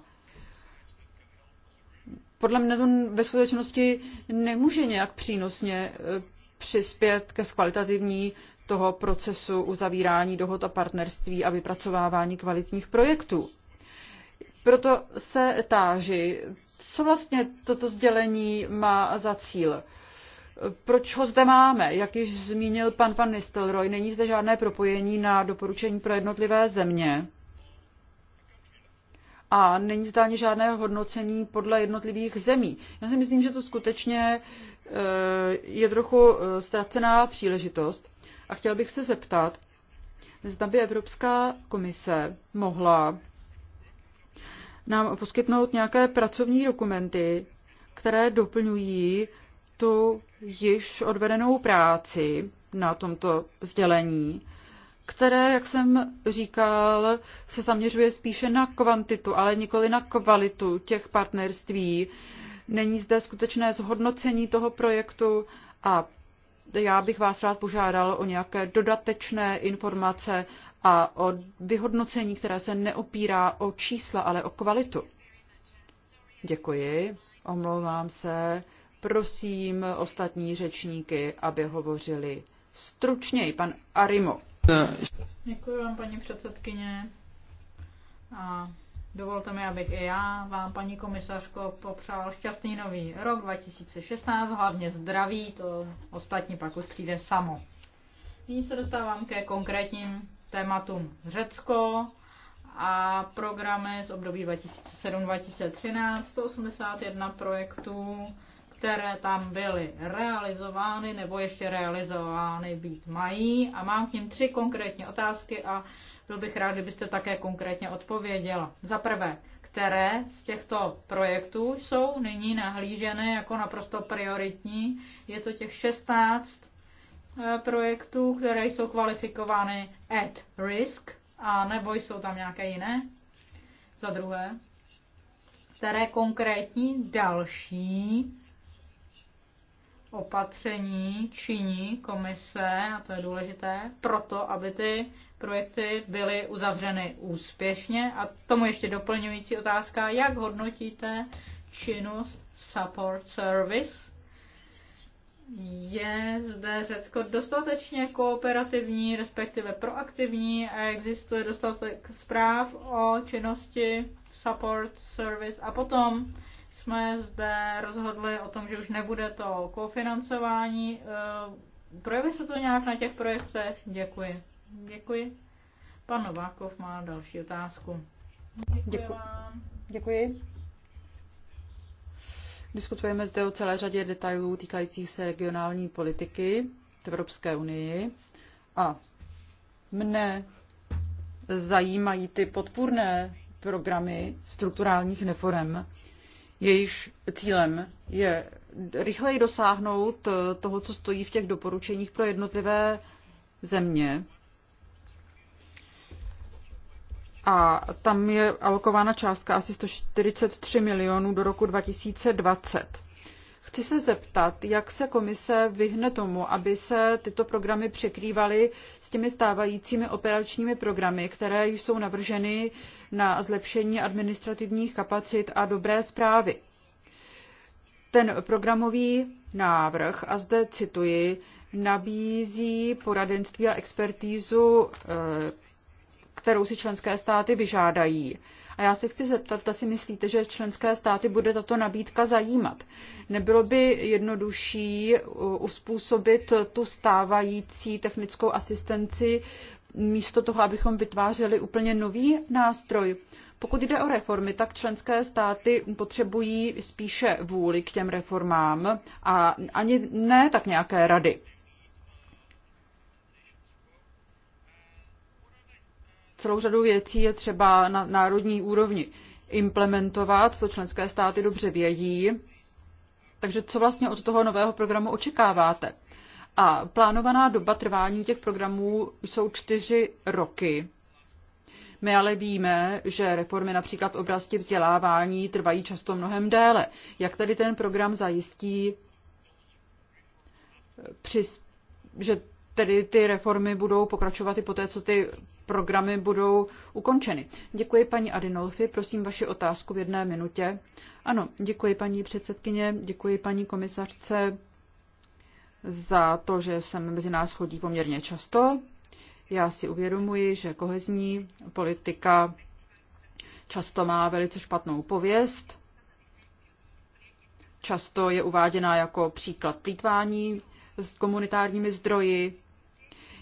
podle mne to ve skutečnosti nemůže nějak přínosně eh, přispět ke kvalitativní toho procesu uzavírání dohod a partnerství a vypracovávání kvalitních projektů. Proto se táži, co vlastně toto sdělení má za cíl. Proč ho zde máme? Jak již zmínil pan pan Nistelroj, není zde žádné propojení na doporučení pro jednotlivé země. A není zde ani žádné hodnocení podle jednotlivých zemí. Já si myslím, že to skutečně eh, je trochu eh, ztracená příležitost. A chtěl bych se zeptat, zda by Evropská komise mohla nám poskytnout nějaké pracovní dokumenty, které doplňují tu již odvedenou práci na tomto sdělení, které, jak jsem říkal, se zaměřuje spíše na kvantitu, ale nikoli na kvalitu těch partnerství. Není zde skutečné zhodnocení toho projektu a já bych vás rád požádal o nějaké dodatečné informace a o vyhodnocení, které se neopírá o čísla, ale o kvalitu. Děkuji, omlouvám se, Prosím ostatní řečníky, aby hovořili stručněji. Pan Arimo. Děkuji vám, paní předsedkyně. A dovolte mi, abych i já vám, paní komisařko, popřál šťastný nový rok 2016, hlavně zdraví, to ostatní pak už přijde samo. Nyní se dostávám ke konkrétním tématům Řecko a programy z období 2007-2013, 181 projektů, které tam byly realizovány nebo ještě realizovány být mají. A mám k ním tři konkrétní otázky a byl bych rád, kdybyste také konkrétně odpověděla. Za prvé, které z těchto projektů jsou nyní nahlíženy jako naprosto prioritní. Je to těch 16 eh, projektů, které jsou kvalifikovány at risk, a nebo jsou tam nějaké jiné? Za druhé, které konkrétní další opatření činí komise, a to je důležité, proto, aby ty projekty byly uzavřeny úspěšně. A tomu ještě doplňující otázka, jak hodnotíte činnost Support Service? Je zde Řecko dostatečně kooperativní, respektive proaktivní a existuje dostatek zpráv o činnosti Support Service a potom jsme zde rozhodli o tom, že už nebude to kofinancování. E, projeví se to nějak na těch projektech? Děkuji. Děkuji. Pan Novákov má další otázku. Děkuji. Děkuji. Vám. Diskutujeme zde o celé řadě detailů týkajících se regionální politiky v Evropské unii a mne zajímají ty podpůrné programy strukturálních reform jejíž cílem je rychleji dosáhnout eh, toho, co stojí v těch doporučeních pro jednotlivé země. A tam je alokována částka asi 143 milionů do roku 2020. Chci se zeptat, jak se komise vyhne tomu, aby se tyto programy překrývaly s těmi stávajícími operačními programy, které jsou navrženy na zlepšení administrativních kapacit a dobré zprávy. Ten programový návrh, a zde cituji, nabízí poradenství a expertízu, eh, kterou si členské státy vyžádají. A já se chci zeptat, zda si myslíte, že členské státy bude tato nabídka zajímat. Nebylo by jednodušší uh, uspůsobit tu stávající technickou asistenci místo toho, abychom vytvářeli úplně nový nástroj. Pokud jde o reformy, tak členské státy potřebují spíše vůli k těm reformám a ani ne tak nějaké rady. celou řadu věcí je třeba na národní úrovni implementovat, to členské státy dobře vědí. Takže co vlastně od toho nového programu očekáváte? A plánovaná doba trvání těch programů jsou čtyři roky. My ale víme, že reformy například v oblasti vzdělávání trvají často mnohem déle. Jak tedy ten program zajistí, eh, že tedy ty reformy budou pokračovat i po té, co ty programy budou ukončeny. Děkuji paní Adinolfi, prosím vaši otázku v jedné minutě. Ano, děkuji paní předsedkyně, děkuji paní komisařce za to, že se mezi nás chodí poměrně často. Já si uvědomuji, že kohezní politika často má velice špatnou pověst, často je uváděna jako příklad plítvání s komunitárními zdroji,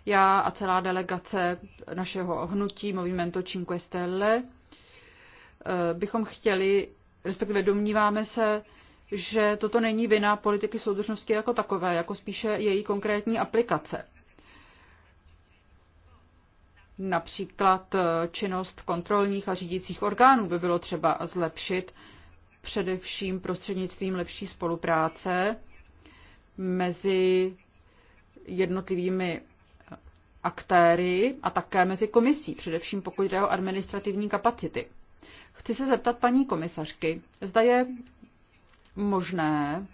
já a celá delegace našeho hnutí Movimento Cinque Stelle eh, bychom chtěli, respektive domníváme se, že toto není vina politiky soudržnosti jako takové, jako spíše její konkrétní aplikace. Například eh, činnost kontrolních a řídících orgánů by bylo třeba zlepšit, především prostřednictvím lepší spolupráce mezi jednotlivými aktéry a také mezi komisí, především pokud jde o administrativní kapacity. Chci se zeptat paní komisařky, zda je možné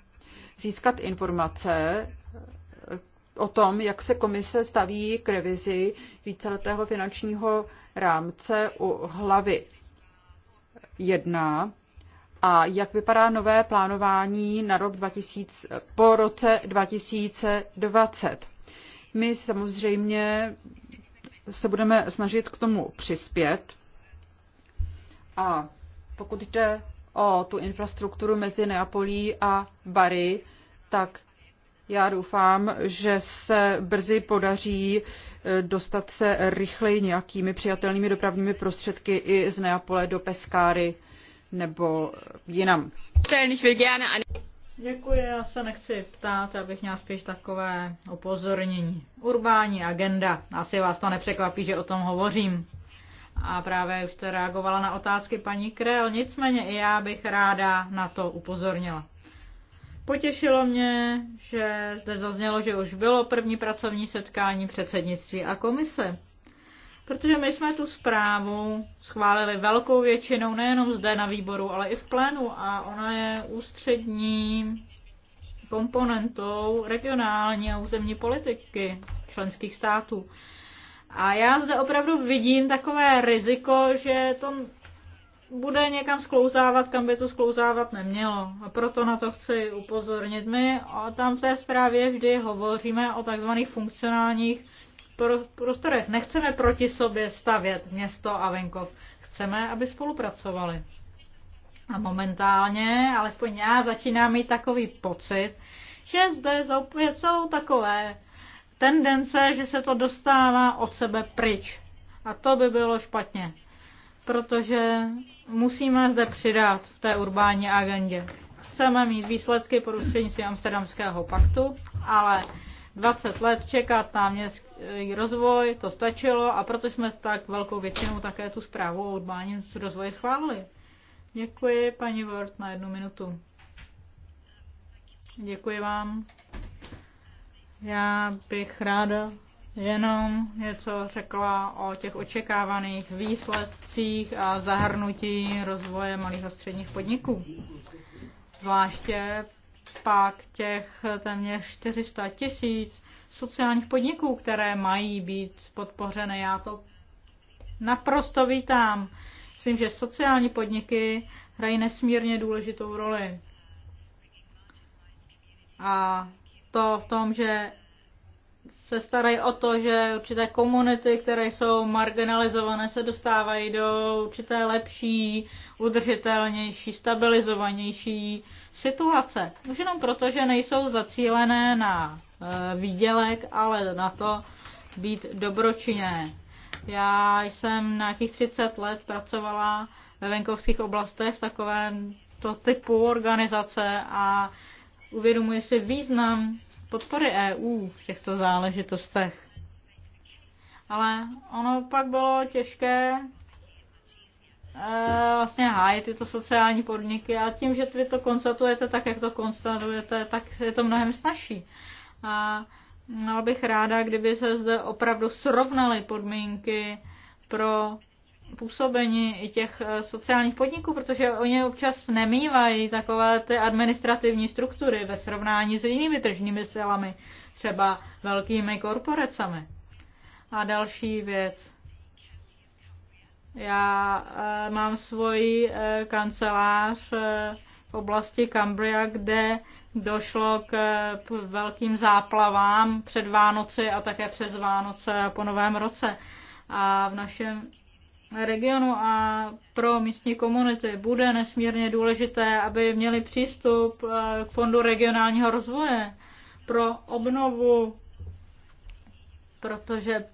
získat informace eh, o tom, jak se komise staví k revizi víceletého finančního rámce u hlavy 1 a jak vypadá nové plánování na rok 2000, po roce 2020. My samozřejmě se budeme snažit k tomu přispět. A pokud jde o tu infrastrukturu mezi Neapolí a Bari, tak já doufám, že se brzy podaří eh, dostat se rychleji nějakými přijatelnými dopravními prostředky i z Neapole do Peskáry nebo jinam. Děkuji, já se nechci ptát, abych měla spíš takové upozornění. Urbání agenda, asi vás to nepřekvapí, že o tom hovořím. A právě už jste reagovala na otázky paní Krel, nicméně i já bych ráda na to upozornila. Potěšilo mě, že zde zaznělo, že už bylo první pracovní setkání předsednictví a komise protože my jsme tu zprávu schválili velkou většinou nejenom zde na výboru, ale i v plénu a ona je ústřední komponentou regionální a územní politiky členských států. A já zde opravdu vidím takové riziko, že to bude někam sklouzávat, kam by to sklouzávat nemělo. A proto na to chci upozornit. My a tam v té zprávě vždy hovoříme o takzvaných funkcionálních prostorech. Nechceme proti sobě stavět město a venkov. Chceme, aby spolupracovali. A momentálně, alespoň já začínám mít takový pocit, že zde opět jsou takové tendence, že se to dostává od sebe pryč. A to by bylo špatně, protože musíme zde přidat v té urbání agendě. Chceme mít výsledky porušení si Amsterdamského paktu, ale 20 let čekat na městský rozvoj, to stačilo a proto jsme tak velkou většinou také tu zprávu o urbáním rozvoji schválili. Děkuji, paní Word, na jednu minutu. Děkuji vám. Já bych ráda jenom něco řekla o těch očekávaných výsledcích a zahrnutí rozvoje malých a středních podniků. Zvláště pak těch téměř 400 tisíc sociálních podniků, které mají být podpořeny. Já to naprosto vítám. Myslím, že sociální podniky hrají nesmírně důležitou roli. A to v tom, že se starají o to, že určité komunity, které jsou marginalizované, se dostávají do určité lepší, udržitelnější, stabilizovanější situace. Už jenom proto, že nejsou zacílené na e, výdělek, ale na to být dobročinné. Já jsem na nějakých 30 let pracovala ve venkovských oblastech v takovém to typu organizace a uvědomuji si význam podpory EU v těchto záležitostech. Ale ono pak bylo těžké Eh, vlastně hájí tyto sociální podniky a tím, že vy to konstatujete tak, jak to konstatujete, tak je to mnohem snažší. A byla bych ráda, kdyby se zde opravdu srovnaly podmínky pro působení i těch eh, sociálních podniků, protože oni občas nemývají takové ty administrativní struktury ve srovnání s jinými tržními silami, třeba velkými korporacemi. A další věc. Já e, mám svoji e, eh, kancelář e, v oblasti Cambria, kde došlo k e, velkým záplavám před Vánoci a také přes Vánoce a po Novém roce. A v našem regionu a pro místní komunity bude nesmírně důležité, aby měli přístup k Fondu regionálního rozvoje pro obnovu, protože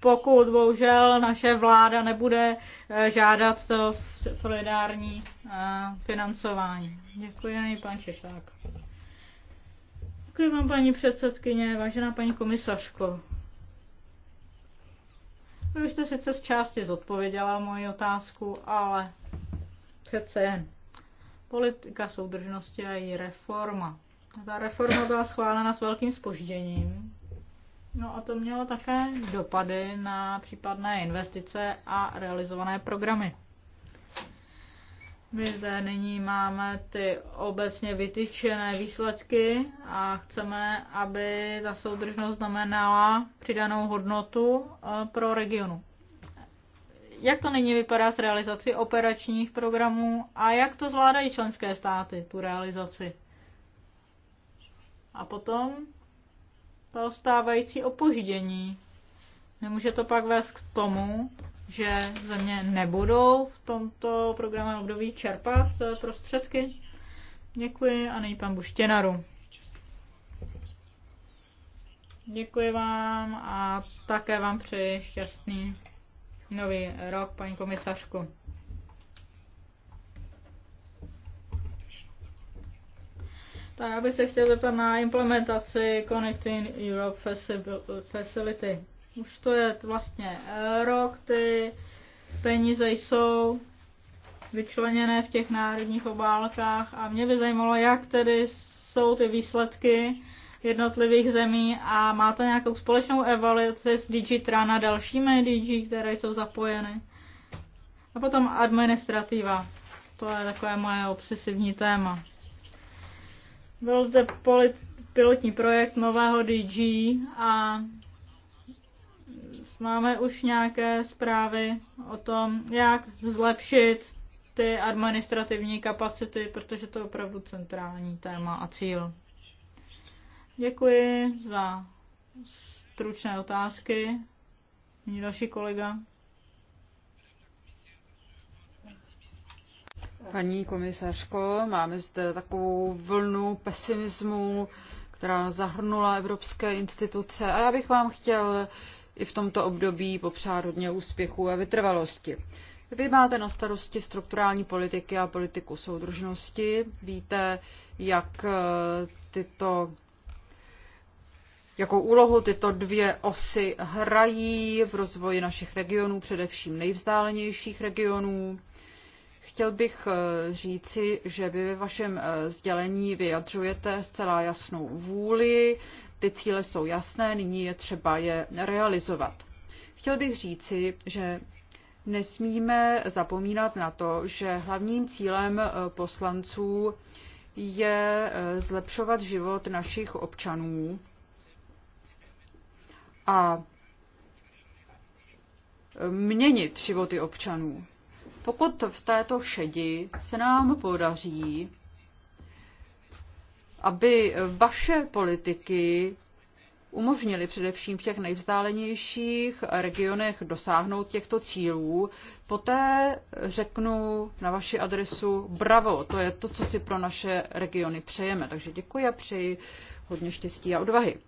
pokud bohužel naše vláda nebude eh, žádat to solidární eh, financování. Děkuji, pan Češák. Děkuji vám, paní předsedkyně, vážená paní komisařko. Vy jste sice z části zodpověděla moji otázku, ale přece jen. Politika soudržnosti a její reforma. Ta reforma byla schválena s velkým spožděním, No a to mělo také dopady na případné investice a realizované programy. My zde nyní máme ty obecně vytyčené výsledky a chceme, aby ta soudržnost znamenala přidanou hodnotu eh, pro regionu. Jak to nyní vypadá s realizací operačních programů a jak to zvládají členské státy, tu realizaci? A potom to stávající opoždění. Nemůže to pak vést k tomu, že země nebudou v tomto programu období čerpat eh, prostředky? Děkuji a nyní pan Buštěnaru. Děkuji vám a také vám přeji šťastný nový rok, paní komisařku. Tak já bych se chtěl zeptat na implementaci Connecting Europe Facility. Už to je vlastně eh, rok, ty peníze jsou vyčleněné v těch národních obálkách a mě by zajímalo, jak tedy jsou ty výsledky jednotlivých zemí a máte nějakou společnou evaluaci s Trana, dalšími DG, které jsou zapojeny. A potom administrativa. To je takové moje obsesivní téma. Byl zde polit, pilotní projekt nového DG a máme už nějaké zprávy o tom, jak zlepšit ty administrativní kapacity, protože to je opravdu centrální téma a cíl. Děkuji za stručné otázky. Mí další kolega. Paní komisařko, máme zde takovou vlnu pesimismu, která zahrnula evropské instituce a já bych vám chtěl i v tomto období popřát hodně úspěchů a vytrvalosti. Vy máte na starosti strukturální politiky a politiku soudržnosti. Víte, jak eh, tyto jakou úlohu tyto dvě osy hrají v rozvoji našich regionů, především nejvzdálenějších regionů. Chtěl bych eh, říci, že vy ve vašem eh, sdělení vyjadřujete zcela jasnou vůli, ty cíle jsou jasné, nyní je třeba je realizovat. Chtěl bych říci, že nesmíme zapomínat na to, že hlavním cílem eh, poslanců je zlepšovat život našich občanů a měnit životy občanů. Pokud v této šedi se nám podaří, aby vaše politiky umožnili především v těch nejvzdálenějších regionech dosáhnout těchto cílů. Poté řeknu na vaši adresu bravo, to je to, co si pro naše regiony přejeme. Takže děkuji a přeji hodně štěstí a odvahy.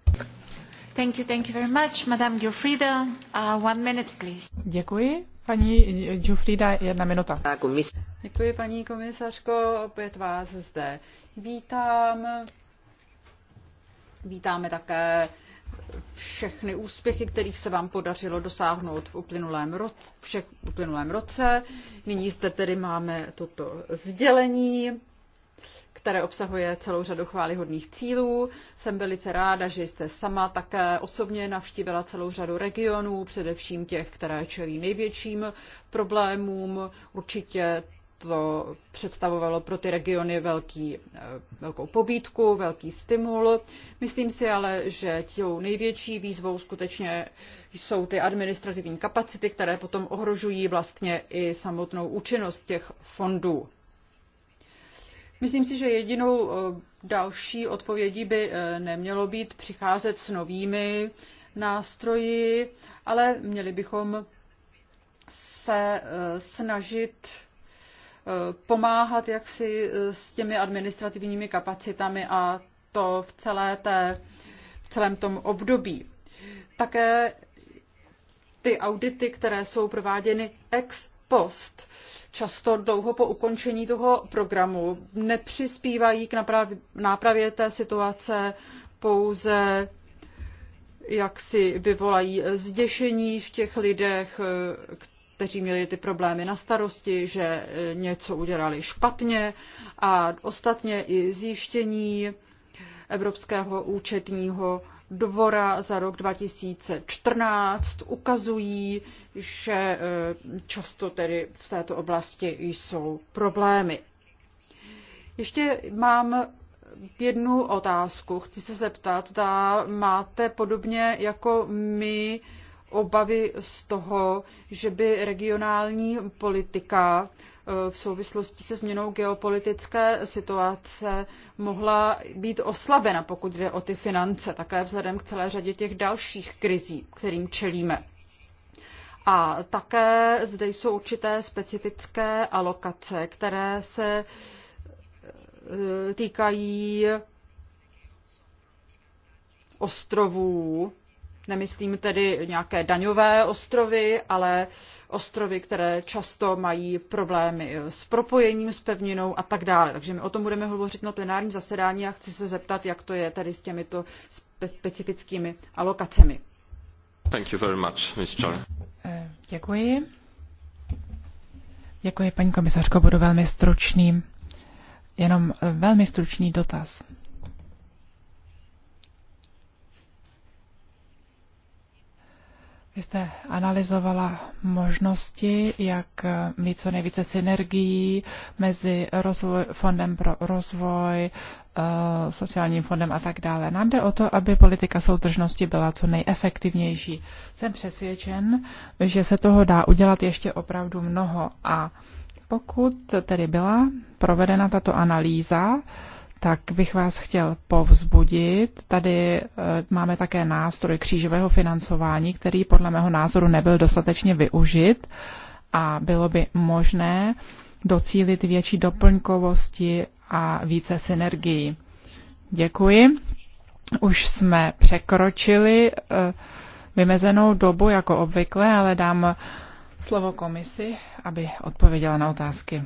Thank you, thank you very much, Madame Giuffrida. Uh, one minute, please. Děkuji. Paní Jufrida, jedna minuta. Děkuji, paní komisařko, opět vás zde vítám. Vítáme také všechny úspěchy, kterých se vám podařilo dosáhnout v uplynulém roce. Všech, uplynulém roce. Nyní zde tedy máme toto sdělení které obsahuje celou řadu chválihodných cílů. Jsem velice ráda, že jste sama také osobně navštívila celou řadu regionů, především těch, které čelí největším problémům. Určitě to představovalo pro ty regiony velký, eh, velkou pobídku, velký stimul. Myslím si ale, že tou největší výzvou skutečně jsou ty administrativní kapacity, které potom ohrožují vlastně i samotnou účinnost těch fondů. Myslím si, že jedinou eh, další odpovědí by eh, nemělo být přicházet s novými nástroji, ale měli bychom se eh, snažit pomáhat jaksi s těmi administrativními kapacitami a to v, celé té, v celém tom období. Také ty audity, které jsou prováděny ex post, často dlouho po ukončení toho programu. Nepřispívají k nápravě té situace, pouze jak si vyvolají zděšení v těch lidech, eh, kteří měli ty problémy na starosti, že eh, něco udělali špatně a ostatně i zjištění Evropského účetního dvora za rok 2014 ukazují, že eh, často tedy v této oblasti jsou problémy. Ještě mám jednu otázku. Chci se zeptat, zda máte podobně jako my obavy z toho, že by regionální politika Eh, v souvislosti se změnou geopolitické situace mohla být oslabena, pokud jde o ty finance, také vzhledem k celé řadě těch dalších krizí, kterým čelíme. A také zde jsou určité specifické alokace, které se eh, týkají ostrovů, nemyslím tedy nějaké daňové ostrovy, ale uh, ostrovy, které často mají problémy s propojením, s pevninou a tak dále. Takže my o tom budeme hovořit na plenárním zasedání a chci se zeptat, jak to je tady s těmito specifickými alokacemi. Thank you very much, Ms. Uh, eh, Děkuji. Děkuji, paní komisařko, budu velmi stručný. Jenom eh, velmi stručný dotaz. Vy jste analyzovala možnosti, jak mít co nejvíce synergií mezi rozvoj, fondem pro rozvoj, eh, sociálním fondem a tak dále. Nám jde o to, aby politika soudržnosti byla co nejefektivnější. Jsem přesvědčen, že se toho dá udělat ještě opravdu mnoho a pokud tedy byla provedena tato analýza, tak bych vás chtěl povzbudit. Tady e, máme také nástroj křížového financování, který podle mého názoru nebyl dostatečně využit a bylo by možné docílit větší doplňkovosti a více synergii. Děkuji. Už jsme překročili e, vymezenou dobu, jako obvykle, ale dám slovo komisi, aby odpověděla na otázky.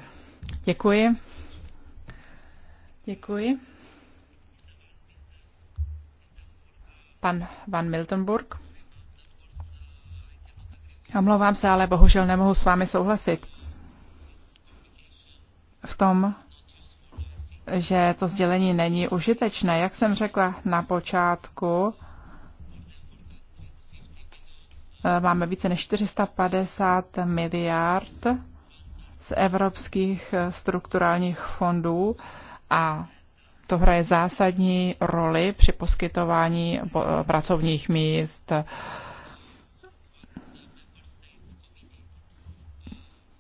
Děkuji. Děkuji. Pan Van Miltenburg. Omlouvám se, ale bohužel nemohu s vámi souhlasit. V tom, že to sdělení není užitečné. Jak jsem řekla na počátku, eh, máme více než 450 miliard z evropských eh, strukturálních fondů a to hraje zásadní roli při poskytování eh, pracovních míst.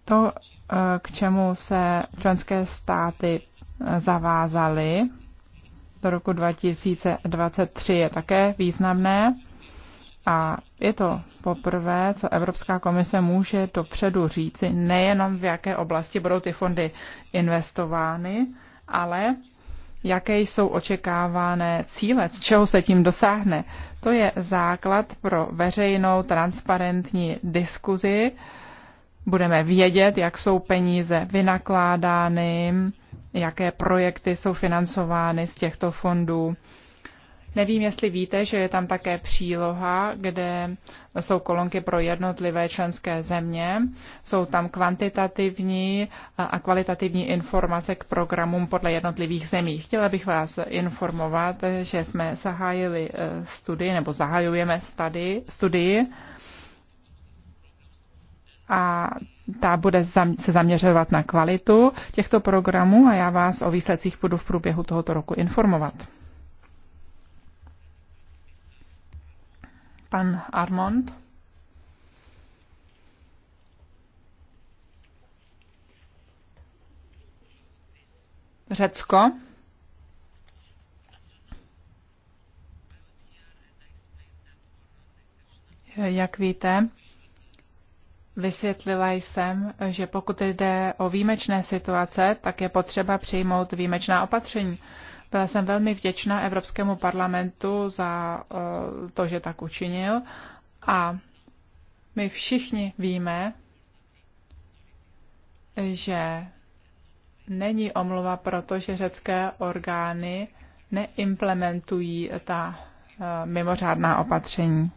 To, eh, k čemu se členské státy eh, zavázaly do roku 2023, je také významné. A je to poprvé, co Evropská komise může dopředu říci, nejenom v jaké oblasti budou ty fondy investovány, ale jaké jsou očekávané cíle, z čeho se tím dosáhne. To je základ pro veřejnou transparentní diskuzi. Budeme vědět, jak jsou peníze vynakládány, jaké projekty jsou financovány z těchto fondů Nevím, jestli víte, že je tam také příloha, kde jsou kolonky pro jednotlivé členské země. Jsou tam kvantitativní a kvalitativní informace k programům podle jednotlivých zemí. Chtěla bych vás informovat, že jsme zahájili eh, studii nebo zahajujeme studii, studii a ta bude se zaměřovat na kvalitu těchto programů a já vás o výsledcích budu v průběhu tohoto roku informovat. Pan Armand, Řecko. Jak víte, vysvětlila jsem, že pokud jde o výjimečné situace, tak je potřeba přijmout výjimečná opatření. Jsem velmi vděčná Evropskému parlamentu za eh, to, že tak učinil a my všichni víme, že není omluva proto, že řecké orgány neimplementují ta eh, mimořádná opatření.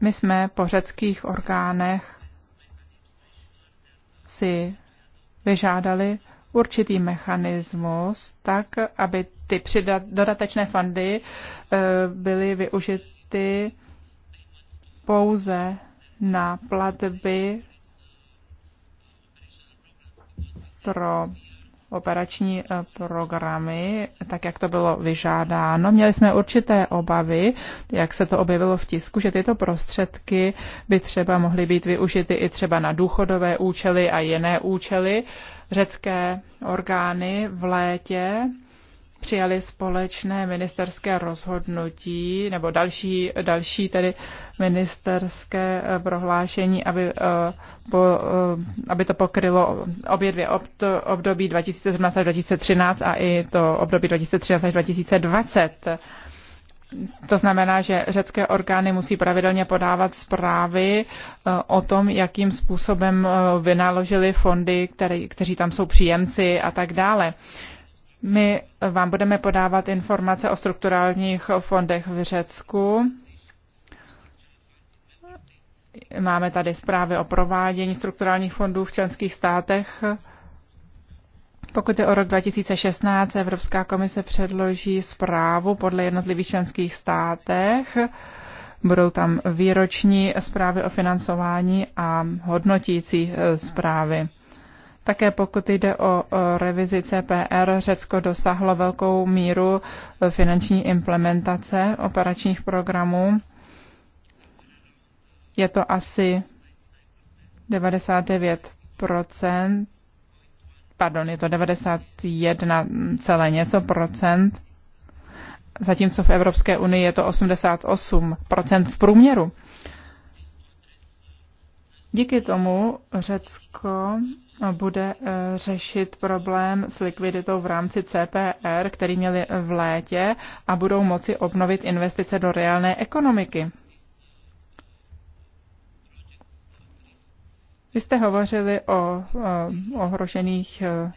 My jsme po řeckých orgánech si vyžádali určitý mechanismus, tak aby ty dodatečné fondy eh, byly využity pouze na platby pro operační eh, programy, tak jak to bylo vyžádáno. Měli jsme určité obavy, jak se to objevilo v tisku, že tyto prostředky by třeba mohly být využity i třeba na důchodové účely a jiné účely. Řecké orgány v létě přijali společné ministerské rozhodnutí nebo další, další tedy ministerské eh, prohlášení, aby, eh, po, eh, aby to pokrylo obě dvě období 2017 až 2013 a i to období 2013 až 2020. To znamená, že řecké orgány musí pravidelně podávat zprávy o tom, jakým způsobem vynaložili fondy, který, kteří tam jsou příjemci a tak dále. My vám budeme podávat informace o strukturálních fondech v Řecku. Máme tady zprávy o provádění strukturálních fondů v členských státech. Pokud je o rok 2016, Evropská komise předloží zprávu podle jednotlivých členských státech. Budou tam výroční zprávy o financování a hodnotící eh, zprávy. Také pokud jde o revizi CPR, Řecko dosáhlo velkou míru e, finanční implementace operačních programů. Je to asi 99 pardon, je to 91 celé něco procent, zatímco v Evropské unii je to 88 v průměru. Díky tomu Řecko bude eh, řešit problém s likviditou v rámci CPR, který měli v létě a budou moci obnovit investice do reálné ekonomiky. Vy jste hovořili o eh, ohrožených eh,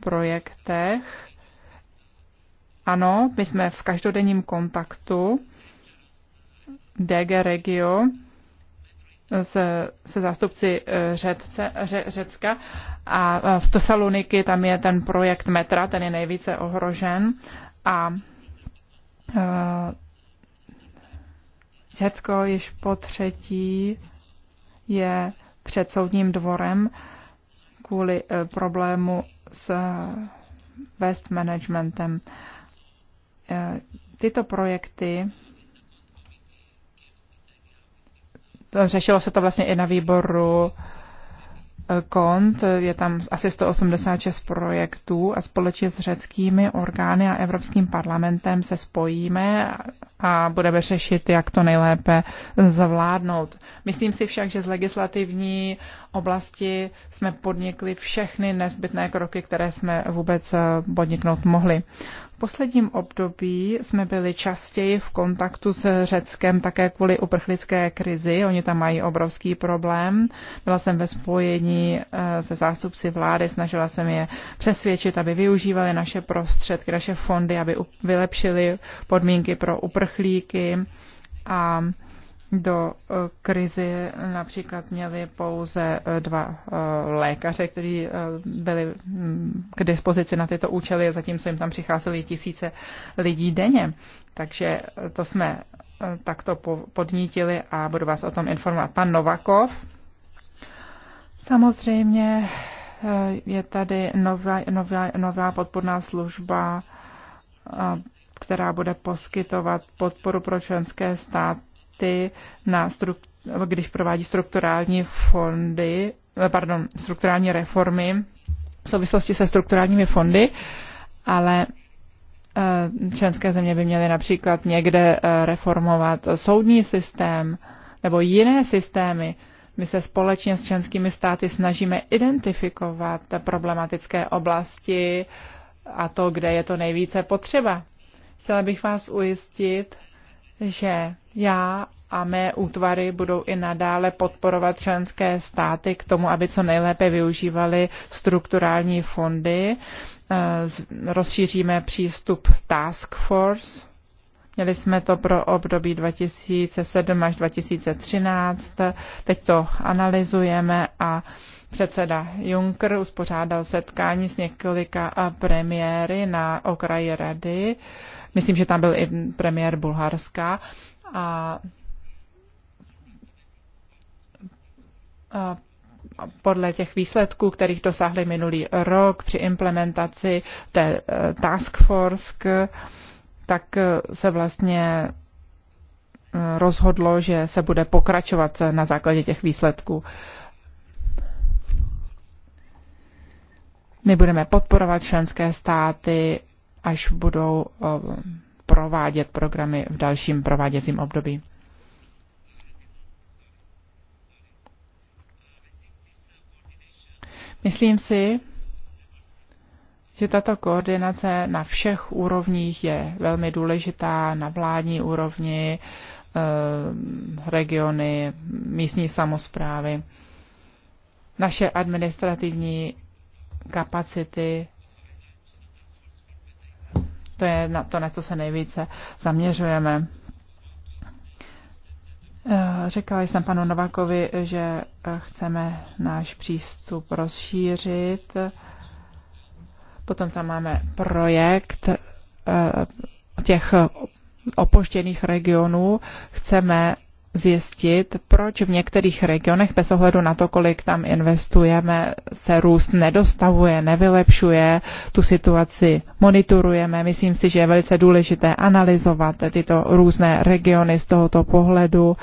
projektech. Ano, my jsme v každodenním kontaktu DG Regio se, se zástupci eh, Řece, Ře, Řecka a v Tesaloniky tam je ten projekt metra, ten je nejvíce ohrožen a eh, Řecko již po třetí je před soudním dvorem kvůli eh, problému s West managementem. Tyto projekty řešilo se to vlastně i na výboru eh, kont, je tam asi 186 projektů a společně s řeckými orgány a Evropským parlamentem se spojíme a budeme řešit, jak to nejlépe zvládnout. Myslím si však, že z legislativní oblasti jsme podnikli všechny nezbytné kroky, které jsme vůbec eh, podniknout mohli. V posledním období jsme byli častěji v kontaktu s Řeckem také kvůli uprchlické krizi. Oni tam mají obrovský problém. Byla jsem ve spojení eh, se zástupci vlády, snažila jsem je přesvědčit, aby využívali naše prostředky, naše fondy, aby vylepšili podmínky pro uprchlíky uprchlíky a do eh, krizi například měli pouze eh, dva eh, lékaře, kteří byli mm, k dispozici na tyto účely, zatímco jim tam přicházeli tisíce lidí denně. Takže to jsme takto podnítili a budu vás o tom informovat. Pan Novakov. Samozřejmě je tady nová, nová, nová podporná služba která bude poskytovat podporu pro členské státy na když provádí strukturální fondy, eh, pardon, strukturální reformy v souvislosti se strukturálními fondy, ale eh, členské země by měly například někde eh, reformovat soudní systém nebo jiné systémy. My se společně s členskými státy snažíme identifikovat problematické oblasti a to, kde je to nejvíce potřeba. Chtěla bych vás ujistit, že já a mé útvary budou i nadále podporovat členské státy k tomu, aby co nejlépe využívali strukturální fondy. Eh, rozšíříme přístup Task Force. Měli jsme to pro období 2007 až 2013. Teď to analyzujeme a Předseda Juncker uspořádal setkání s několika premiéry na okraji rady. Myslím, že tam byl i premiér Bulharska. A, podle těch výsledků, kterých dosáhli minulý rok při implementaci té e, task force, tak e, se vlastně e, rozhodlo, že se bude pokračovat na základě těch výsledků. My budeme podporovat členské státy, až budou eh, provádět programy v dalším prováděcím období. Myslím si, že tato koordinace na všech úrovních je velmi důležitá, na vládní úrovni, eh, regiony, místní samozprávy. Naše administrativní kapacity. To je na to, na co se nejvíce zaměřujeme. Eh, Řekla jsem panu Novakovi, že eh, chceme náš přístup rozšířit. Potom tam máme projekt eh, těch opoštěných regionů. Chceme zjistit, proč v některých regionech, bez ohledu na to, kolik tam investujeme, se růst nedostavuje, nevylepšuje, tu situaci monitorujeme. Myslím si, že je velice důležité analyzovat tyto různé regiony z tohoto pohledu,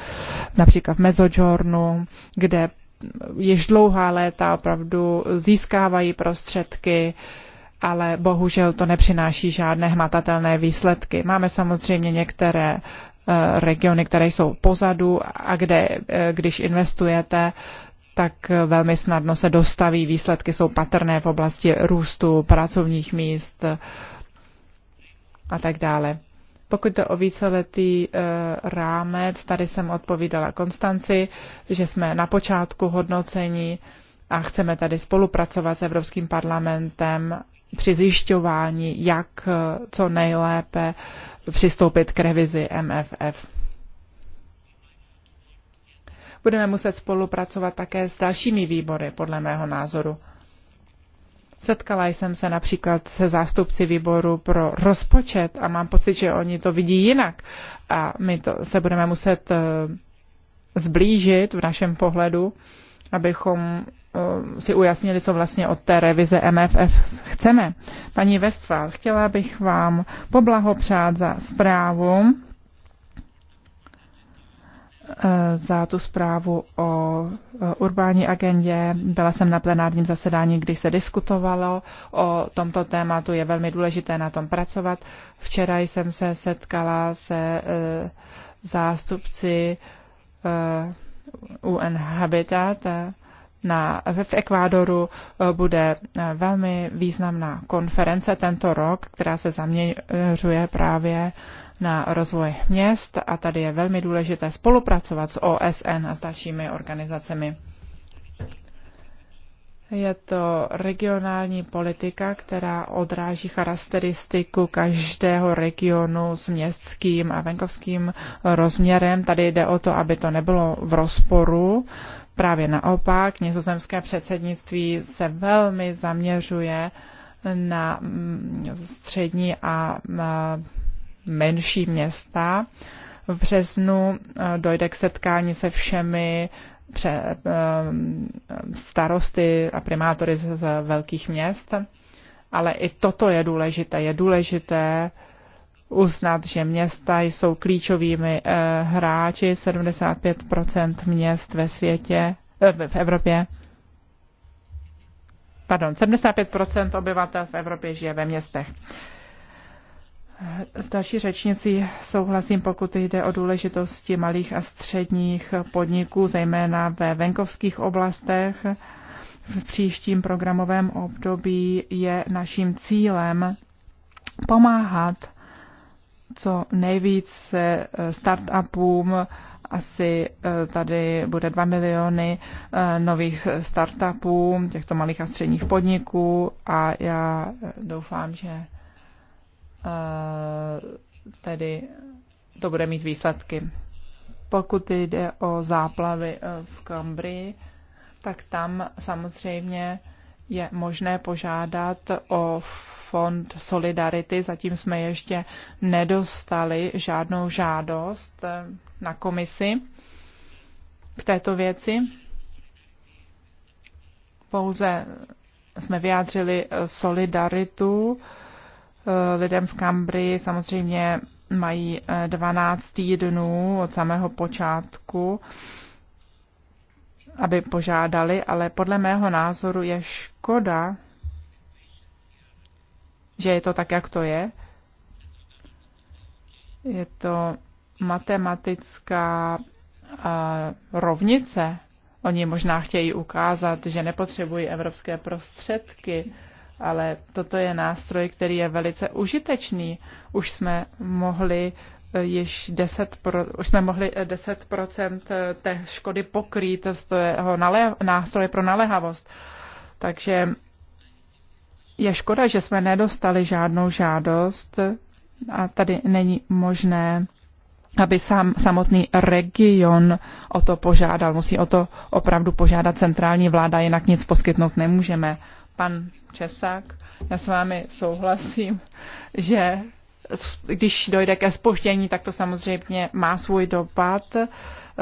například v Mezzogiornu, kde již dlouhá léta opravdu získávají prostředky, ale bohužel to nepřináší žádné hmatatelné výsledky. Máme samozřejmě některé Eh, regiony, které jsou pozadu a kde, eh, když investujete, tak eh, velmi snadno se dostaví. Výsledky jsou patrné v oblasti růstu pracovních míst a tak dále. Pokud to o víceletý e, rámec, tady jsem odpovídala Konstanci, že jsme na počátku hodnocení a chceme tady spolupracovat s Evropským parlamentem při zjišťování, jak eh, co nejlépe přistoupit k revizi MFF. Budeme muset spolupracovat také s dalšími výbory, podle mého názoru. Setkala jsem se například se zástupci výboru pro rozpočet a mám pocit, že oni to vidí jinak. A my to se budeme muset eh, zblížit v našem pohledu, abychom Eh, si ujasnili, co vlastně od té revize MFF chceme. Paní Westphal, chtěla bych vám poblahopřát za zprávu, eh, za tu zprávu o eh, urbání agendě. Byla jsem na plenárním zasedání, kdy se diskutovalo o tomto tématu. Je velmi důležité na tom pracovat. Včera jsem se setkala se zástupci UN Habitat, na, v Ekvádoru eh, bude eh, velmi významná konference tento rok, která se zaměřuje právě na rozvoj měst a tady je velmi důležité spolupracovat s OSN a s dalšími organizacemi. Je to regionální politika, která odráží charakteristiku každého regionu s městským a venkovským rozměrem. Tady jde o to, aby to nebylo v rozporu Právě naopak, nizozemské předsednictví se velmi zaměřuje na mm, střední a mm, menší města. V březnu eh, dojde k setkání se všemi eh, starosty a primátory z velkých měst, ale i toto je důležité. Je důležité uznat, že města jsou klíčovými eh, hráči, 75 měst ve světě, eh, v Evropě. Pardon, 75 obyvatel v Evropě žije ve městech. S další řečnicí souhlasím, pokud jde o důležitosti malých a středních podniků, zejména ve venkovských oblastech. V příštím programovém období je naším cílem pomáhat co nejvíce eh, startupům, asi eh, tady bude 2 miliony eh, nových startupů, těchto malých a středních podniků a já doufám, že tedy to bude mít výsledky. Pokud jde o záplavy v Cambrii, tak tam samozřejmě je možné požádat o fond Solidarity. Zatím jsme ještě nedostali žádnou žádost eh, na komisi k této věci. Pouze jsme vyjádřili eh, solidaritu eh, lidem v Kambrii. Samozřejmě mají 12 týdnů od samého počátku aby požádali, ale podle mého názoru je škoda, že je to tak, jak to je. Je to matematická rovnice. Oni možná chtějí ukázat, že nepotřebují evropské prostředky, ale toto je nástroj, který je velice užitečný. Už jsme mohli e, již 10 pro, už jsme mohli 10% e, e, té škody pokrýt z toho nástroje pro naléhavost. Takže je škoda, že jsme nedostali žádnou žádost a tady není možné, aby sám, samotný region o to požádal. Musí o to opravdu požádat centrální vláda, jinak nic poskytnout nemůžeme. Pan Česák, já s vámi souhlasím, že když dojde ke spoždění, tak to samozřejmě má svůj dopad.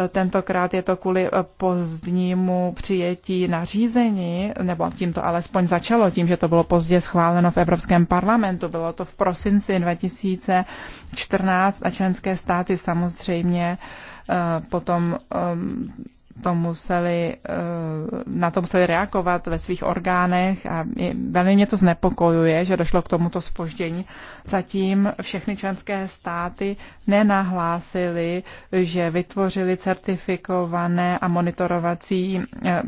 Tentokrát je to kvůli eh, pozdnímu přijetí nařízení, nebo tím to alespoň začalo, tím, že to bylo pozdě schváleno v Evropském parlamentu. Bylo to v prosinci 2014 a členské státy samozřejmě eh, potom ehm, to museli, eh, na to museli reagovat ve svých orgánech a velmi mě to znepokojuje, že došlo k tomuto spoždění. Zatím všechny členské státy nenahlásily, že vytvořili certifikované a monitorovací eh,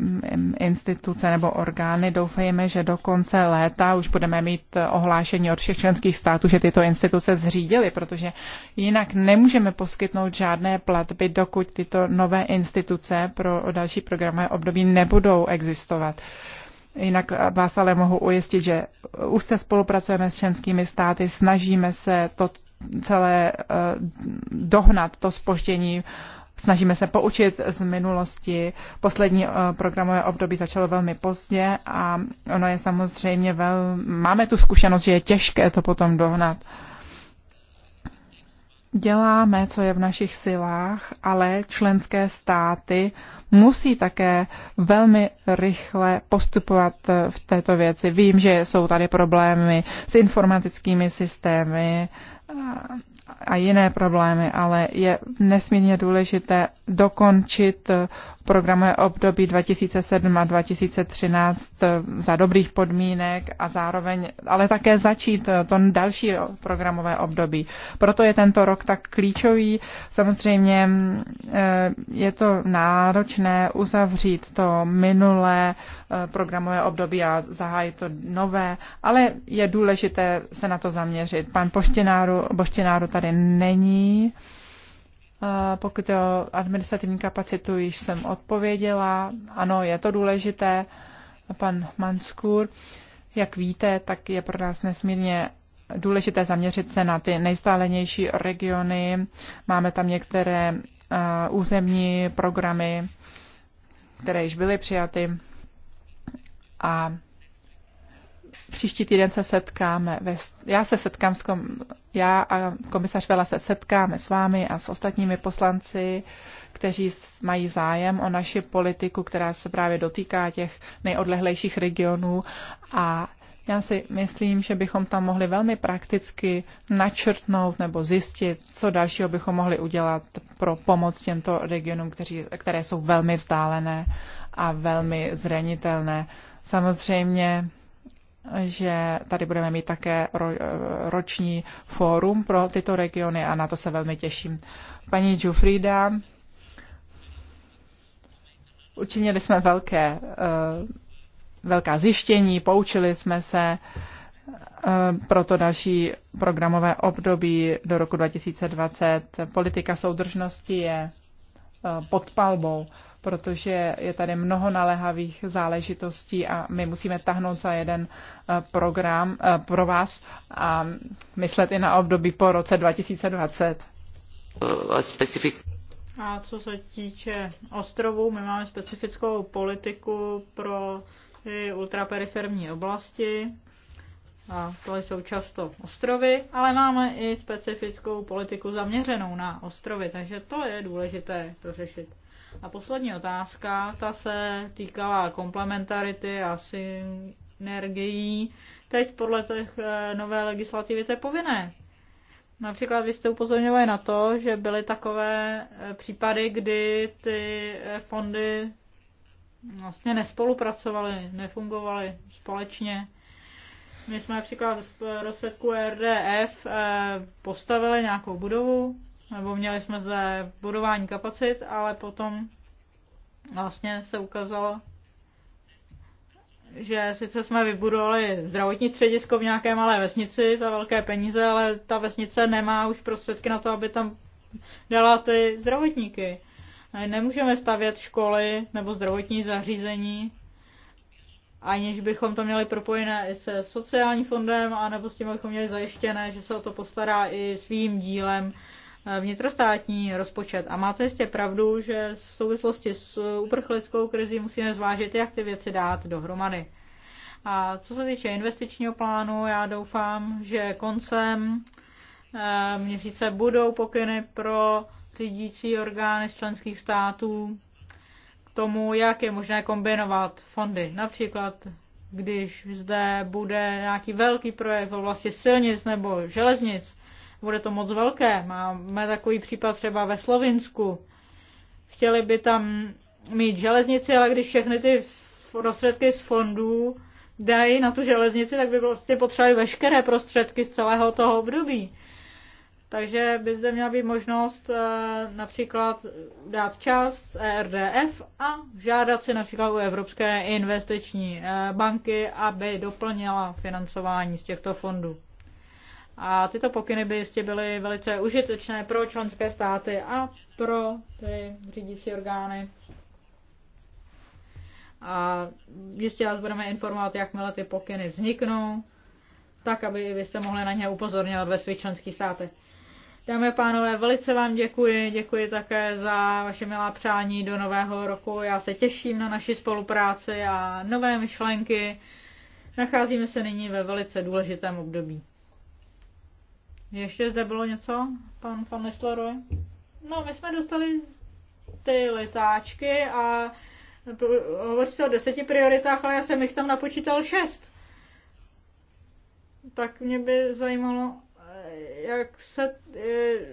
instituce nebo orgány. Doufejme, že do konce léta už budeme mít eh, ohlášení od všech členských států, že tyto instituce zřídily, protože jinak nemůžeme poskytnout žádné platby, dokud tyto nové instituce pro další programové období nebudou existovat. Jinak vás ale mohu ujistit, že už se spolupracujeme s členskými státy, snažíme se to celé eh, dohnat, to spoždění, snažíme se poučit z minulosti. Poslední eh, programové období začalo velmi pozdě a ono je samozřejmě vel... máme tu zkušenost, že je těžké to potom dohnat děláme, co je v našich silách, ale členské státy musí také velmi rychle postupovat v této věci. Vím, že jsou tady problémy s informatickými systémy a jiné problémy, ale je nesmírně důležité dokončit programové období 2007 a 2013 eh, za dobrých podmínek a zároveň, ale také začít eh, to další programové období. Proto je tento rok tak klíčový. Samozřejmě mm, eh, je to náročné uzavřít to minulé programové období a zahájit to nové, ale je důležité se na to zaměřit. Pan Poštěnáru, Boštěnáru tady není. Pokud je o administrativní kapacitu, již jsem odpověděla. Ano, je to důležité. Pan Manskur, jak víte, tak je pro nás nesmírně důležité zaměřit se na ty nejstálenější regiony. Máme tam některé územní programy, které již byly přijaty a Příští týden se setkáme, ve, já se setkám s kom, já a komisař Vela se setkáme s vámi a s ostatními poslanci, kteří mají zájem o naši politiku, která se právě dotýká těch nejodlehlejších regionů a já si myslím, že bychom tam mohli velmi prakticky načrtnout nebo zjistit, co dalšího bychom mohli udělat pro pomoc těmto regionům, kteří, které jsou velmi vzdálené a velmi zranitelné. Samozřejmě že tady budeme mít také eh, roční fórum pro tyto regiony a na to se velmi těším. Paní Jufrida, učinili jsme velké, eh, velká zjištění, poučili jsme se eh, pro to další programové období do roku 2020. Politika soudržnosti je pod palbou protože je tady mnoho naléhavých záležitostí a my musíme tahnout za jeden eh, program eh, pro vás a myslet i na období po roce 2020. Eh, Specific. A co se týče ostrovů, my máme specifickou politiku pro ultraperiferní oblasti. A to jsou často ostrovy, ale máme i specifickou politiku zaměřenou na ostrovy, takže to je důležité to řešit. A poslední otázka, ta se týkala komplementarity a synergií. Teď podle těch eh, nové legislativy to je povinné. Například vy jste upozorňovali na to, že byly takové eh, případy, kdy ty eh, fondy vlastně nespolupracovaly, nefungovaly společně. My jsme například v rozsledku RDF postavili nějakou budovu, nebo měli jsme zde budování kapacit, ale potom vlastně se ukázalo, že sice jsme vybudovali zdravotní středisko v nějaké malé vesnici za velké peníze, ale ta vesnice nemá už prostředky na to, aby tam dala ty zdravotníky. Nemůžeme stavět školy nebo zdravotní zařízení, aniž bychom to měli propojené i se sociálním fondem, anebo s tím, abychom měli zajištěné, že se o to postará i svým dílem vnitrostátní rozpočet. A máte jistě pravdu, že v souvislosti s uprchlickou krizí musíme zvážit, jak ty věci dát dohromady. A co se týče investičního plánu, já doufám, že koncem eh, měsíce budou pokyny pro řídící orgány z členských států k tomu, jak je možné kombinovat fondy. Například, když zde bude nějaký velký projekt v oblasti silnic nebo železnic, bude to moc velké. Máme takový případ třeba ve Slovinsku. Chtěli by tam mít železnici, ale když všechny ty prostředky z fondů dají na tu železnici, tak by prostě potřebovali veškeré prostředky z celého toho období. Takže by zde měla být možnost eh, například dát část z ERDF a žádat si například u Evropské investiční eh, banky, aby doplnila financování z těchto fondů. A tyto pokyny by jistě byly velice užitečné pro členské státy a pro ty řídící orgány. A jistě vás budeme informovat, jakmile ty pokyny vzniknou, tak, aby vy jste mohli na ně upozorňovat ve svých členských státech. Dámy a pánové, velice vám děkuji. Děkuji také za vaše milá přání do nového roku. Já se těším na naši spolupráci a nové myšlenky. Nacházíme se nyní ve velice důležitém období. Ještě zde bylo něco, pan pan Nistelrooy? No, my jsme dostali ty letáčky a hovoří se o deseti prioritách, ale já jsem jich tam napočítal šest. Tak mě by zajímalo, eh, jak se je, eh,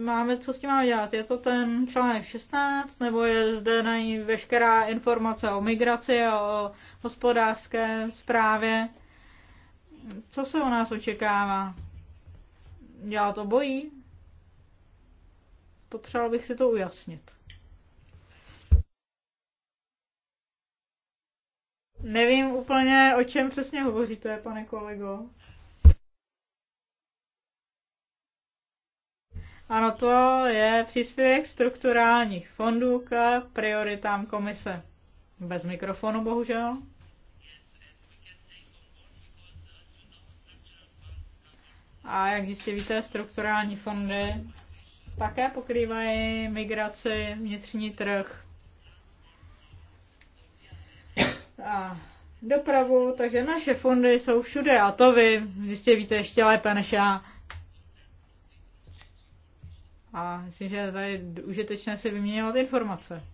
máme, co s tím máme dělat. Je to ten článek 16, nebo je zde na ní veškerá informace o migraci, o hospodářské zprávě? Co se o nás očekává? já to bojí. Potřeboval bych si to ujasnit. Nevím úplně, o čem přesně hovoříte, pane kolego. Ano, to je příspěvek strukturálních fondů k prioritám komise. Bez mikrofonu, bohužel. A jak jistě víte, strukturální fondy také pokrývají migraci, vnitřní trh a dopravu, takže naše fondy jsou všude a to vy jistě víte ještě lépe než já. A myslím, že tady je užitečné si vyměňovat informace.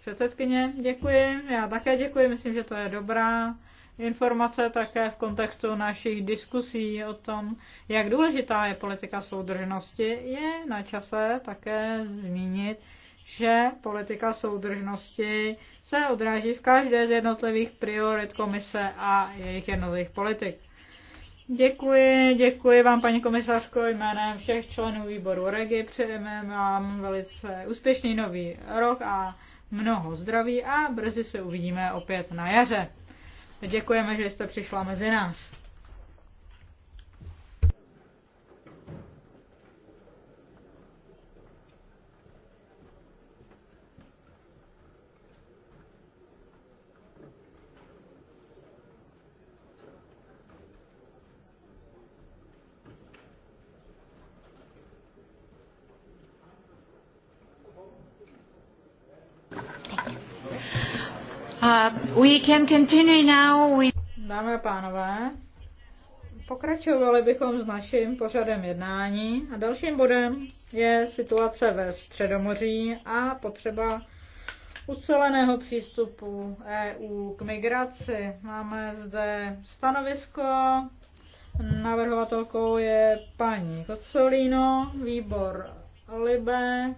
Předsedkyně, děkuji. Já také děkuji, myslím, že to je dobrá informace také v kontextu našich diskusí o tom, jak důležitá je politika soudržnosti, je na čase také zmínit, že politika soudržnosti se odráží v každé z jednotlivých priorit komise a jejich jednotlivých politik. Děkuji, děkuji vám, paní komisařko, jménem všech členů výboru REGI. Přejeme vám velice úspěšný nový rok a mnoho zdraví a brzy se uvidíme opět na jaře. Děkujeme, že jste přišla mezi nás. We can continue now with... Dámy a pánové, pokračovali bychom s naším pořadem jednání a dalším bodem je situace ve Středomoří a potřeba uceleného přístupu EU k migraci. Máme zde stanovisko, navrhovatelkou je paní Kocolino, výbor Libe,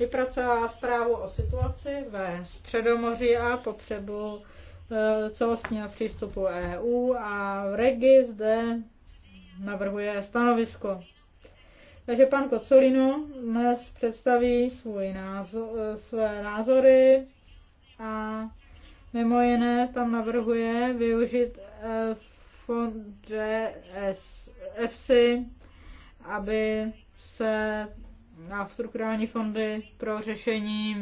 vypracovala zprávu o situaci ve Středomoří a potřebu eh, celostního přístupu EU a v Regi zde navrhuje stanovisko. Takže pan Kocolino dnes představí svůj názor, eh, své názory a mimo jiné tam navrhuje využít eh, fond FC, aby se na strukturální fondy pro řešení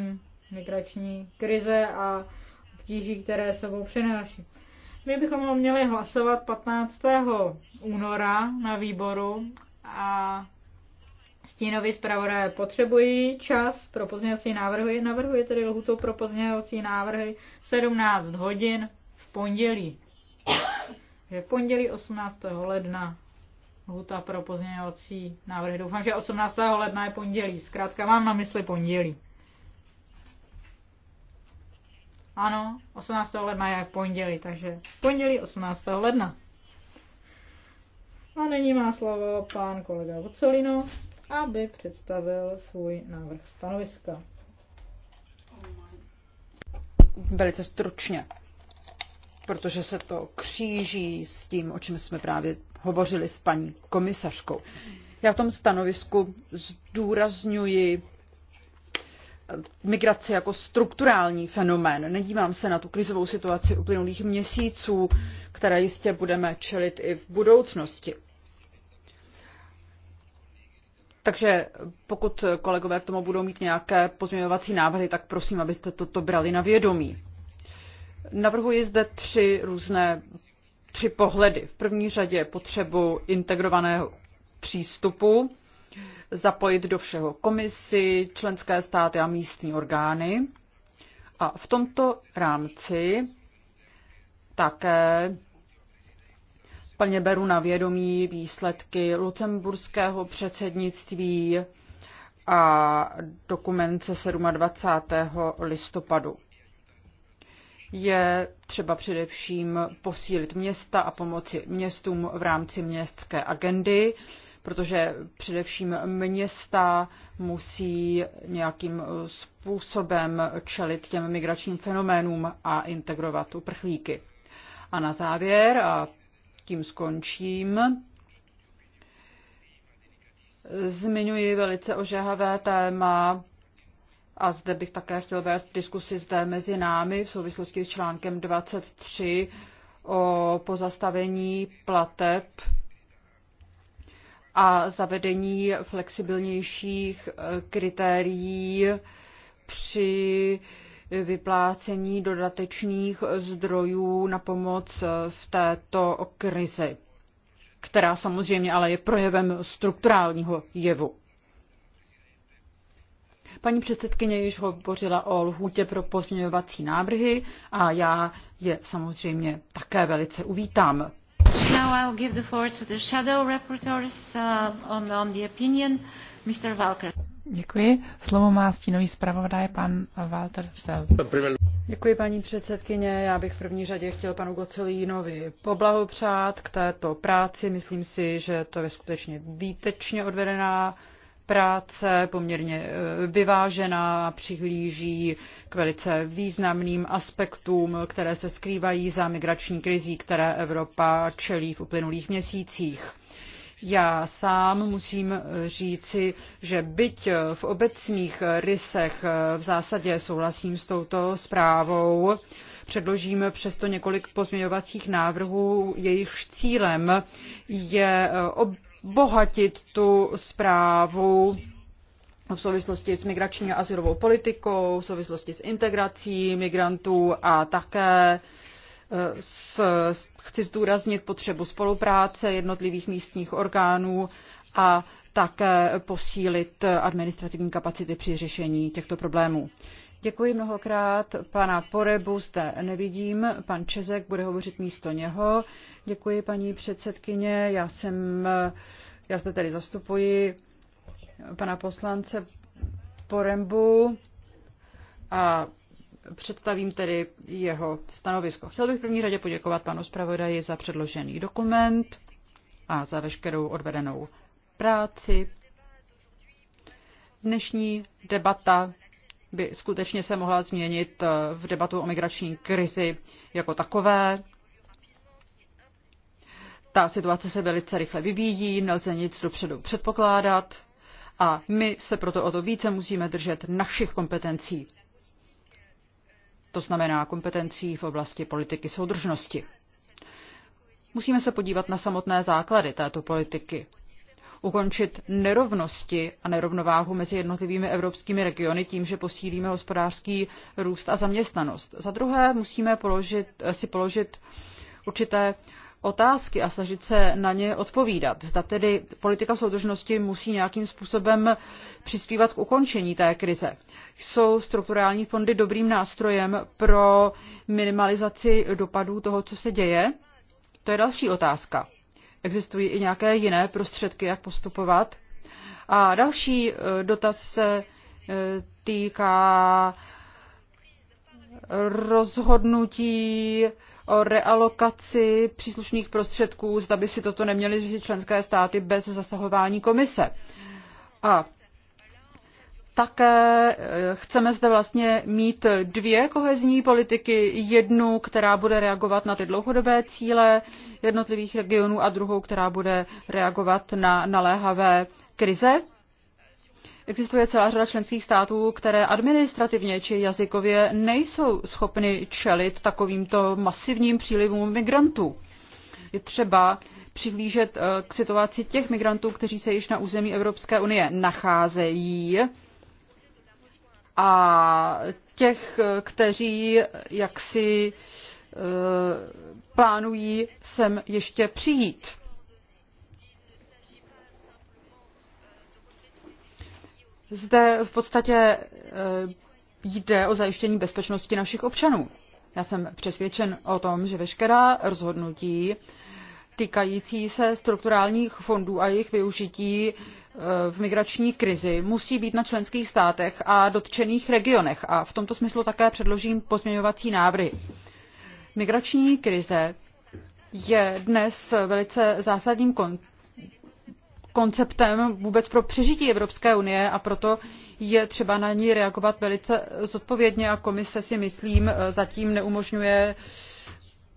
migrační krize a obtíží, které sebou přináší. My bychom měli hlasovat 15. února na výboru a stínoví zpravodaje potřebují čas pro pozměňovací návrhy. Navrhuji tedy lhutu pro pozměňovací návrhy 17 hodin v pondělí. Je pondělí 18. ledna lhuta pro pozměňovací návrhy. Doufám, že 18. ledna je pondělí. Zkrátka mám na mysli pondělí. Ano, 18. ledna je pondělí, takže pondělí 18. ledna. A nyní má slovo pán kolega Vocolino, aby představil svůj návrh stanoviska. Velice stručně, protože se to kříží s tím, o čem jsme právě hovořili s paní komisařkou. Já v tom stanovisku zdůrazňuji migraci jako strukturální fenomén. Nedívám se na tu krizovou situaci uplynulých měsíců, které jistě budeme čelit i v budoucnosti. Takže pokud kolegové k tomu budou mít nějaké pozměňovací návrhy, tak prosím, abyste toto brali na vědomí. Navrhuji zde tři různé tři pohledy. V první řadě potřebu integrovaného přístupu, zapojit do všeho komisi, členské státy a místní orgány. A v tomto rámci také plně beru na vědomí výsledky lucemburského předsednictví a dokument ze 27. listopadu je třeba především posílit města a pomoci městům v rámci městské agendy, protože především města musí nějakým způsobem čelit těm migračním fenoménům a integrovat uprchlíky. A na závěr, a tím skončím, zmiňuji velice ožehavé téma a zde bych také chtěl vést diskusi zde mezi námi v souvislosti s článkem 23 o pozastavení plateb a zavedení flexibilnějších eh, kritérií při vyplácení dodatečných zdrojů na pomoc eh, v této krizi, která samozřejmě ale je projevem strukturálního jevu. Paní předsedkyně již hovořila o lhůtě pro pozměňovací návrhy a já je samozřejmě také velice uvítám. Now I'll give the floor to the shadow rapporteurs uh, on, on the opinion, Mr. Walker. Děkuji. Slovo má stínový zpravodaj pan Walter Sel. Děkuji, paní předsedkyně. Já bych v první řadě chtěl panu Gocelínovi poblahopřát k této práci. Myslím si, že to je skutečně výtečně odvedená práce, poměrně e, vyvážená, přihlíží k velice významným aspektům, které se skrývají za migrační krizí, které Evropa čelí v uplynulých měsících. Já sám musím e, říci, že byť v obecných rysech e, v zásadě souhlasím s touto zprávou, předložím přesto několik pozměňovacích návrhů. Jejich cílem je ob bohatit tu zprávu v souvislosti s migrační a asilovou politikou, v souvislosti s integrací migrantů a také eh, s, chci zdůraznit potřebu spolupráce jednotlivých místních orgánů a také posílit administrativní kapacity při řešení těchto problémů. Děkuji mnohokrát. Pana Porebu zde nevidím. Pan Čezek bude hovořit místo něho. Děkuji, paní předsedkyně. Já jsem, já zde tedy zastupuji pana poslance Porembu a představím tedy jeho stanovisko. Chtěl bych v první řadě poděkovat panu zpravodaji za předložený dokument a za veškerou odvedenou práci. Dnešní debata by skutečně se mohla změnit eh, v debatu o migrační krizi jako takové. Ta situace se velice rychle vyvíjí, nelze nic dopředu předpokládat a my se proto o to více musíme držet našich kompetencí. To znamená kompetencí v oblasti politiky soudržnosti. Musíme se podívat na samotné základy této politiky ukončit nerovnosti a nerovnováhu mezi jednotlivými evropskými regiony tím, že posílíme hospodářský růst a zaměstnanost. Za druhé musíme položit, si položit určité otázky a snažit se na ně odpovídat. Zda tedy politika soudržnosti musí nějakým způsobem přispívat k ukončení té krize. Jsou strukturální fondy dobrým nástrojem pro minimalizaci dopadů toho, co se děje? To je další otázka existují i nějaké jiné prostředky, jak postupovat. A další eh, dotaz se eh, týká eh, rozhodnutí o realokaci příslušných prostředků, zda by si toto neměly členské státy bez zasahování komise. A také eh, chceme zde vlastně mít dvě kohezní politiky, jednu, která bude reagovat na ty dlouhodobé cíle jednotlivých regionů a druhou, která bude reagovat na naléhavé krize. Existuje celá řada členských států, které administrativně či jazykově nejsou schopny čelit takovýmto masivním přílivům migrantů. Je třeba přihlížet eh, k situaci těch migrantů, kteří se již na území Evropské unie nacházejí a těch, kteří jaksi eh, plánují sem ještě přijít. Zde v podstatě eh, jde o zajištění bezpečnosti našich občanů. Já jsem přesvědčen o tom, že veškerá rozhodnutí týkající se strukturálních fondů a jejich využití v migrační krizi musí být na členských státech a dotčených regionech a v tomto smyslu také předložím pozměňovací návrhy. Migrační krize je dnes velice zásadním kon- konceptem vůbec pro přežití Evropské unie a proto je třeba na ní reagovat velice zodpovědně a komise si myslím zatím neumožňuje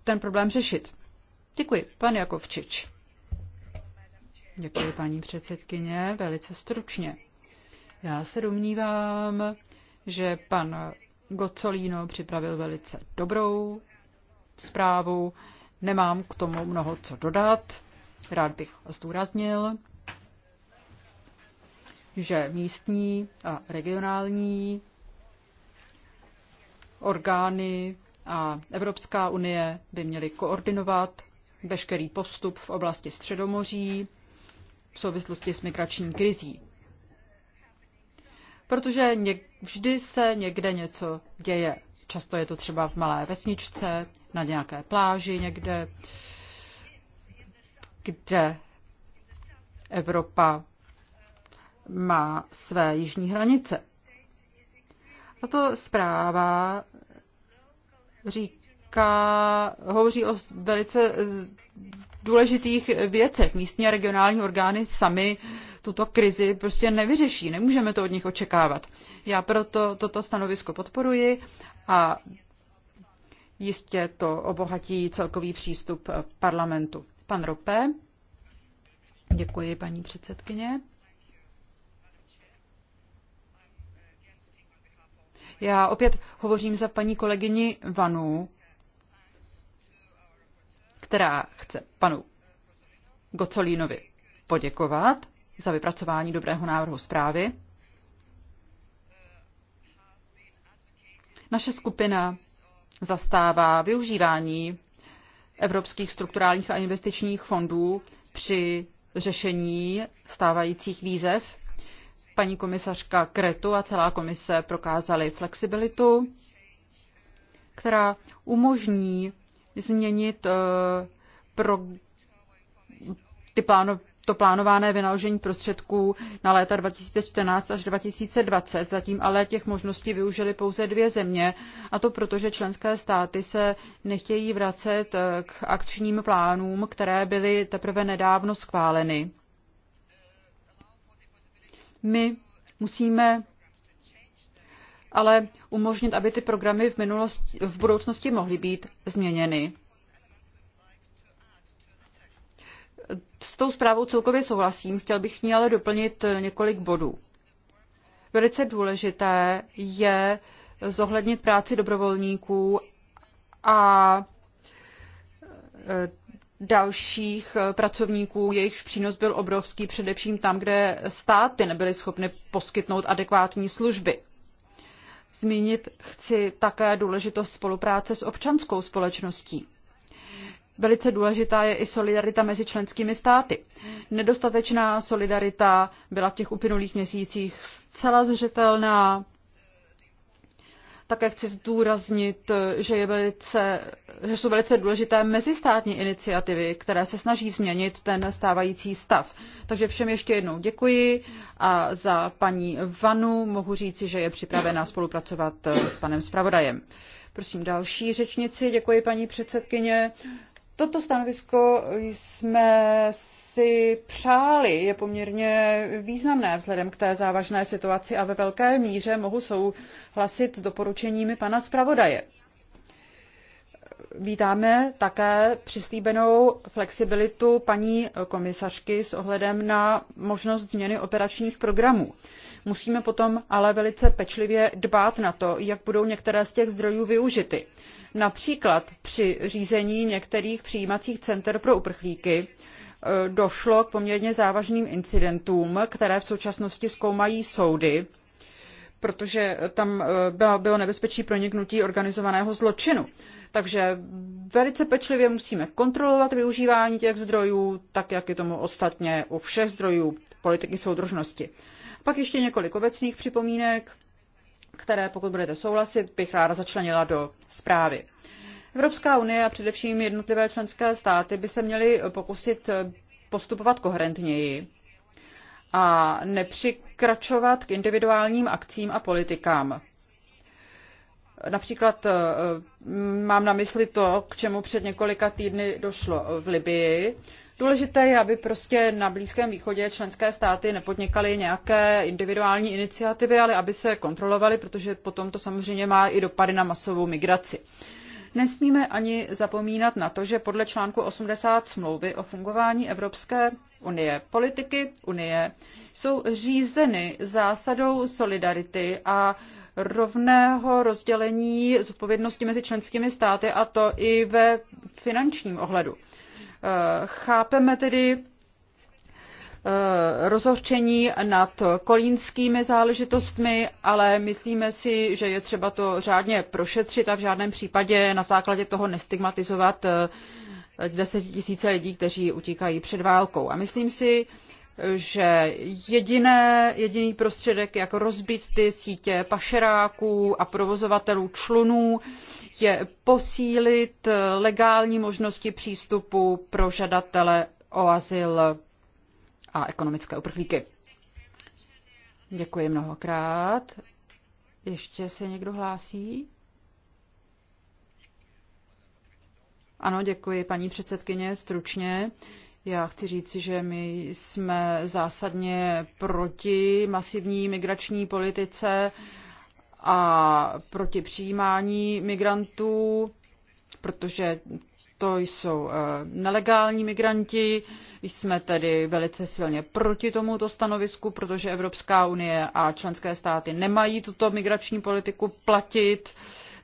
ten problém řešit. Děkuji. Pan Jakovčič. Děkuji, paní předsedkyně, velice stručně. Já se domnívám, že pan Gocolino připravil velice dobrou zprávu. Nemám k tomu mnoho co dodat. Rád bych zdůraznil, že místní a regionální orgány a Evropská unie by měly koordinovat veškerý postup v oblasti Středomoří v souvislosti s migrační krizí. Protože vždy se někde něco děje. Často je to třeba v malé vesničce, na nějaké pláži někde, kde Evropa má své jižní hranice. Tato zpráva říká, hovoří o velice důležitých věcech. Místní a regionální orgány sami tuto krizi prostě nevyřeší. Nemůžeme to od nich očekávat. Já proto toto stanovisko podporuji a jistě to obohatí celkový přístup parlamentu. Pan Rope. Děkuji, paní předsedkyně. Já opět hovořím za paní kolegyni Vanu, která chce panu Gocolínovi poděkovat za vypracování dobrého návrhu zprávy. Naše skupina zastává využívání evropských strukturálních a investičních fondů při řešení stávajících výzev. Paní komisařka Kretu a celá komise prokázali flexibilitu, která umožní změnit eh, pro ty pláno, to plánované vynaložení prostředků na léta 2014 až 2020. Zatím ale těch možností využili pouze dvě země, a to proto, že členské státy se nechtějí vracet eh, k akčním plánům, které byly teprve nedávno schváleny. My musíme ale umožnit, aby ty programy v, minulosti, v budoucnosti mohly být změněny. S tou zprávou celkově souhlasím, chtěl bych k ní ale doplnit několik bodů. Velice důležité je zohlednit práci dobrovolníků a e, dalších e, pracovníků, jejichž přínos byl obrovský, především tam, kde státy nebyly schopny poskytnout adekvátní služby. Zmínit chci také důležitost spolupráce s občanskou společností. Velice důležitá je i solidarita mezi členskými státy. Nedostatečná solidarita byla v těch uplynulých měsících zcela zřetelná. Také chci zdůraznit, že, je velice, že jsou velice důležité mezistátní iniciativy, které se snaží změnit ten stávající stav. Takže všem ještě jednou děkuji a za paní Vanu mohu říci, že je připravena spolupracovat s panem zpravodajem. Prosím další řečnici, děkuji paní předsedkyně. Toto stanovisko jsme si přáli, je poměrně významné vzhledem k té závažné situaci a ve velké míře mohu souhlasit s doporučeními pana zpravodaje. Vítáme také přislíbenou flexibilitu paní komisařky s ohledem na možnost změny operačních programů. Musíme potom ale velice pečlivě dbát na to, jak budou některé z těch zdrojů využity. Například při řízení některých přijímacích center pro uprchlíky Eh, došlo k poměrně závažným incidentům, které v současnosti zkoumají soudy, protože tam eh, bylo nebezpečí proniknutí organizovaného zločinu. Takže velice pečlivě musíme kontrolovat využívání těch zdrojů, tak jak je tomu ostatně u všech zdrojů politiky soudržnosti. Pak ještě několik obecných připomínek, které, pokud budete souhlasit, bych ráda začlenila do zprávy. Evropská unie a především jednotlivé členské státy by se měly pokusit postupovat koherentněji a nepřikračovat k individuálním akcím a politikám. Například eh, mám na mysli to, k čemu před několika týdny došlo v Libii. Důležité je, aby prostě na Blízkém východě členské státy nepodnikaly nějaké individuální iniciativy, ale aby se kontrolovaly, protože potom to samozřejmě má i dopady na masovou migraci. Uh, Nesmíme ani zapomínat na to, že podle článku 80 smlouvy o fungování Evropské unie politiky unie jsou řízeny zásadou solidarity a rovného rozdělení zodpovědnosti mezi členskými státy a to i ve finančním ohledu. Eh, chápeme tedy Eh, rozhořčení nad kolínskými záležitostmi, ale myslíme si, že je třeba to řádně prošetřit a v žádném případě na základě toho nestigmatizovat eh, desetitisíce lidí, kteří utíkají před válkou. A myslím si, že jediné, jediný prostředek, jak rozbít ty sítě pašeráků a provozovatelů člunů, je posílit legální možnosti přístupu pro žadatele o azyl a ekonomické uprchlíky. Děkuji mnohokrát. Ještě se někdo hlásí? Ano, děkuji, paní předsedkyně, stručně. Já chci říci, že my jsme zásadně proti masivní migrační politice a proti přijímání migrantů, protože to jsou eh, nelegální migranti. Jsme tedy velice silně proti tomuto stanovisku, protože Evropská unie a členské státy nemají tuto migrační politiku platit.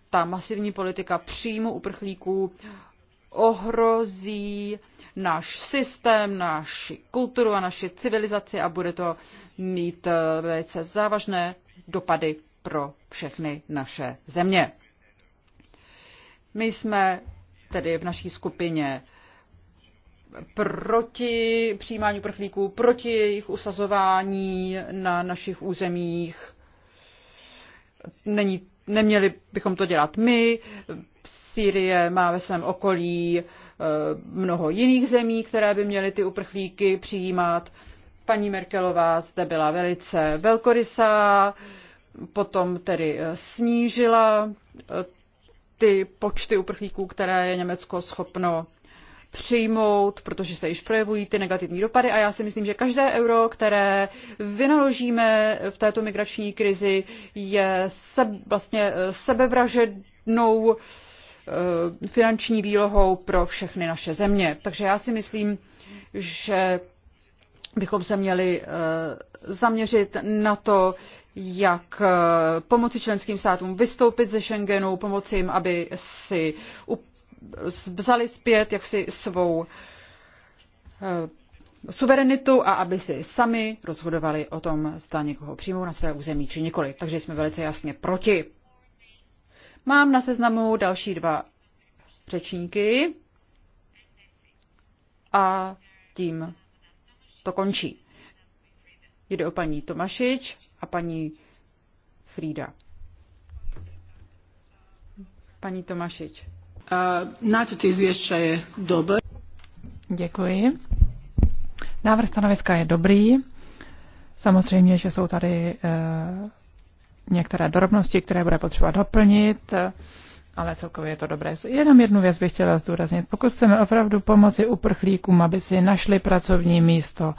Ta masivní politika příjmu uprchlíků ohrozí náš systém, naši kulturu a naši civilizaci a bude to mít eh, velice závažné dopady pro všechny naše země. My jsme tedy v naší skupině proti přijímání prchlíků, proti jejich usazování na našich územích. Není, neměli bychom to dělat my. Sýrie má ve svém okolí eh, mnoho jiných zemí, které by měly ty uprchlíky přijímat. Paní Merkelová zde byla velice velkorysá, potom tedy eh, snížila eh, ty počty uprchlíků, které je Německo schopno přijmout, protože se již projevují ty negativní dopady a já si myslím, že každé euro, které vynaložíme v této migrační krizi, je se, vlastně eh, sebevražednou eh, finanční výlohou pro všechny naše země. Takže já si myslím, že bychom se měli eh, zaměřit na to, jak eh, pomoci členským státům vystoupit ze Schengenu, pomoci jim, aby si vzali zpět jaksi svou eh, suverenitu a aby si sami rozhodovali o tom, zda někoho přijmou na své území či nikoli. Takže jsme velice jasně proti. Mám na seznamu další dva řečníky a tím to končí. Jde o paní Tomašič a paní Frida. Paní Tomašič. Nácet izvěšťa je dobrý. Děkuji. Návrh stanoviska je dobrý. Samozřejmě, že jsou tady eh, některé drobnosti, které bude potřeba doplnit, eh, ale celkově je to dobré. Jenom jednu věc bych chtěla zdůraznit. Pokud chceme opravdu pomoci uprchlíkům, aby si našli pracovní místo,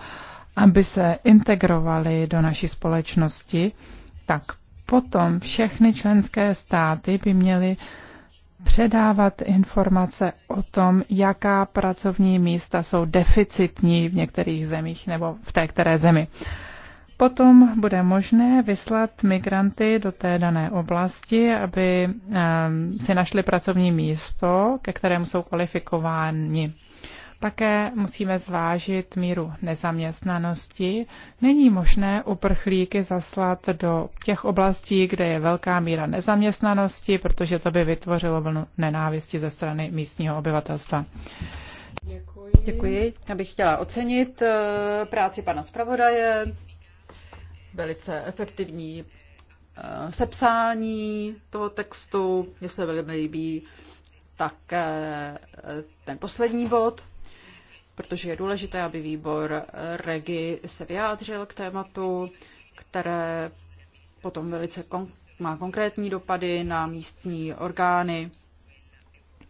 aby se integrovali do naší společnosti, tak potom všechny členské státy by měly předávat informace o tom, jaká pracovní místa jsou deficitní v některých zemích nebo v té které zemi. Potom bude možné vyslat migranty do té dané oblasti, aby ehm, si našli pracovní místo, ke kterému jsou kvalifikováni. Také musíme zvážit míru nezaměstnanosti. Není možné uprchlíky zaslat do těch oblastí, kde je velká míra nezaměstnanosti, protože to by vytvořilo vlnu nenávisti ze strany místního obyvatelstva. Děkuji. Děkuji. Já bych chtěla ocenit eh, práci pana zpravodaje, velice efektivní eh, sepsání toho textu. Mně se velmi líbí také eh, ten poslední bod, protože je důležité, aby výbor REGI se vyjádřil k tématu, které potom velice kon- má konkrétní dopady na místní orgány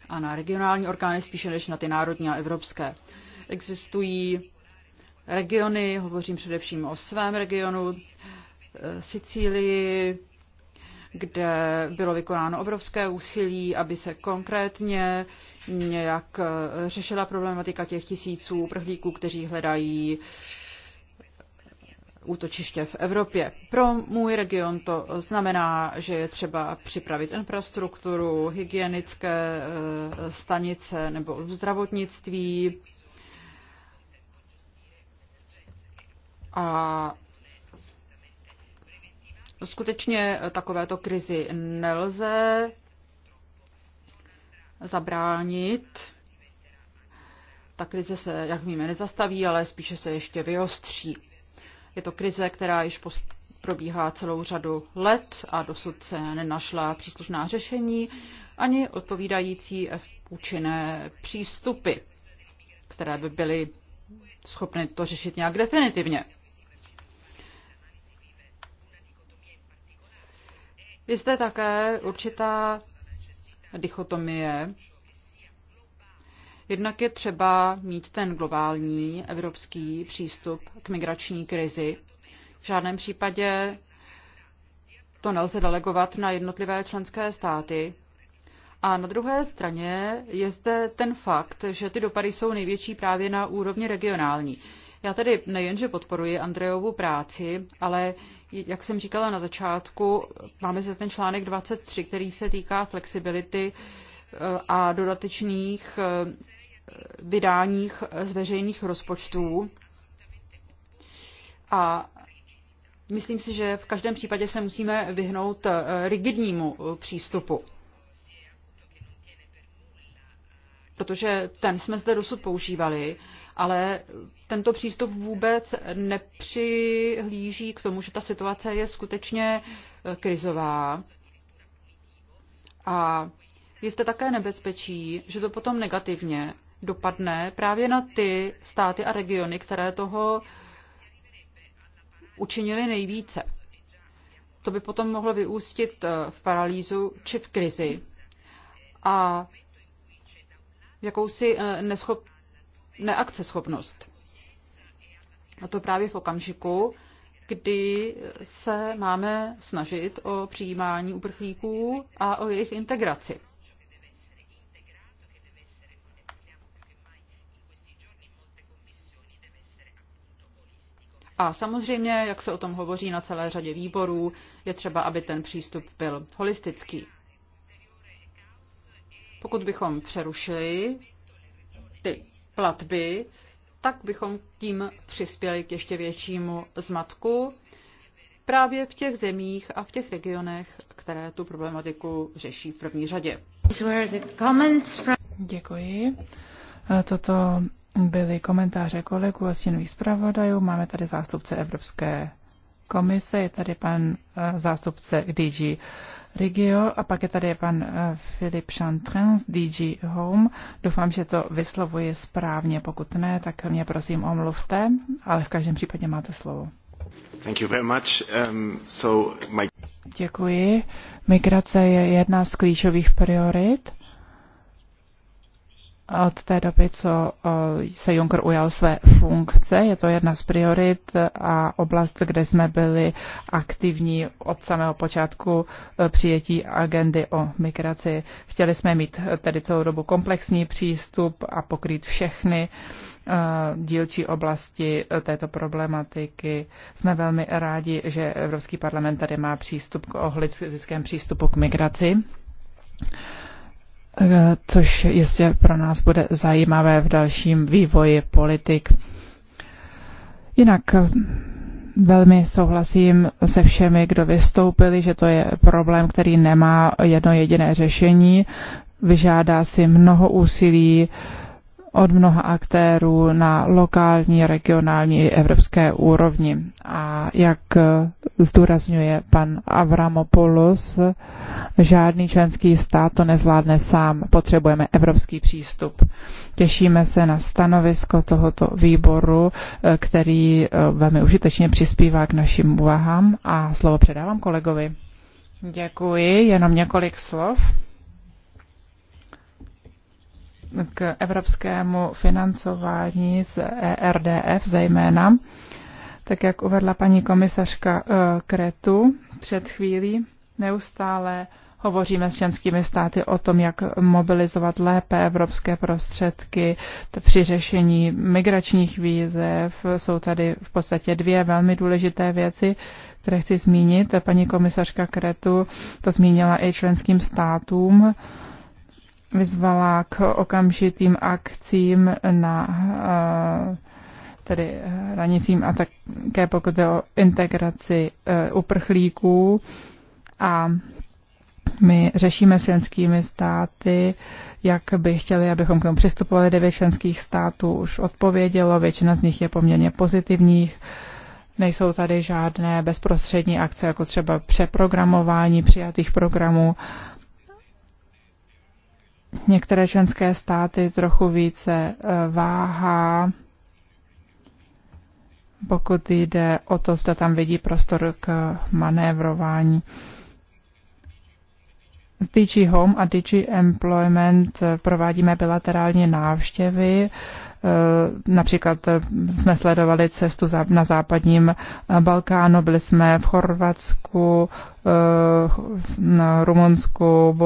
a na regionální orgány spíše než na ty národní a evropské. Existují regiony, hovořím především o svém regionu, eh, Sicílii, kde bylo vykonáno obrovské úsilí, aby se konkrétně nějak eh, řešila problematika těch tisíců uprchlíků, kteří hledají útočiště v Evropě. Pro můj region to znamená, že je třeba připravit infrastrukturu, hygienické eh, stanice nebo zdravotnictví. A skutečně takovéto krizi nelze zabránit. Ta krize se, jak víme, nezastaví, ale spíše se ještě vyostří. Je to krize, která již probíhá celou řadu let a dosud se nenašla příslušná řešení ani odpovídající účinné přístupy, které by byly schopny to řešit nějak definitivně. Je zde také určitá dichotomie. Jednak je třeba mít ten globální evropský přístup k migrační krizi. V žádném případě to nelze delegovat na jednotlivé členské státy. A na druhé straně je zde ten fakt, že ty dopady jsou největší právě na úrovni regionální. Já tedy nejenže podporuji Andrejovu práci, ale jak jsem říkala na začátku, máme zde ten článek 23, který se týká flexibility eh, a dodatečných eh, vydáních z veřejných rozpočtů. A myslím si, že v každém případě se musíme vyhnout eh, rigidnímu přístupu. Protože ten jsme zde dosud používali ale tento přístup vůbec nepřihlíží k tomu, že ta situace je skutečně eh, krizová. A je zde také nebezpečí, že to potom negativně dopadne právě na ty státy a regiony, které toho učinili nejvíce. To by potom mohlo vyústit eh, v paralýzu či v krizi a jakousi eh, neschop, neakceschopnost. A to právě v okamžiku, kdy se máme snažit o přijímání uprchlíků a o jejich integraci. A samozřejmě, jak se o tom hovoří na celé řadě výborů, je třeba, aby ten přístup byl holistický. Pokud bychom přerušili ty platby, tak bychom tím přispěli k ještě většímu zmatku právě v těch zemích a v těch regionech, které tu problematiku řeší v první řadě. Děkuji. Toto byly komentáře kolegů a stěnových zpravodajů. Máme tady zástupce Evropské komise, je tady pan eh, zástupce DG Regio a pak je tady pan Filip eh, Chantrin z DG Home. Doufám, že to vyslovuji správně, pokud ne, tak mě prosím omluvte, ale v každém případě máte slovo. Thank you very much. Um, so my... Děkuji. Migrace je jedna z klíčových priorit od té doby, co se Juncker ujal své funkce. Je to jedna z priorit a oblast, kde jsme byli aktivní od samého počátku přijetí agendy o migraci. Chtěli jsme mít e, tedy celou dobu komplexní přístup a pokrýt všechny e, dílčí oblasti e, této problematiky. Jsme velmi rádi, že Evropský parlament tady má přístup k holistickém přístupu k migraci. Eh, což jistě pro nás bude zajímavé v dalším vývoji politik. Jinak eh, velmi souhlasím se všemi, kdo vystoupili, že to je problém, který nemá jedno jediné řešení. Vyžádá si mnoho úsilí, od mnoha aktérů na lokální, regionální i evropské úrovni. A jak zdůrazňuje pan Avramopoulos, žádný členský stát to nezvládne sám. Potřebujeme evropský přístup. Těšíme se na stanovisko tohoto výboru, eh, který eh, velmi užitečně přispívá k našim úvahám a slovo předávám kolegovi. Děkuji, jenom několik slov k evropskému financování z ERDF zejména, tak jak uvedla paní komisařka eh, Kretu před chvílí, neustále hovoříme s členskými státy o tom, jak mobilizovat lépe evropské prostředky při řešení migračních výzev. Jsou tady v podstatě dvě velmi důležité věci, které chci zmínit. Paní komisařka Kretu to zmínila i členským státům vyzvala k okamžitým akcím na eh, tedy eh, hranicím a také pokud je o integraci eh, uprchlíků a my řešíme s členskými státy, jak by chtěli, abychom k tomu přistupovali. Devět členských států už odpovědělo, většina z nich je poměrně pozitivních. Nejsou tady žádné bezprostřední akce, jako třeba přeprogramování přijatých programů. Uh, některé členské státy trochu více eh, váhá, pokud jde o to, zda tam vidí prostor k manévrování. S DG Home a DG Employment eh, provádíme bilaterální návštěvy Eh, například eh, jsme sledovali cestu na západním eh, Balkánu, byli jsme v Chorvatsku, na Rumunsku,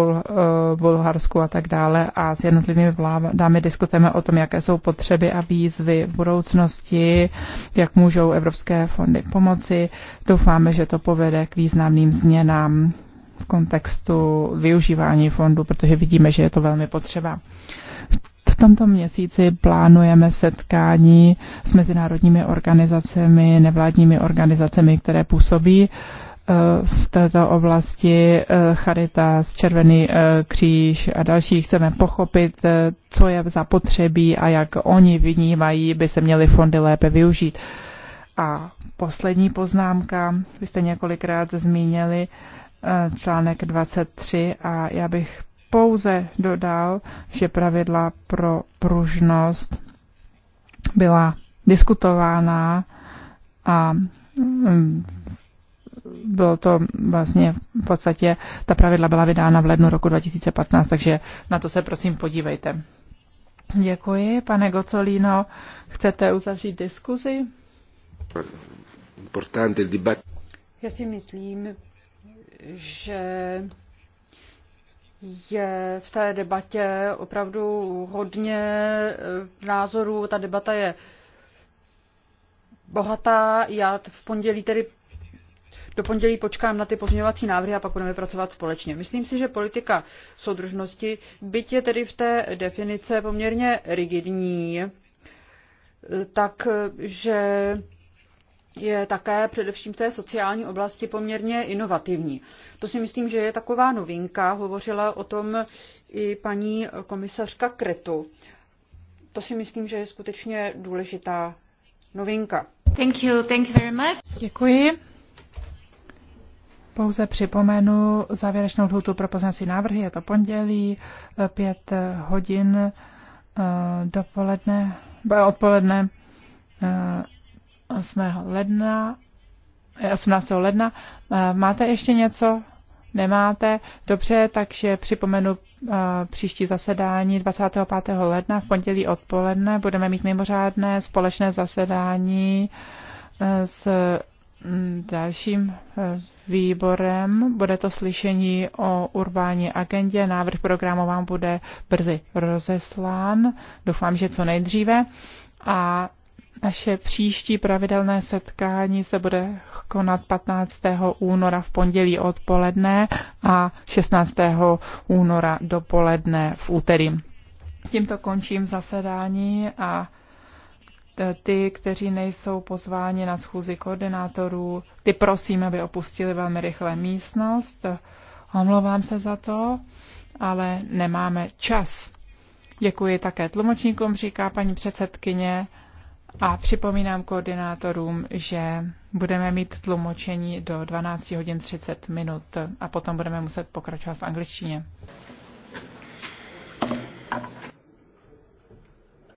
Bulharsku a tak dále a s jednotlivými vládami diskutujeme o tom, jaké jsou potřeby a výzvy v budoucnosti, jak můžou evropské fondy pomoci. Doufáme, že to povede k významným změnám v kontextu využívání fondu, protože vidíme, že je to velmi potřeba tomto měsíci plánujeme setkání s mezinárodními organizacemi, nevládními organizacemi, které působí eh, v této oblasti z eh, Červený eh, kříž a další. Chceme pochopit, co je zapotřebí a jak oni vynímají, by se měly fondy lépe využít. A poslední poznámka, vy jste několikrát zmínili článek 23 a já bych pouze dodal, že pravidla pro pružnost byla diskutována a mm, bylo to vlastně v podstatě, ta pravidla byla vydána v lednu roku 2015, takže na to se prosím podívejte. Děkuji. Pane Gocolino, chcete uzavřít diskuzi? Já si myslím, že je v té debatě opravdu hodně eh, názorů. Ta debata je bohatá. Já v pondělí tedy do pondělí počkám na ty pozměňovací návrhy a pak budeme pracovat společně. Myslím si, že politika soudržnosti, byť je tedy v té definice poměrně rigidní, eh, takže eh, je také především v té sociální oblasti poměrně inovativní. To si myslím, že je taková novinka. Hovořila o tom i paní komisařka Kretu. To si myslím, že je skutečně důležitá novinka. Thank you, thank you very much. Děkuji. Pouze připomenu závěrečnou lhutu pro poznací návrhy. Je to pondělí, pět hodin eh, dopoledne, eh, odpoledne eh, 8. ledna, 18. Eh, ledna. Eh, máte ještě něco? Nemáte? Dobře, takže připomenu eh, příští zasedání 25. ledna v pondělí odpoledne. Budeme mít mimořádné společné zasedání s mm, dalším výborem. Bude to slyšení o urbání agendě. Návrh programu vám bude brzy rozeslán. Doufám, že co nejdříve. A naše příští pravidelné setkání se bude konat 15. února v pondělí odpoledne a 16. února dopoledne v úterý. Tímto končím zasedání a ty, kteří nejsou pozváni na schůzi koordinátorů, ty prosím, aby opustili velmi rychle místnost. Omlouvám se za to, ale nemáme čas. Děkuji také tlumočníkům, říká paní předsedkyně. A připomínám koordinátorům, že budeme mít tlumočení do 12 hodin 30 minut a potom budeme muset pokračovat v angličtině.